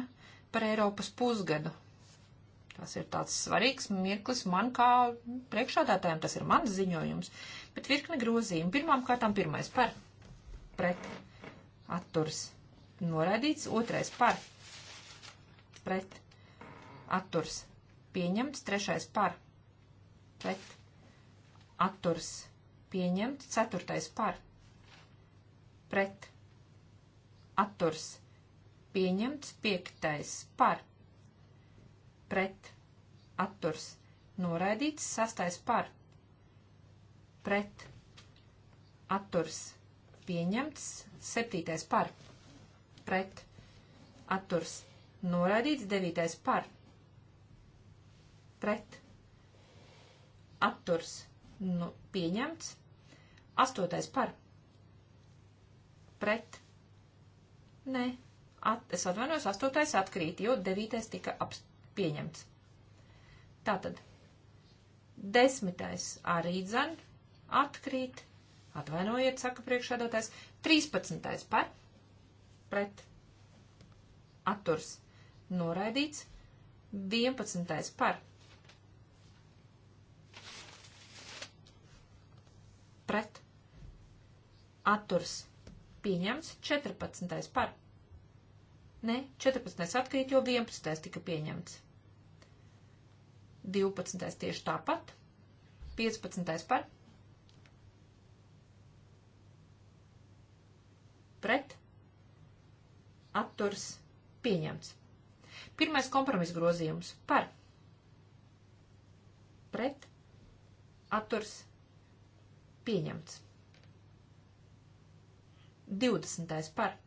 par Eiropas pusgadu Tas ir tāds svarīgs mirklis man kā priekšādātājiem, tas ir mans ziņojums, bet virkne grozījumi. Pirmām kārtām pirmais par, pret, atturs, noraidīts, otrais par, pret, atturs, pieņemts, trešais par, pret, atturs, pieņemts, ceturtais par, pret, atturs, pieņemts, piektais par, pret, atturs noraidīts, sastais par pret atturs pieņemts, septītais par pret atturs noraidīts, devītais par pret atturs nu, pieņemts, astotais par pret Nē, At, es atvainojos, astotais atkrīt, jo devītais tika apst pieņemts. Tātad desmitais arī dzen atkrīt, atvainojiet, saka priekšādātājs, trīspadsmitais par, pret, atturs, noraidīts, vienpadsmitais par, pret, atturs, pieņemts, četrpadsmitais par. Ne, 14. atkrīt, jo 11. tika pieņemts. 12. tieši tāpat, 15. par, pret, atturs, pieņemts. Pirmais kompromis grozījums par, pret, atturs, pieņemts. 20. par,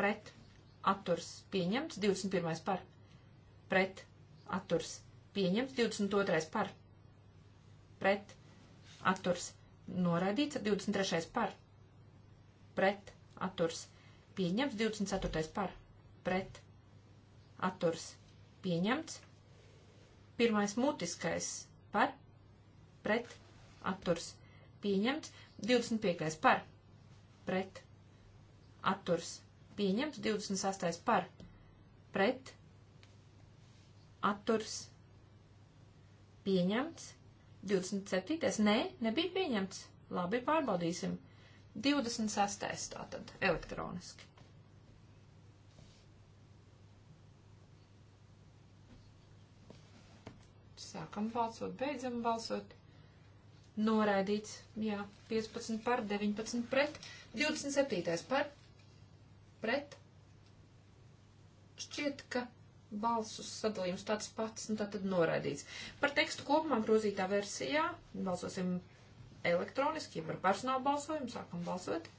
pret, atturs, pieņemts. 21. par, pret, atturs, pieņemts atturs pieņemts, 22. par pret atturs noraidīts, 23. par pret atturs pieņemts, 24. par pret atturs pieņemts, 1. mutiskais par pret atturs pieņemts, 25. par pret atturs pieņemts, 28. par pret atturs pieņemts, atturs pieņemts. 27. Nē, nebija pieņemts. Labi, pārbaudīsim. 26. tātad elektroniski. Sākam balsot, beidzam balsot. Noraidīts, jā, 15 par, 19 pret, 27. par, pret. Šķiet, ka balsu sadalījums tāds pats, nu tā tad noraidīts. Par tekstu kopumā grozītā versijā balsosim elektroniski, ja par personālu balsojumu sākam balsot.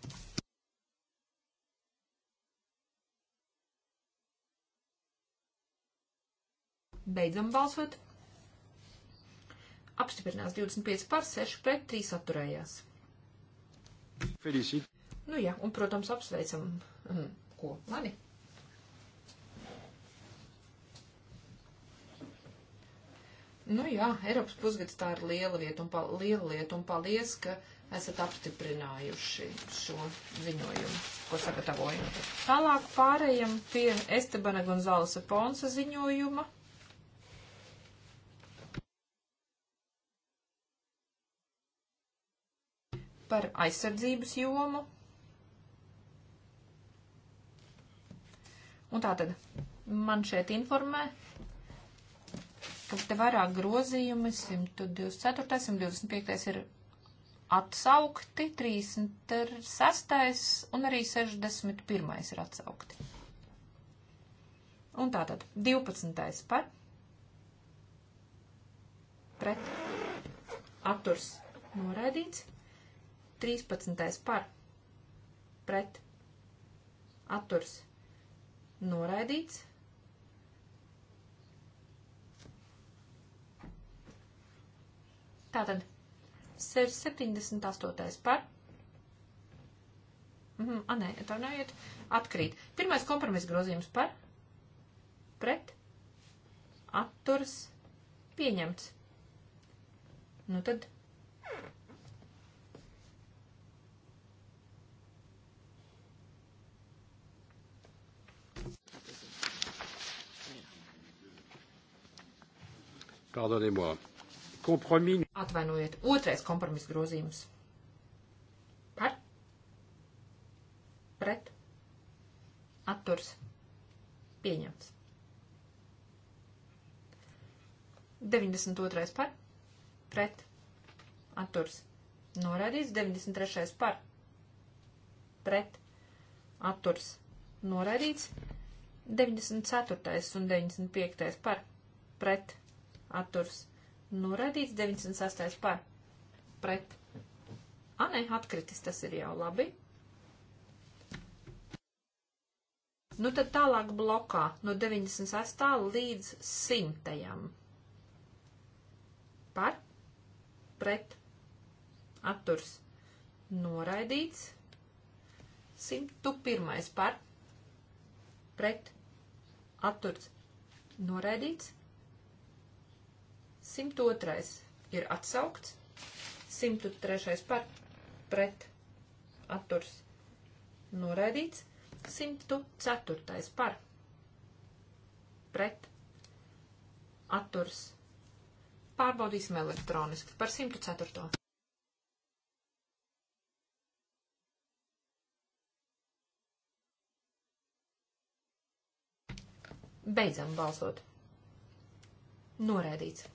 Beidzam balsot. Apstiprinās 25 par 6 pret 3 atturējās. Felicit. Nu jā, un, protams, apsveicam, mhm, ko, mani? Nu jā, Eiropas pusgads tā ir liela lieta un, pal liela lieta, un paldies, ka esat apstiprinājuši šo ziņojumu, ko sagatavoju. Tālāk pārējam pie Estebana Gonzalesa Ponsa ziņojuma. par aizsardzības jomu. Un tātad man šeit informē, ka te vairāk grozījumi, 124, 125 ir atsaukti, 36 un arī 61 ir atsaukti. Un tātad 12. par pret atturs noraidīts, 13. par pret atturs noraidīts, Tātad 78. par. Mhm, a, nē, tā nav iet. Atkrīt. Pirmais kompromiss grozījums par. Pret. Atturs. Pieņemts. Nu tad. Pardonnez-moi. Compromis Atvainojiet, otrais kompromiss grozījums. Par? Pret? Atturs? Pieņemts. 92. par? Pret? Atturs? Norādīts. 93. par? Pret? Atturs? Norādīts. 94. un 95. par? Pret? Atturs? Norādīts Noraidīts 98. par. Pret. A, nē, atkritis tas ir jau labi. Nu tad tālāk blokā no 98. līdz 100. Par. Pret. Atturs. Noraidīts. 101. par. Pret. Atturs. Noraidīts. 102. ir atsaukts, 103. par pret atturs noraidīts, 104. par pret atturs pārbaudīsim elektroniski par 104. Beidzam balsot. Norēdīts.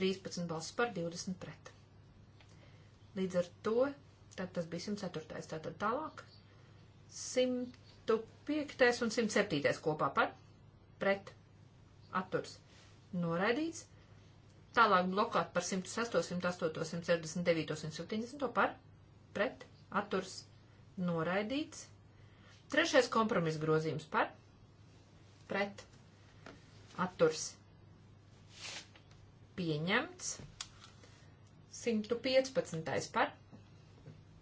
13 balsis par 20 pret. Līdz ar to, tad tas bija 104. Tātad tālāk. 105. un 107. kopā par pret atturs noraidīts. Tālāk blokāt par 106, 108, 169, 170 par pret atturs noraidīts. Trešais kompromiss grozījums par pret atturs noraidīts pieņemts. 115. par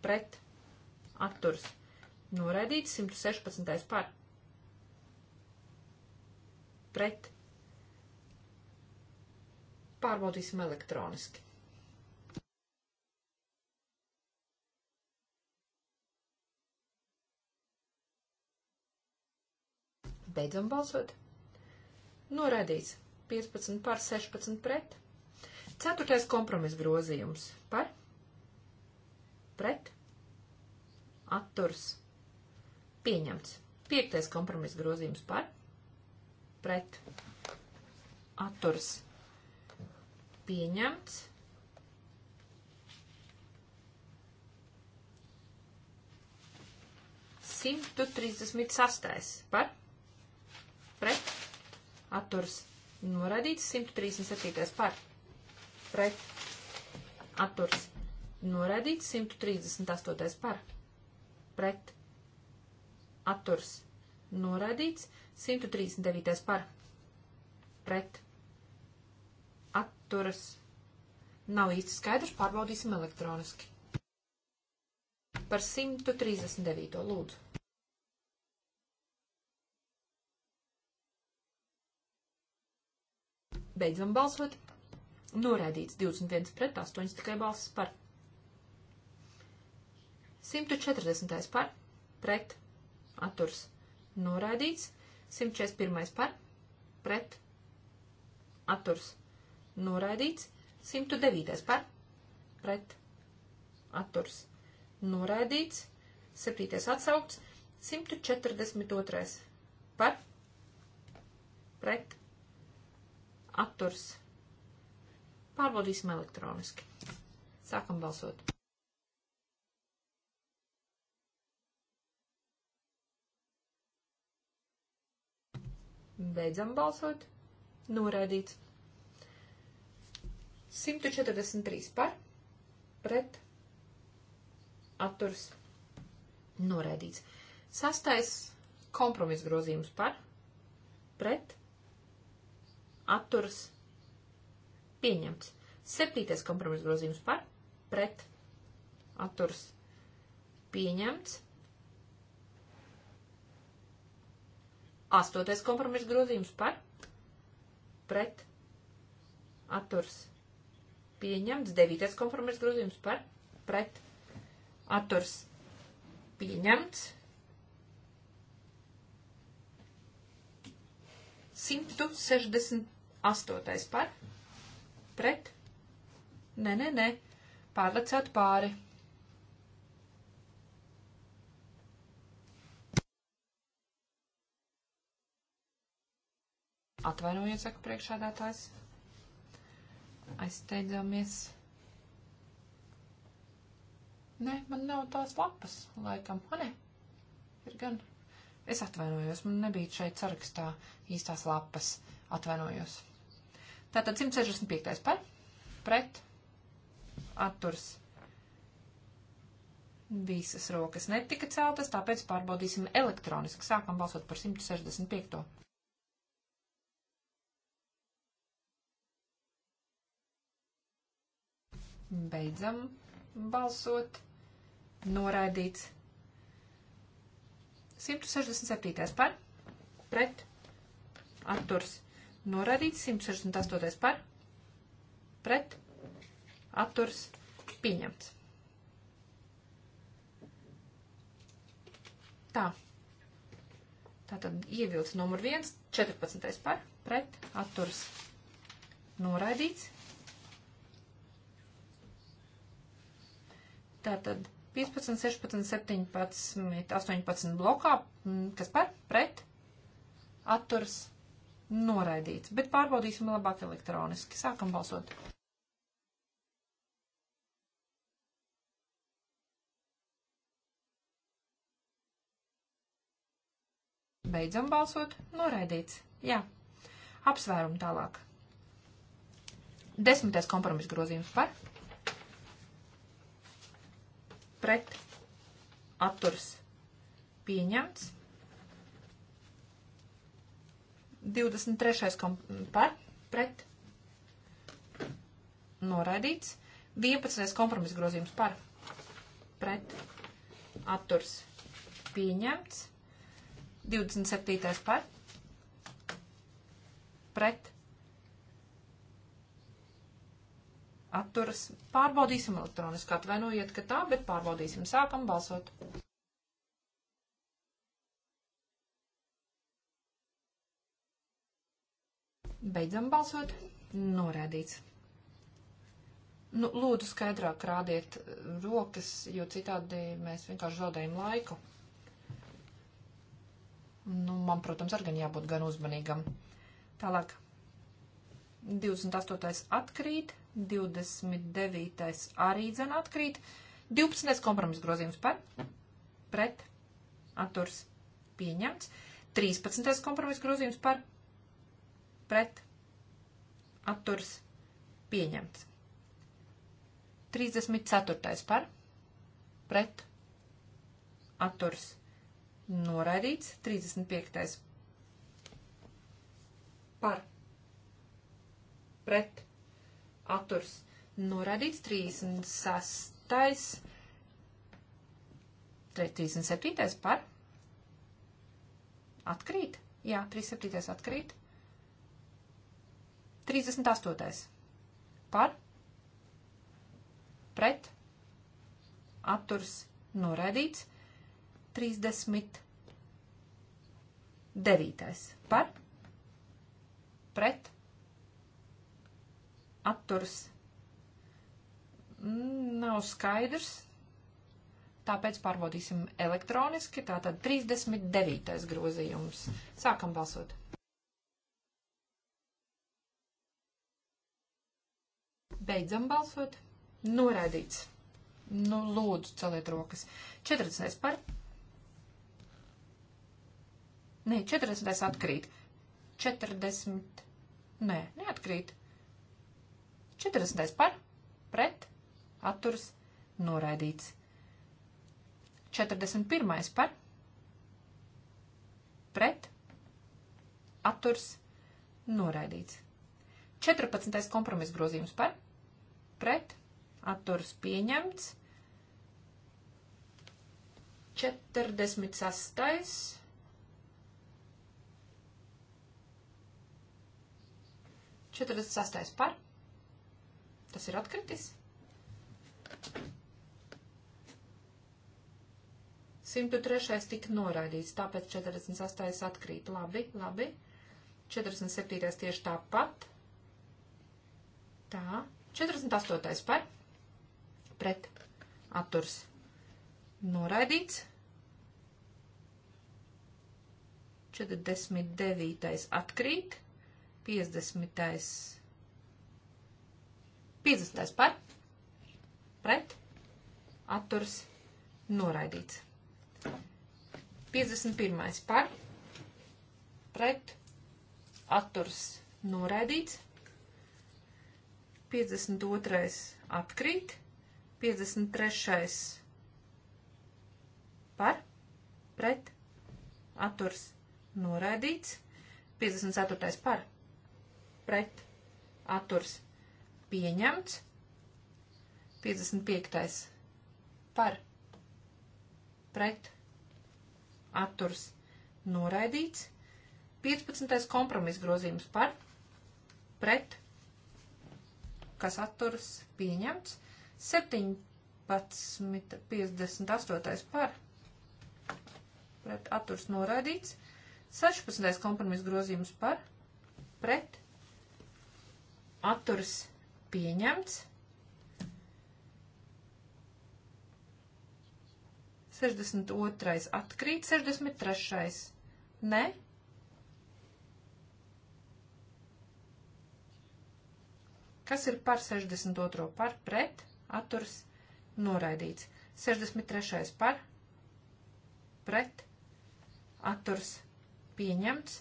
pret atturs noraidīts. 116. par pret pārbaudīsim elektroniski. Beidzam balsot. Noraidīts 15 pār 16 pret. Ceturtais kompromis grozījums par pret atturs pieņemts. Piektais kompromis grozījums par pret atturs pieņemts. Simtu trīsdesmit sastais par pret atturs noraidīts. Simtu trīsdesmit septītais par pret pret atturs noraidīts, 138. par pret atturs noraidīts, 139. par pret atturas nav īsti skaidrs, pārbaudīsim elektroniski. Par 139. lūdzu. Beidzam balsot. Noraidīts 21 pret 8 tikai balsis par. 140. par. Pret. Atturs. Noraidīts. 141. par. Pret. Atturs. Noraidīts. 109. par. Pret. Atturs. Noraidīts. 7. atsaukts. 142. par. Pret. Atturs Pārbaudīsim elektroniski. Sākam balsot. Beidzam balsot. Noraidīts. 143 par, pret, atturs, noraidīts. Sastais kompromis grozījums par, pret, atturs, Pieņemts. Septītais kompromiss grozījums par, pret, atturs. Pieņemts. Astotais kompromiss grozījums par, pret, atturs. Pieņemts. Devītais kompromiss grozījums par, pret, atturs. Pieņemts. 168. par pret. Nē, nē, nē, pārlecāt pāri. Atvainojiet, saka priekšādātājs. Aizsteidzamies. Nē, man nav tās lapas, laikam. O, nē, ir gan. Es atvainojos, man nebija šeit sarakstā īstās lapas. Atvainojos. Tātad 165. par, pret, atturs. Visas rokas netika celtas, tāpēc pārbaudīsim elektroniski. Sākam balsot par 165. Beidzam balsot. Noraidīts. 167. par, pret, atturs Noraidīts 168. par. Pret. Atturs. Pieņemts. Tā. Tātad ievilts numur 1, 14. par. Pret. Atturs. Noraidīts. Tātad 15, 16, 17, 18 blokā, mm, kas par pret atturs noraidīts, bet pārbaudīsim labāk elektroniski. Sākam balsot. Beidzam balsot. Noraidīts. Jā. Apsvērumu tālāk. Desmitais kompromis grozījums par. Pret. Atturs. Pieņemts. 23. par, pret, noraidīts. 11. kompromisa grozījums par, pret, atturs, pieņemts. 27. par, pret, atturas. Pārbaudīsim elektroniski, atvainojiet, ka tā, bet pārbaudīsim. Sākam balsot. Beidzam balsot. Norādīts. Nu, lūdzu, skaidrāk rādiet eh, rokas, jo citādi mēs vienkārši zaudējam laiku. Nu, man, protams, ar gan jābūt gan uzmanīgam. Tālāk. 28. atkrīt, 29. arī dzen atkrīt, 12. kompromis grozījums par, pret, atturs pieņemts, 13. kompromis grozījums par, pret, atturs, pieņemts. 34. par, pret, atturs, noraidīts. 35. par, pret, atturs, noraidīts. 36. 37. par, atkrīt. Jā, 37. atkrīt. 38. Par, pret, atturs, noraidīts. 39. Par, pret, atturs, mm, nav skaidrs. Tāpēc pārbaudīsim elektroniski. Tātad 39. grozījums. Sākam balsot. Beidzam balsot. Noraidīts. Nu, lūdzu, celiet rokas. 40. par. Nē, 40. atkrīt. 40. Nē, neatkrīt. 40. par. Pret. Atturs. Noraidīts. 41. par. Pret. Atturs. Noraidīts. 14. kompromiss grozījums par pret, atturas pieņemts. 46. Četrdesmit sastais par. Tas ir atkritis. 103. tika noraidīts, tāpēc 48. atkrīt. Labi, labi. 47. tieši tāpat. Tā. 48. par pret atturs noraidīts. 49. atkrīt. 50. 50. par pret atturs noraidīts. 51. par pret atturs noraidīts. 52. atkrīt, 53. par, pret, atturs noraidīts, 54. par, pret, atturs pieņemts, 55. par, pret, atturs noraidīts, 15. kompromis grozījums par, pret, kas atturas pieņemts, 17.58 par pret atturas noraidīts, 16. kompromiss grozījums par pret atturas pieņemts, 62. atkrīt, 63. ne, 63. Kas ir par 62. par pret atturs noraidīts? 63. par pret atturs pieņemts.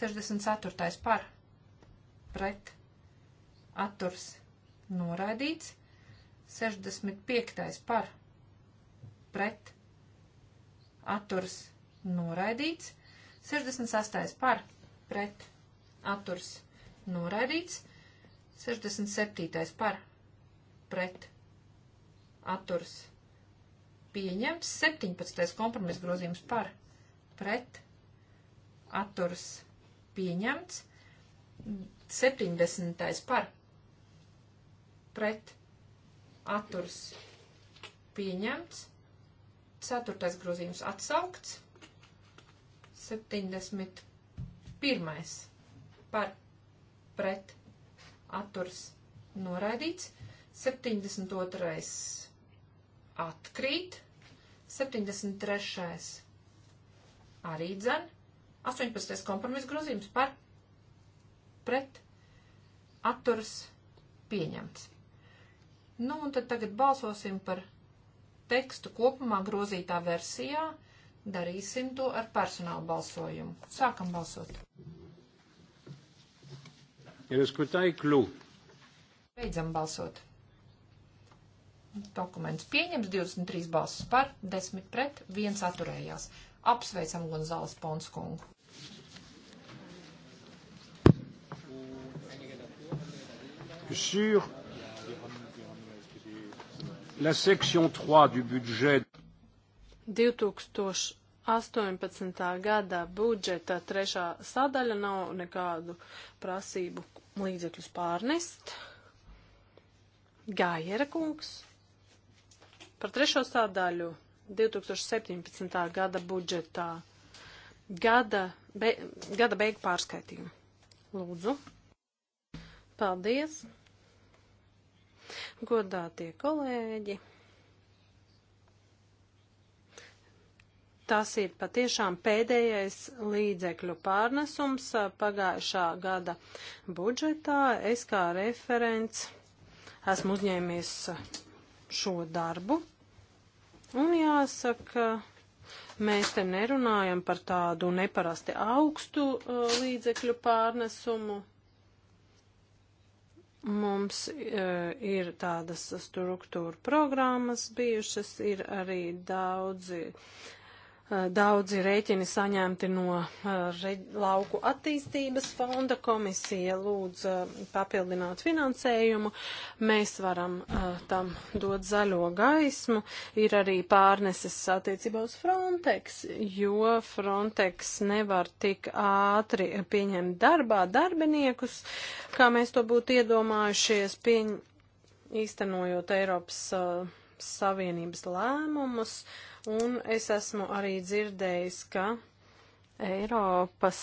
64. par pret atturs noraidīts. 65. par pret atturs noraidīts. 68. par pret atturs noraidīts noraidīts, 67. par pret atturs pieņemts. 17. kompromiss grozījums par pret atturs pieņemts. 70. par pret atturs pieņemts. 4. grozījums atsaukts. 71. par pret atturs noraidīts, 72. atkrīt, 73. arī dzen, 18. kompromis grozījums par pret atturs pieņemts. Nu, un tad tagad balsosim par tekstu kopumā grozītā versijā. Darīsim to ar personālu balsojumu. Sākam balsot! Et le scrutin est clos. Beidzam balsot. Dokuments pieņems 23 balsis par, 10 pret, 1 atturējās. Apsveicam Gonzāles Ponskungu. Sur la section 3 du budget 2000 18. gada budžeta trešā sadaļa nav nekādu prasību līdzekļus pārnest. Gājera kungs. Par trešo sadaļu 2017. gada budžetā gada, be, gada beigu pārskaitījumu. Lūdzu. Paldies. Godātie kolēģi. Tas ir patiešām pēdējais līdzekļu pārnesums pagājušā gada budžetā. Es kā referents esmu uzņēmies šo darbu. Un jāsaka, mēs te nerunājam par tādu neparasti augstu uh, līdzekļu pārnesumu. Mums uh, ir tādas struktūra programmas bijušas, ir arī daudzi uh, Eh, daudzi rēķini saņemti no eh, re, lauku attīstības fonda komisija lūdz eh, papildināt finansējumu. Mēs varam tam dot zaļo gaismu. Ir arī pārneses attiecībā uz Frontex, jo Frontex nevar tik ātri pieņemt darbā darbiniekus, kā mēs to būtu iedomājušies, pieņ... īstenojot Eiropas uh, Savienības lēmumus. Uh, Un es esmu arī dzirdējis, ka Eiropas,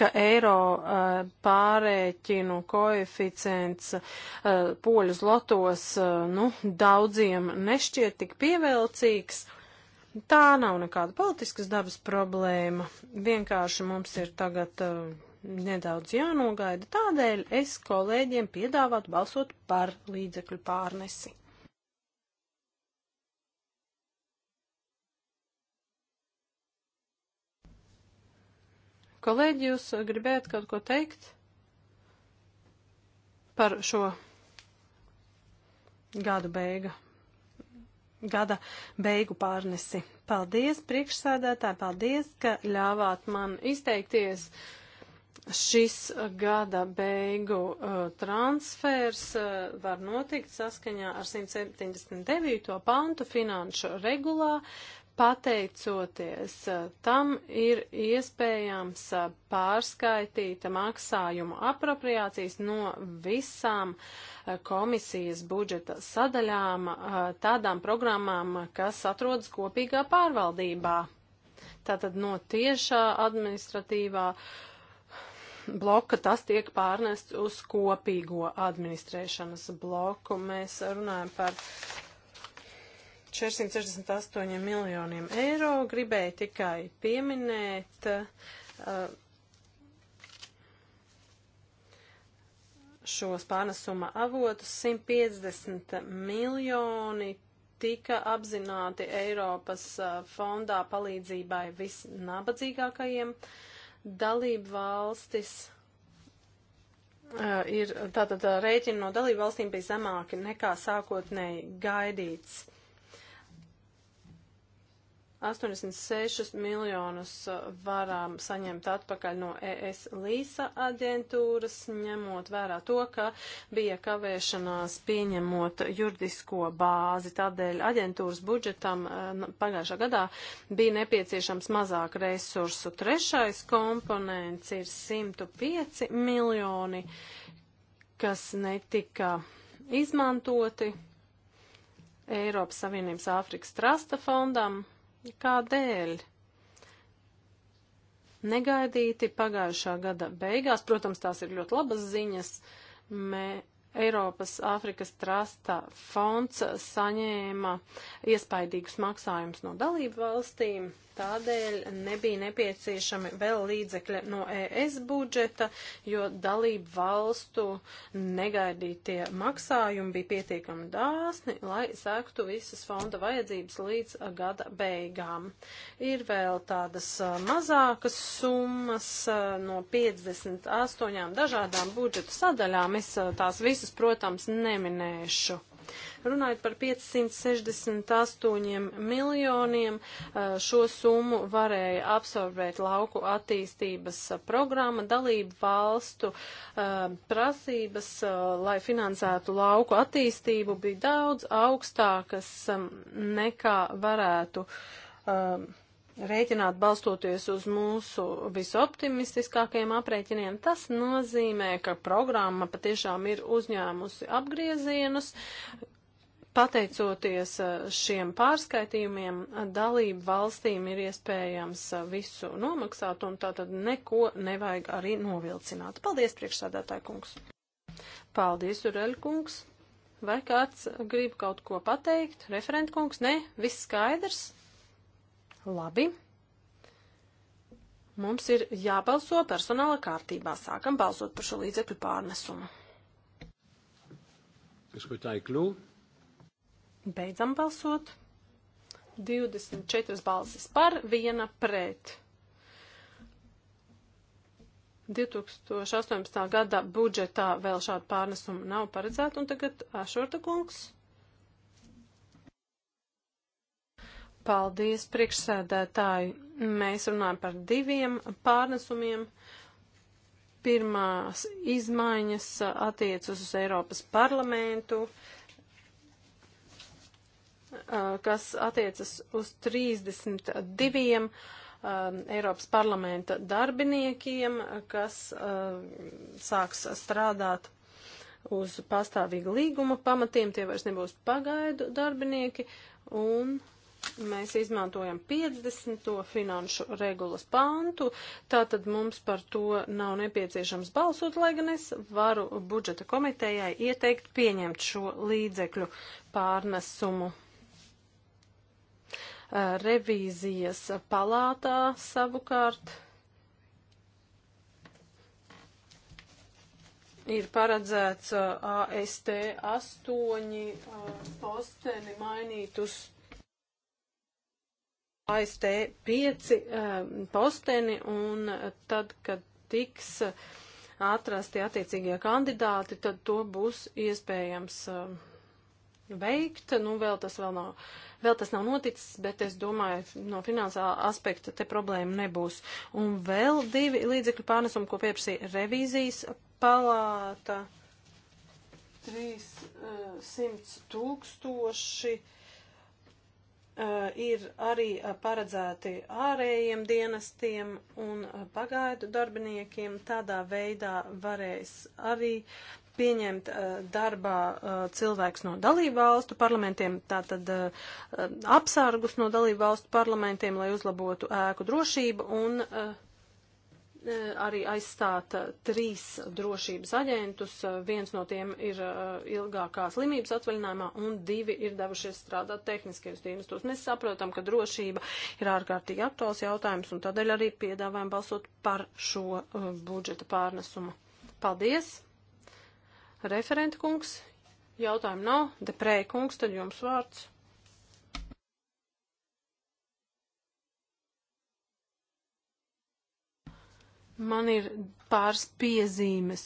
ka eiro uh, pārēķinu koeficients uh, poļu zlotos, uh, nu, daudziem nešķiet tik pievilcīgs. Tā nav nekāda politiskas dabas problēma. Vienkārši mums ir tagad nedaudz jānogaida. Tādēļ es kolēģiem piedāvātu balsot par līdzekļu pārnesi. Kolēģi, jūs gribējat kaut ko teikt par šo gadu beigu? Gada beigu pārnesi. Paldies, priekšsēdētāji, paldies, ka ļāvāt man izteikties. Šis gada beigu uh, transfers uh, var notikt saskaņā ar 179. pantu finanšu regulā, uh, pateicoties eh, tam ir iespējams eh, pārskaitīt maksājumu apropriācijas no visām eh, komisijas budžeta sadaļām tādām programmām, kas atrodas kopīgā pārvaldībā. Tātad no tiešā administratīvā bloka tas tiek pārnests uz kopīgo administrēšanas bloku. Mēs runājam par 468 miljoniem eiro. Gribēju tikai pieminēt uh, eh, šos pārnesuma avotus 150 miljoni tika apzināti Eiropas eh, fondā palīdzībai visnabadzīgākajiem dalību valstis. Eh, ir tātad rēķini no dalību valstīm bija zemāki nekā sākotnēji gaidīts. 86 miljonus uh, varam saņemt atpakaļ no ES Līsa aģentūras, ņemot vērā to, ka bija kavēšanās pieņemot juridisko bāzi. Tādēļ aģentūras budžetam uh, pagājušā gadā bija nepieciešams mazāk resursu. Trešais komponents ir 105 miljoni, kas netika izmantoti Eiropas Savienības Āfrikas Trasta fondam Kādēļ? Negaidīti pagājušā gada beigās, protams, tās ir ļoti labas ziņas, mē, Eiropas Āfrikas trasta fonds saņēma iespaidīgus maksājumus no dalību valstīm tādēļ nebija nepieciešami vēl līdzekļi no ES budžeta, jo dalību valstu negaidītie maksājumi bija pietiekami dāsni, lai sēktu visas fonda vajadzības līdz gada beigām. Ir vēl tādas mazākas summas no 58 dažādām budžeta sadaļām. Es tās visas, protams, neminēšu. Runājot par 568 miljoniem, šo summu varēja absorbēt lauku attīstības programma, dalību valstu prasības, lai finansētu lauku attīstību, bija daudz augstākas nekā varētu. Um, rēķināt balstoties uz mūsu visoptimistiskākajiem aprēķiniem, tas nozīmē, ka programma patiešām ir uzņēmusi apgriezienus. Pateicoties eh, šiem pārskaitījumiem, dalību valstīm ir iespējams eh, visu nomaksāt, un tātad neko nevajag arī novilcināt. Paldies, priekšsādātāja kungs! Paldies, Ureļ kungs! Vai kāds grib kaut ko pateikt? Referent kungs? Nē, viss skaidrs! Labi. Mums ir jābalso personāla kārtībā. Sākam balsot par šo līdzekļu pārnesumu. Beidzam balsot. 24 balsis par, viena pret. 2018. gada budžetā vēl šādu pārnesumu nav paredzētu, un tagad Ašorta kungs. Paldies, priekšsēdētāji. Mēs runājam par diviem pārnesumiem. Pirmās izmaiņas attiecas uz Eiropas parlamentu, kas attiecas uz 32 Eiropas parlamenta darbiniekiem, kas sāks strādāt uz pastāvīgu līguma pamatiem, tie vairs nebūs pagaidu darbinieki, un mēs izmantojam 50. finanšu regulas pantu, tātad mums par to nav nepieciešams balsot, lai gan es varu budžeta komitejai ieteikt pieņemt šo līdzekļu pārnesumu. Revīzijas palātā savukārt ir paredzēts AST 8 posteni mainīt uz AST pieci eh, posteni un tad, kad tiks eh, atrasti attiecīgie kandidāti, tad to būs iespējams eh, veikt. Nu, vēl tas vēl nav vēl tas nav noticis, bet es domāju, no finansālā aspekta te problēma nebūs. Un vēl divi līdzekļu pārnesumi, ko pieprasīja revīzijas palāta. 300 tūkstoši. Uh, Eh, ir arī eh, paredzēti ārējiem dienestiem un eh, pagaidu darbiniekiem. Tādā veidā varēs arī pieņemt darbā cilvēks no dalību valstu parlamentiem, tātad apsargus no dalību valstu parlamentiem, lai uzlabotu ēku drošību un uh, Eh, arī aizstāt eh, trīs drošības aģentus. Eh, viens no tiem ir ilgākā slimības atvaļinājumā, un divi ir devušies strādāt tehniskajos dienestos. Mēs saprotam, ka drošība ir ārkārtīgi aktuāls jautājums, un tādēļ arī piedāvājam balsot par šo budžeta pārnesumu. Paldies! Referenta kungs, jautājumu nav, deprē kungs, tad jums vārds. Man ir pāris piezīmes.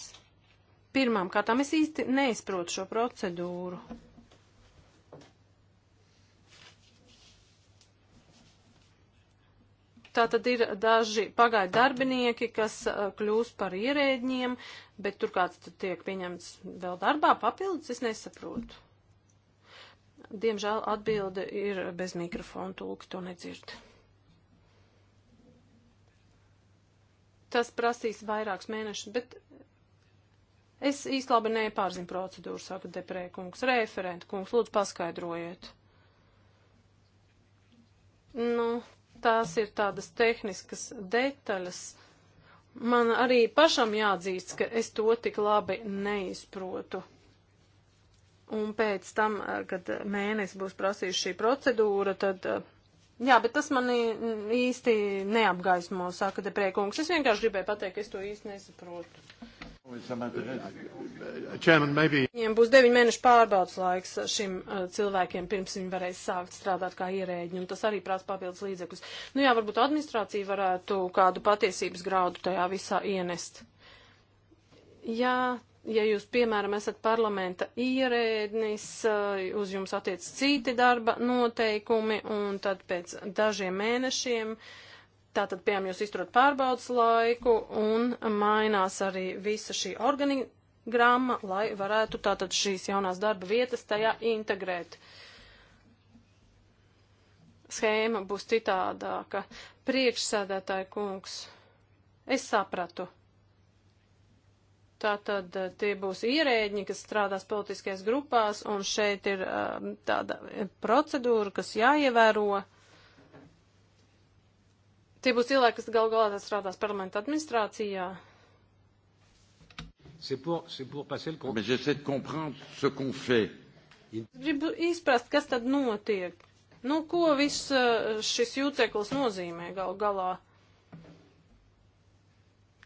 Pirmām kārtām es īsti neizprotu šo procedūru. Tā tad ir daži pagaidu darbinieki, kas uh, kļūst par ierēģiem, bet tur kāds tad tiek pieņemts vēl darbā papildus, es nesaprotu. Diemžēl atbilde ir bez mikrofona, tūlīt to nedzird. Tas prasīs vairākus mēnešus, bet es īstenībā nepārzinu procedūru, saka deprē kungs. Referenta kungs, lūdzu paskaidrojiet. Nu, tās ir tādas tehniskas detaļas. Man arī pašam jāatzīst, ka es to tik labi neizprotu. Un pēc tam, kad mēnesis būs prasījusi šī procedūra, tad uh, Jā, bet tas man īsti neapgaismo, saka deprēkungs. Es vienkārši gribēju pateikt, ka es to īsti nesaprotu. Viņiem būs deviņu mēnešu pārbaudas laiks šim uh, cilvēkiem, pirms viņi varēs sākt strādāt kā ierēģi, un tas arī prasa papildus līdzekļus. Nu jā, varbūt administrācija varētu kādu patiesības graudu tajā visā ienest. Jā, ja jūs, piemēram, esat parlamenta ierēdnis, eh, uz jums attiec citi darba noteikumi, un tad pēc dažiem mēnešiem, tātad, piemēram, jūs izturat pārbaudas laiku, un mainās arī visa šī organigramma, lai varētu tātad šīs jaunās darba vietas tajā integrēt. Schēma būs citādāka. Priekšsēdētāja kungs, es sapratu. Tātad eh, tie būs ierēģi, kas strādās politiskajās grupās, un šeit ir eh, tāda eh, procedūra, kas jāievēro. Tie būs cilvēki, kas gal galā strādās parlamenta administrācijā. C'est pour, c'est pour passer le Mais j'essaie de comprendre ce qu'on fait. Gribu izprast, kas tad notiek. Nu, ko viss šis jūceklis nozīmē gal galā?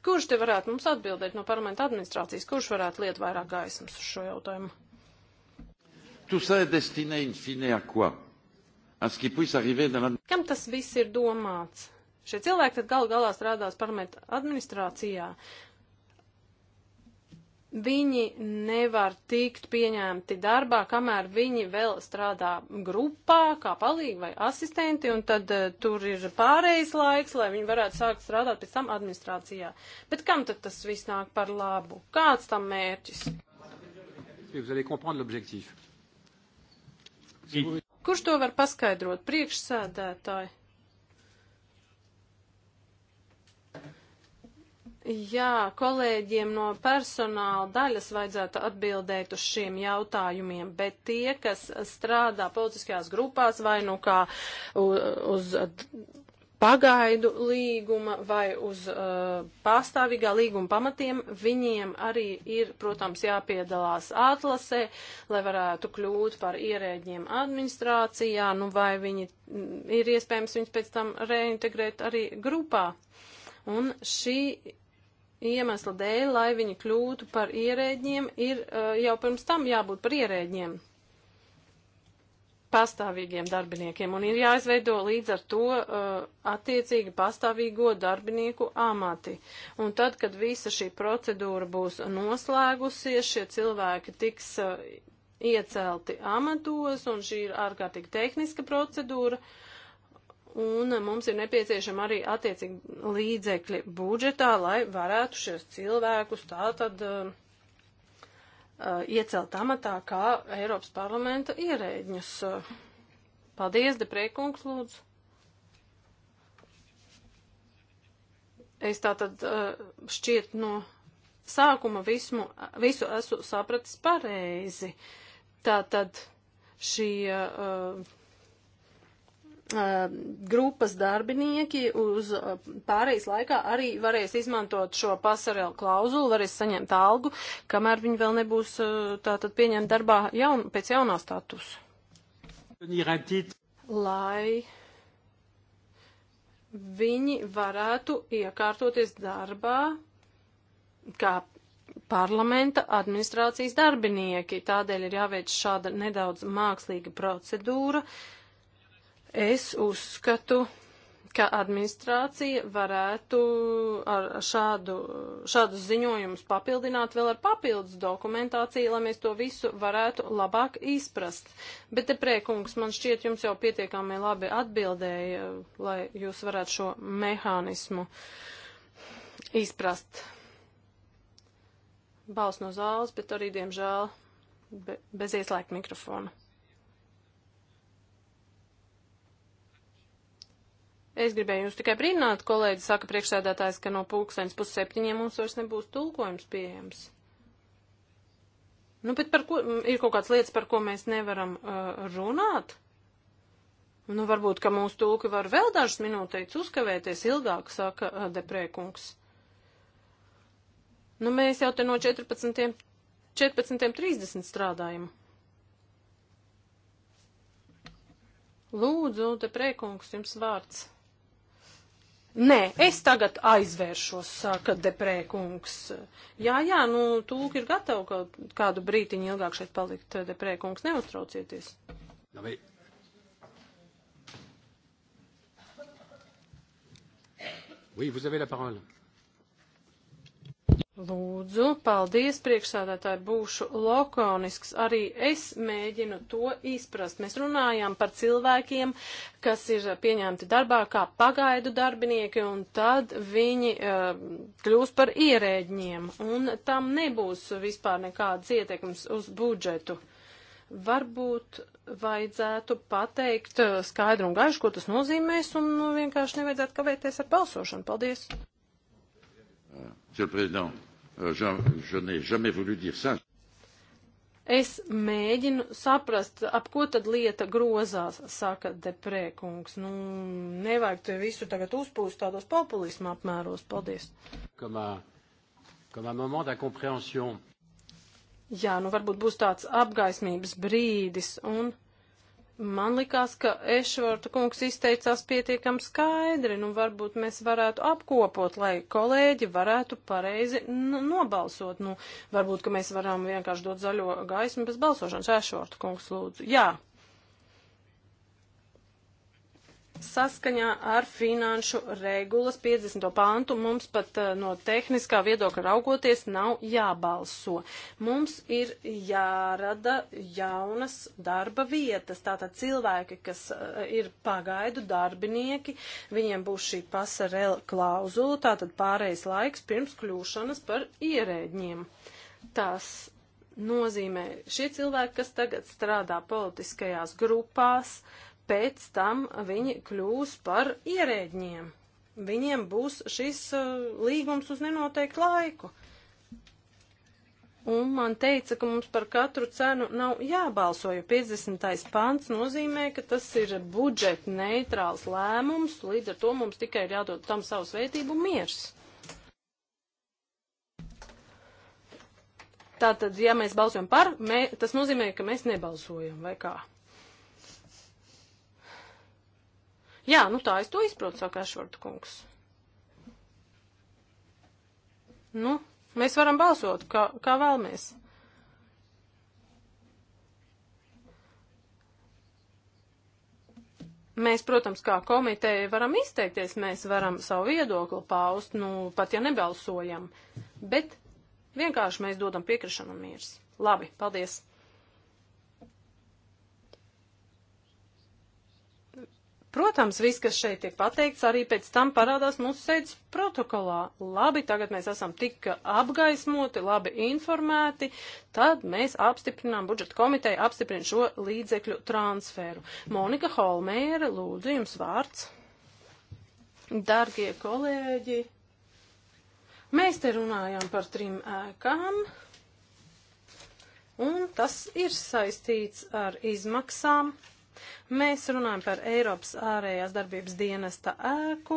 Kurš te varētu mums atbildēt no parlamenta administrācijas? Kurš varētu liet vairāk gaismas uz šo jautājumu? Kam tas viss ir domāts? Šie cilvēki tad gal galā strādās parlamenta administrācijā, Viņi nevar tikt pieņemti darbā, kamēr viņi vēl strādā grupā, kā palīgi vai asistenti, un tad uh, tur ir pārējais laiks, lai viņi varētu sākt strādāt pēc tam administrācijā. Bet kam tad tas viss nāk par labu? Kāds tam mērķis? Kurš to var paskaidrot? Priekšsēdētāji. Jā, kolēģiem no personāla daļas vajadzētu atbildēt uz šiem jautājumiem, bet tie, kas strādā politiskajās grupās vai nu kā uz, uz pagaidu līguma vai uz uh, pārstāvīgā līguma pamatiem, viņiem arī ir, protams, jāpiedalās atlasē, lai varētu kļūt par ierēģiem administrācijā, nu vai viņi mm, ir iespējams viņus pēc tam reintegrēt arī grupā. Un šī iemesla dēļ, lai viņi kļūtu par ierēģiem, ir uh, jau pirms tam jābūt par ierēģiem pastāvīgiem darbiniekiem un ir jāizveido līdz ar to uh, attiecīgi pastāvīgo darbinieku amati. Un tad, kad visa šī procedūra būs noslēgusies, šie cilvēki tiks uh, iecelti amatos un šī ir ārkārtīgi tehniska procedūra. Uh, un mums ir nepieciešama arī attiecīgi līdzekļi budžetā, lai varētu šos cilvēkus tātad uh, uh iecelt amatā kā Eiropas parlamenta ierēģņus. Paldies, Deprēkungs, lūdzu. Es tātad uh, šķiet no sākuma vismu, visu esmu sapratis pareizi. Tātad šī uh, grupas darbinieki uz pārejas laikā arī varēs izmantot šo pasarelu klauzulu, varēs saņemt algu, kamēr viņi vēl nebūs tātad pieņemt darbā jaun, pēc jaunā status. Lai viņi varētu iekārtoties darbā kā parlamenta administrācijas darbinieki. Tādēļ ir jāveic šāda nedaudz mākslīga procedūra. Uh, Es uzskatu, ka administrācija varētu ar šādu, šādu ziņojumus papildināt vēl ar papildus dokumentāciju, lai mēs to visu varētu labāk izprast. Bet, priekungs, man šķiet, jums jau pietiekami labi atbildēja, lai jūs varētu šo mehānismu izprast. Balsts no zāles, bet arī, diemžēl, be, bez ieslēgt mikrofona. Es gribēju jūs tikai brīnāt, kolēģi saka priekšsēdētājs, ka no pulkstens pusseptiņiem mums vairs nebūs tulkojums pieejams. Nu, bet par ko, ir kaut kāds lietas, par ko mēs nevaram uh, runāt? Nu, varbūt, ka mūsu tulki var vēl dažas minūtes uzkavēties ilgāk, saka uh, deprēkungs. Nu, mēs jau te no 14.30 14, strādājam. Lūdzu, deprēkungs, jums vārds. Nē, es tagad aizvēršos, saka deprēkungs. Jā, jā, nu, tūk ir gatavi kaut kādu brītiņu ilgāk šeit palikt, deprēkungs, neuztraucieties. Labi. Oui, vous avez la parole. Lūdzu, paldies priekšsādātāji, būšu lokonisks. Arī es mēģinu to izprast. Mēs runājām par cilvēkiem, kas ir pieņemti darbā kā pagaidu darbinieki, un tad viņi uh, kļūs par ierēģiem, un tam nebūs vispār nekādas ietekmes uz budžetu. Varbūt vajadzētu pateikt eh, skaidru un gaišu, ko tas nozīmēs, un nu, vienkārši nevajadzētu kavēties ar balsošanu. Paldies! Monsieur le Président, Euh, je, je n'ai jamais voulu dire ça. Es mēģinu saprast, ap ko tad lieta grozās, saka deprēkungs. Nu, nevajag te visu tagad uzpūst tādos populismu apmēros. Paldies. Comme un, comme un moment d'incompréhension. Jā, nu varbūt būs tāds apgaismības brīdis un Man likās, ka Ešvarta kungs izteicās pietiekam skaidri, nu varbūt mēs varētu apkopot, lai kolēģi varētu pareizi nobalsot. Nu, varbūt, ka mēs varam vienkārši dot zaļo gaismu bez balsošanas. Ešvarta kungs, lūdzu. Jā, Saskaņā ar finanšu regulas 50. pāntu mums pat eh, no tehniskā viedokļa raugoties nav jābalso. Mums ir jārada jaunas darba vietas. Tātad cilvēki, kas eh, ir pagaidu darbinieki, viņiem būs šī pasarela klauzula, tātad pārējais laiks pirms kļūšanas par ierēģiem. Tas nozīmē šie cilvēki, kas tagad strādā politiskajās grupās, uh, pēc tam viņi kļūs par ierēģiem. Viņiem būs šis uh, līgums uz nenoteiktu laiku. Un man teica, ka mums par katru cenu nav jābalso, jo 50. pants nozīmē, ka tas ir budžeta neitrāls lēmums, līdz ar to mums tikai ir jādod tam savu svētību miers. Tātad, ja mēs balsojam par, mē, tas nozīmē, ka mēs nebalsojam, vai kā? Jā, nu tā es to izprotu, saka Ešvarta kungs. Nu, mēs varam balsot, kā, kā vēlamies. Mēs, protams, kā komiteja varam izteikties, mēs varam savu viedokli paust, nu, pat ja nebalsojam, bet vienkārši mēs dodam piekrišanu un mīrs. Labi, paldies! Protams, viss, kas šeit tiek pateikts, arī pēc tam parādās mūsu sēdes protokolā. Labi, tagad mēs esam tik apgaismoti, labi informēti, tad mēs apstiprinām budžeta komiteju, apstiprinām šo līdzekļu transferu. Monika Holmēra, lūdzu, jums vārds. Dargie kolēģi, Mēs te runājām par trim ēkām, un tas ir saistīts ar izmaksām, Mēs runājam par Eiropas ārējās darbības dienesta ēku.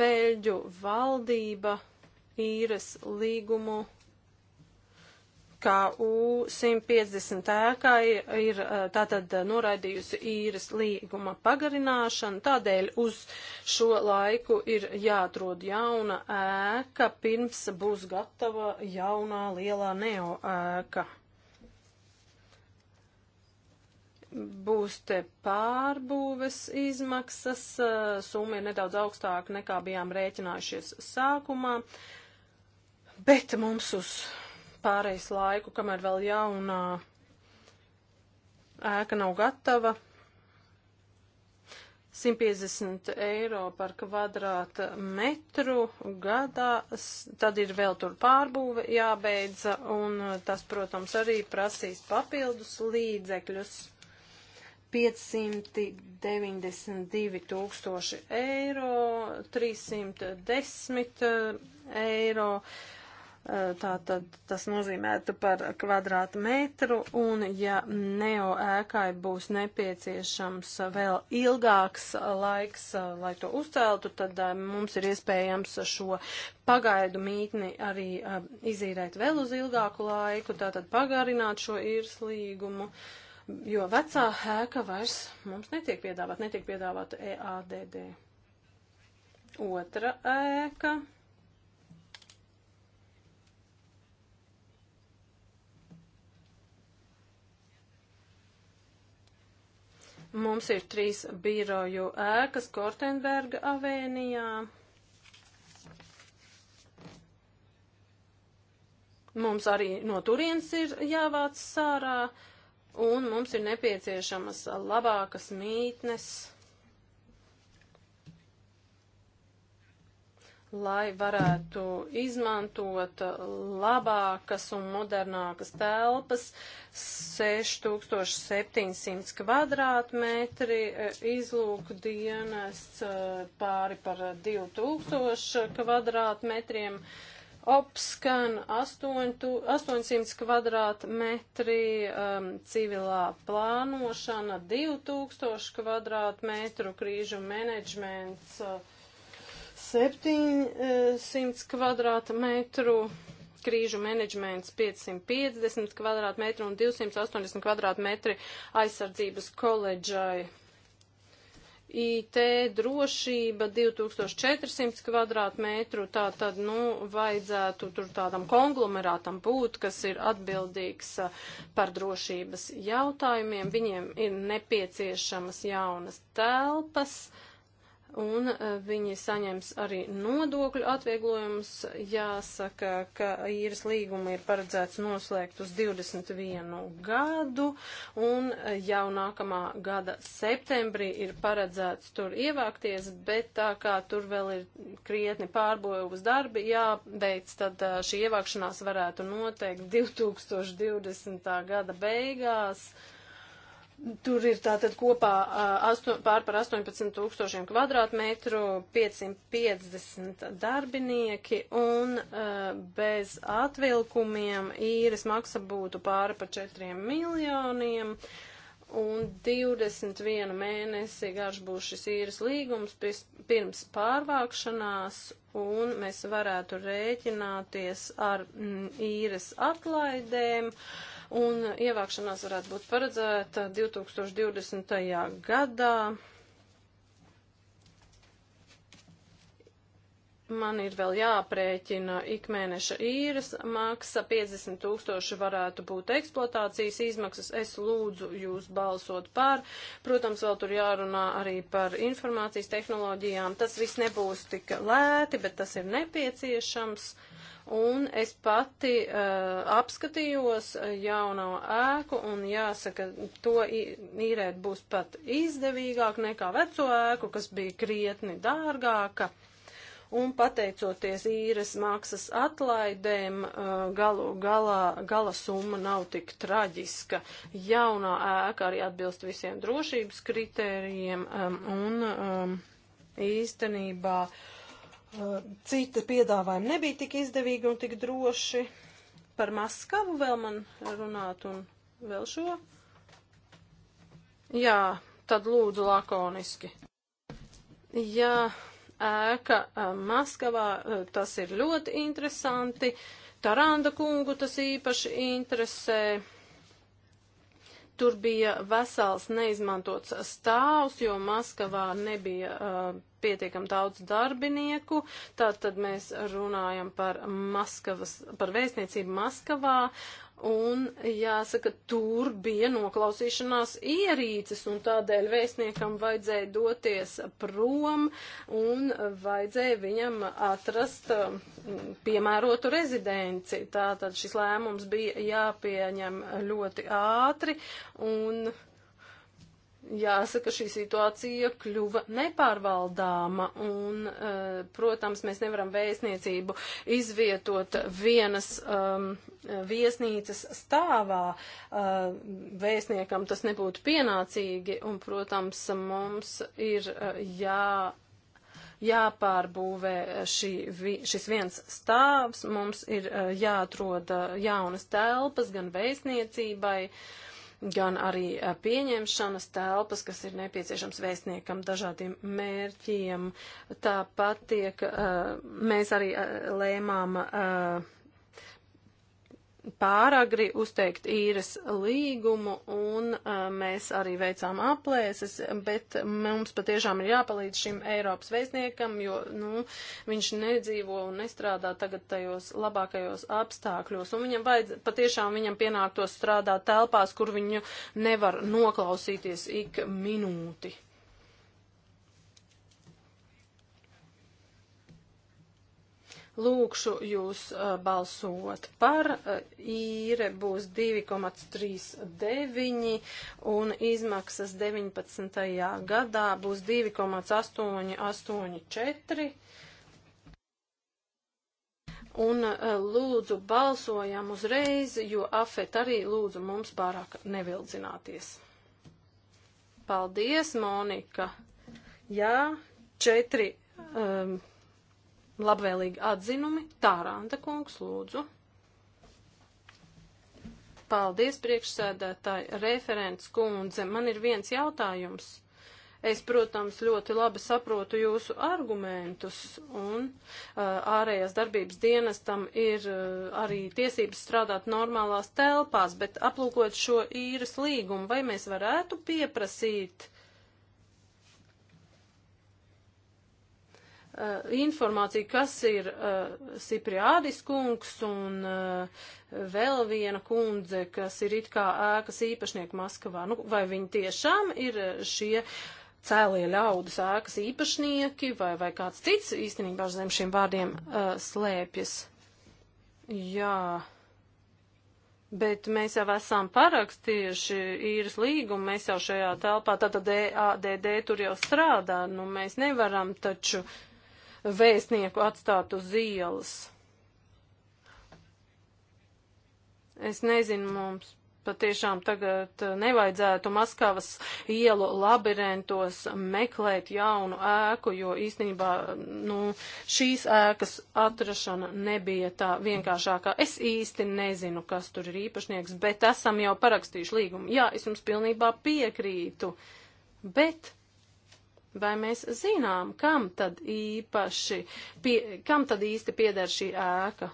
Beļģu valdība īres līgumu KU 150 ēkai ir eh, tātad eh, noraidījusi īres līguma pagarināšanu, tādēļ uz šo laiku ir jāatrod jauna ēka, pirms būs gatava jaunā lielā neo ēka būs te pārbūves izmaksas, summa ir nedaudz augstāka nekā bijām rēķinājušies sākumā, bet mums uz pārejas laiku, kamēr vēl jaunā ēka nav gatava, 150 eiro par kvadrāta metru gadā, tad ir vēl tur pārbūve jābeidza, un tas, protams, arī prasīs papildus līdzekļus. 592 tūkstoši eiro, 310 eh, eiro. Eh, tātad tas nozīmētu par kvadrātmetru, un ja neo ēkai būs nepieciešams vēl ilgāks laiks, eh, lai to uzceltu, tad mums ir iespējams šo pagaidu mītni arī izīrēt vēl uz ilgāku laiku, tātad pagarināt šo īrslīgumu. līgumu jo vecā ēka vairs mums netiek piedāvāt, netiek piedāvāta e EADD. Otra ēka. Mums ir trīs biroju ēkas Kortenberga avēnijā. Mums arī no turienes ir jāvāc sārā. Uh, un mums ir nepieciešamas labākas mītnes, lai varētu izmantot labākas un modernākas telpas, 6700 kvadrātmetri, e, izlūku dienests e, pāri par 2000 kvadrātmetriem. metriem apskan 800 kvadrātmetri, um, civilā plānošana 2000 kvadrātmetru, krīžu menedžments 700 uh, kvadrātmetru krīžu menedžments 550 kvadrātmetru un 280 kvadrātmetri aizsardzības koledžai. IT drošība 2400 kvadrātmetru, tā tad, nu, vajadzētu tur tādam konglomerātam būt, kas ir atbildīgs par drošības jautājumiem. Viņiem ir nepieciešamas jaunas telpas. Uh, un eh, viņi saņems arī nodokļu atvieglojumus. Jāsaka, ka īres līguma ir paredzēts noslēgt uz 21 gadu, un eh, jau nākamā gada septembrī ir paredzēts tur ievākties, bet tā kā tur vēl ir krietni pārbojuvas darbi jābeidz, tad eh, šī ievākšanās varētu noteikt 2020. gada beigās. Tur ir tātad kopā asto, pār par 18 tūkstošiem kvadrātmetru, 550 darbinieki un bez atvilkumiem īres maksa būtu pāri par 4 miljoniem un 21 mēnesi garš būs šis īres līgums pirms pārvākšanās, un mēs varētu rēķināties ar mm, īres atlaidēm. Uh, un ievākšanās varētu būt paredzēta 2020. gadā. man ir vēl jāprēķina ikmēneša īres maksa, 50 tūkstoši varētu būt eksploatācijas izmaksas, es lūdzu jūs balsot par. Protams, vēl tur jārunā arī par informācijas tehnoloģijām. Tas viss nebūs tik lēti, bet tas ir nepieciešams. Uh, Un es pati uh, apskatījos jauno ēku un jāsaka, to īrēt būs pat izdevīgāk nekā veco ēku, kas bija krietni dārgāka un pateicoties īres maksas atlaidēm, eh, galu galā gala summa nav tik traģiska. Jaunā ēka arī atbilst visiem drošības kritērijiem um, un um, īstenībā uh, Citi piedāvājumi nebija tik izdevīgi un tik droši. Par Maskavu vēl man runāt un vēl šo. Jā, tad lūdzu lakoniski. Jā, ēka Maskavā, tas ir ļoti interesanti. Taranda kungu tas īpaši interesē. Tur bija vesels neizmantots stāvs, jo Maskavā nebija uh, pietiekam daudz darbinieku. Tātad mēs runājam par, Maskavas, par vēstniecību Maskavā Un jāsaka, tur bija noklausīšanās ierīces, un tādēļ vēstniekam vajadzēja doties prom un vajadzēja viņam atrast um, piemērotu rezidenci. Tātad šis lēmums bija jāpieņem ļoti ātri, un jāsaka, šī situācija kļuva nepārvaldāma un, e, protams, mēs nevaram vēstniecību izvietot vienas um, viesnīcas stāvā. Uh, vēstniekam tas nebūtu pienācīgi un, protams, mums ir uh, jā jāpārbūvē šī, vi, šis viens stāvs, mums ir uh, jāatrod jaunas telpas gan vēstniecībai, uh, gan arī pieņemšanas telpas, kas ir nepieciešams vēstniekam dažādiem mērķiem. Tāpat tiek, mēs arī lēmām pāragri uzteikt īres līgumu, un mēs arī veicām aplēses, bet mums patiešām ir jāpalīdz šim Eiropas vēstniekam, jo, nu, viņš nedzīvo un nestrādā tagad tajos labākajos apstākļos, un viņam vajadz, patiešām viņam pienāktos strādāt telpās, kur viņu nevar noklausīties ik minūti. Lūkšu jūs uh, balsot par, uh, īre būs 2,39 un izmaksas 19. gadā būs 2,884. Un uh, lūdzu balsojam uzreiz, jo afet arī lūdzu mums pārāk nevildzināties. Paldies, Monika! Jā, četri. Um, labvēlīgi atzinumi. Tāranta kungs, lūdzu. Paldies, priekšsēdētāji, referents kundze. Man ir viens jautājums. Es, protams, ļoti labi saprotu jūsu argumentus, un uh, ārējās darbības dienestam ir uh, arī tiesības strādāt normālās telpās, bet aplūkot šo īres līgumu, vai mēs varētu pieprasīt Eh, informāciju, kas ir Sipriādis eh, kungs un eh, vēl viena kundze, kas ir it kā ēkas īpašnieki Maskavā. Nu, vai viņi tiešām ir šie cēlie ļaudis ēkas īpašnieki vai, vai kāds cits īstenībā zem šiem vārdiem slēpjas? Jā. Bet mēs jau esam parakstījuši īres līgumu, mēs jau šajā telpā, tātad EADD tur jau strādā, nu mēs nevaram taču uh, vēstnieku atstāt uz ielas. Es nezinu, mums patiešām tagad nevajadzētu Maskavas ielu labirintos meklēt jaunu ēku, jo īstenībā nu, šīs ēkas atrašana nebija tā vienkāršākā. Es īsti nezinu, kas tur ir īpašnieks, bet esam jau parakstījuši līgumu. Jā, es jums pilnībā piekrītu, bet Vai mēs zinām, kam tad īpaši, pie, kam tad īsti pieder šī ēka?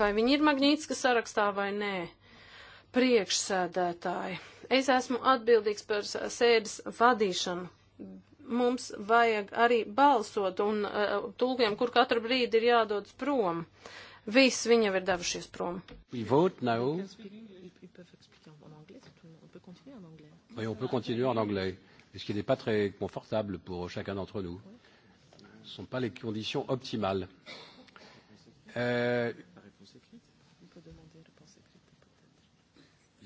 Vai viņi ir Magnītiska sarakstā vai nē? Priekšsēdētāji, es esmu atbildīgs par sēdes vadīšanu. Mums vajag arī balsot un uh, tulkiem, kur katru brīdi ir jādodas prom. Viss viņi jau ir devušies prom. We vote now. Oui, on peut continuer en anglais et ce qui n'est pas très confortable pour chacun d'entre nous. Ce ne sont pas les conditions optimales. Euh,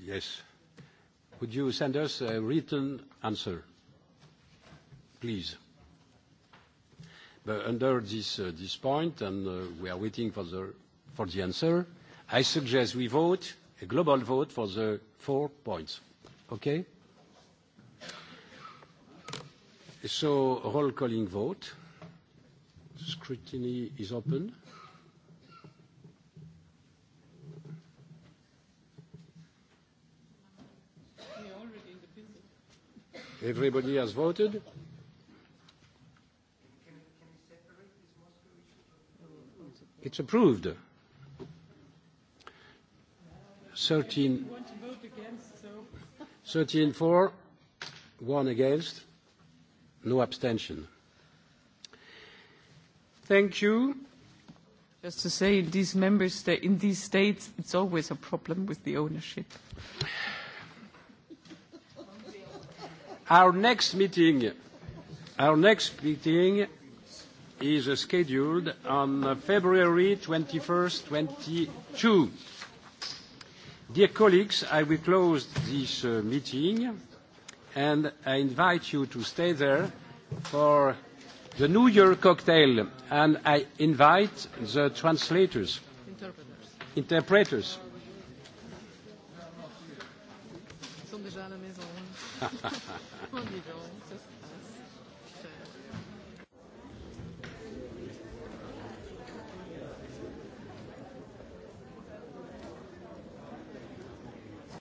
yes. Would you send us a written answer, please? But under this, uh, this point, and uh, we are waiting for the, for the answer, I suggest we vote, a global vote for the four points. Okay? So roll calling vote. Scrutiny is open. We're already in the business. Everybody has voted? It's approved. 13- You want to vote against, so. 13 for, 1 against. No abstention. Thank you. Just to say, in these member states, in these states, it's always a problem with the ownership. Our next meeting, our next meeting is scheduled on February 21st, 2022. Dear colleagues, I will close this uh, meeting and I invite you to stay there for the New Year cocktail, and I invite the translators, interpreters. interpreters. Ils sont déjà à la maison.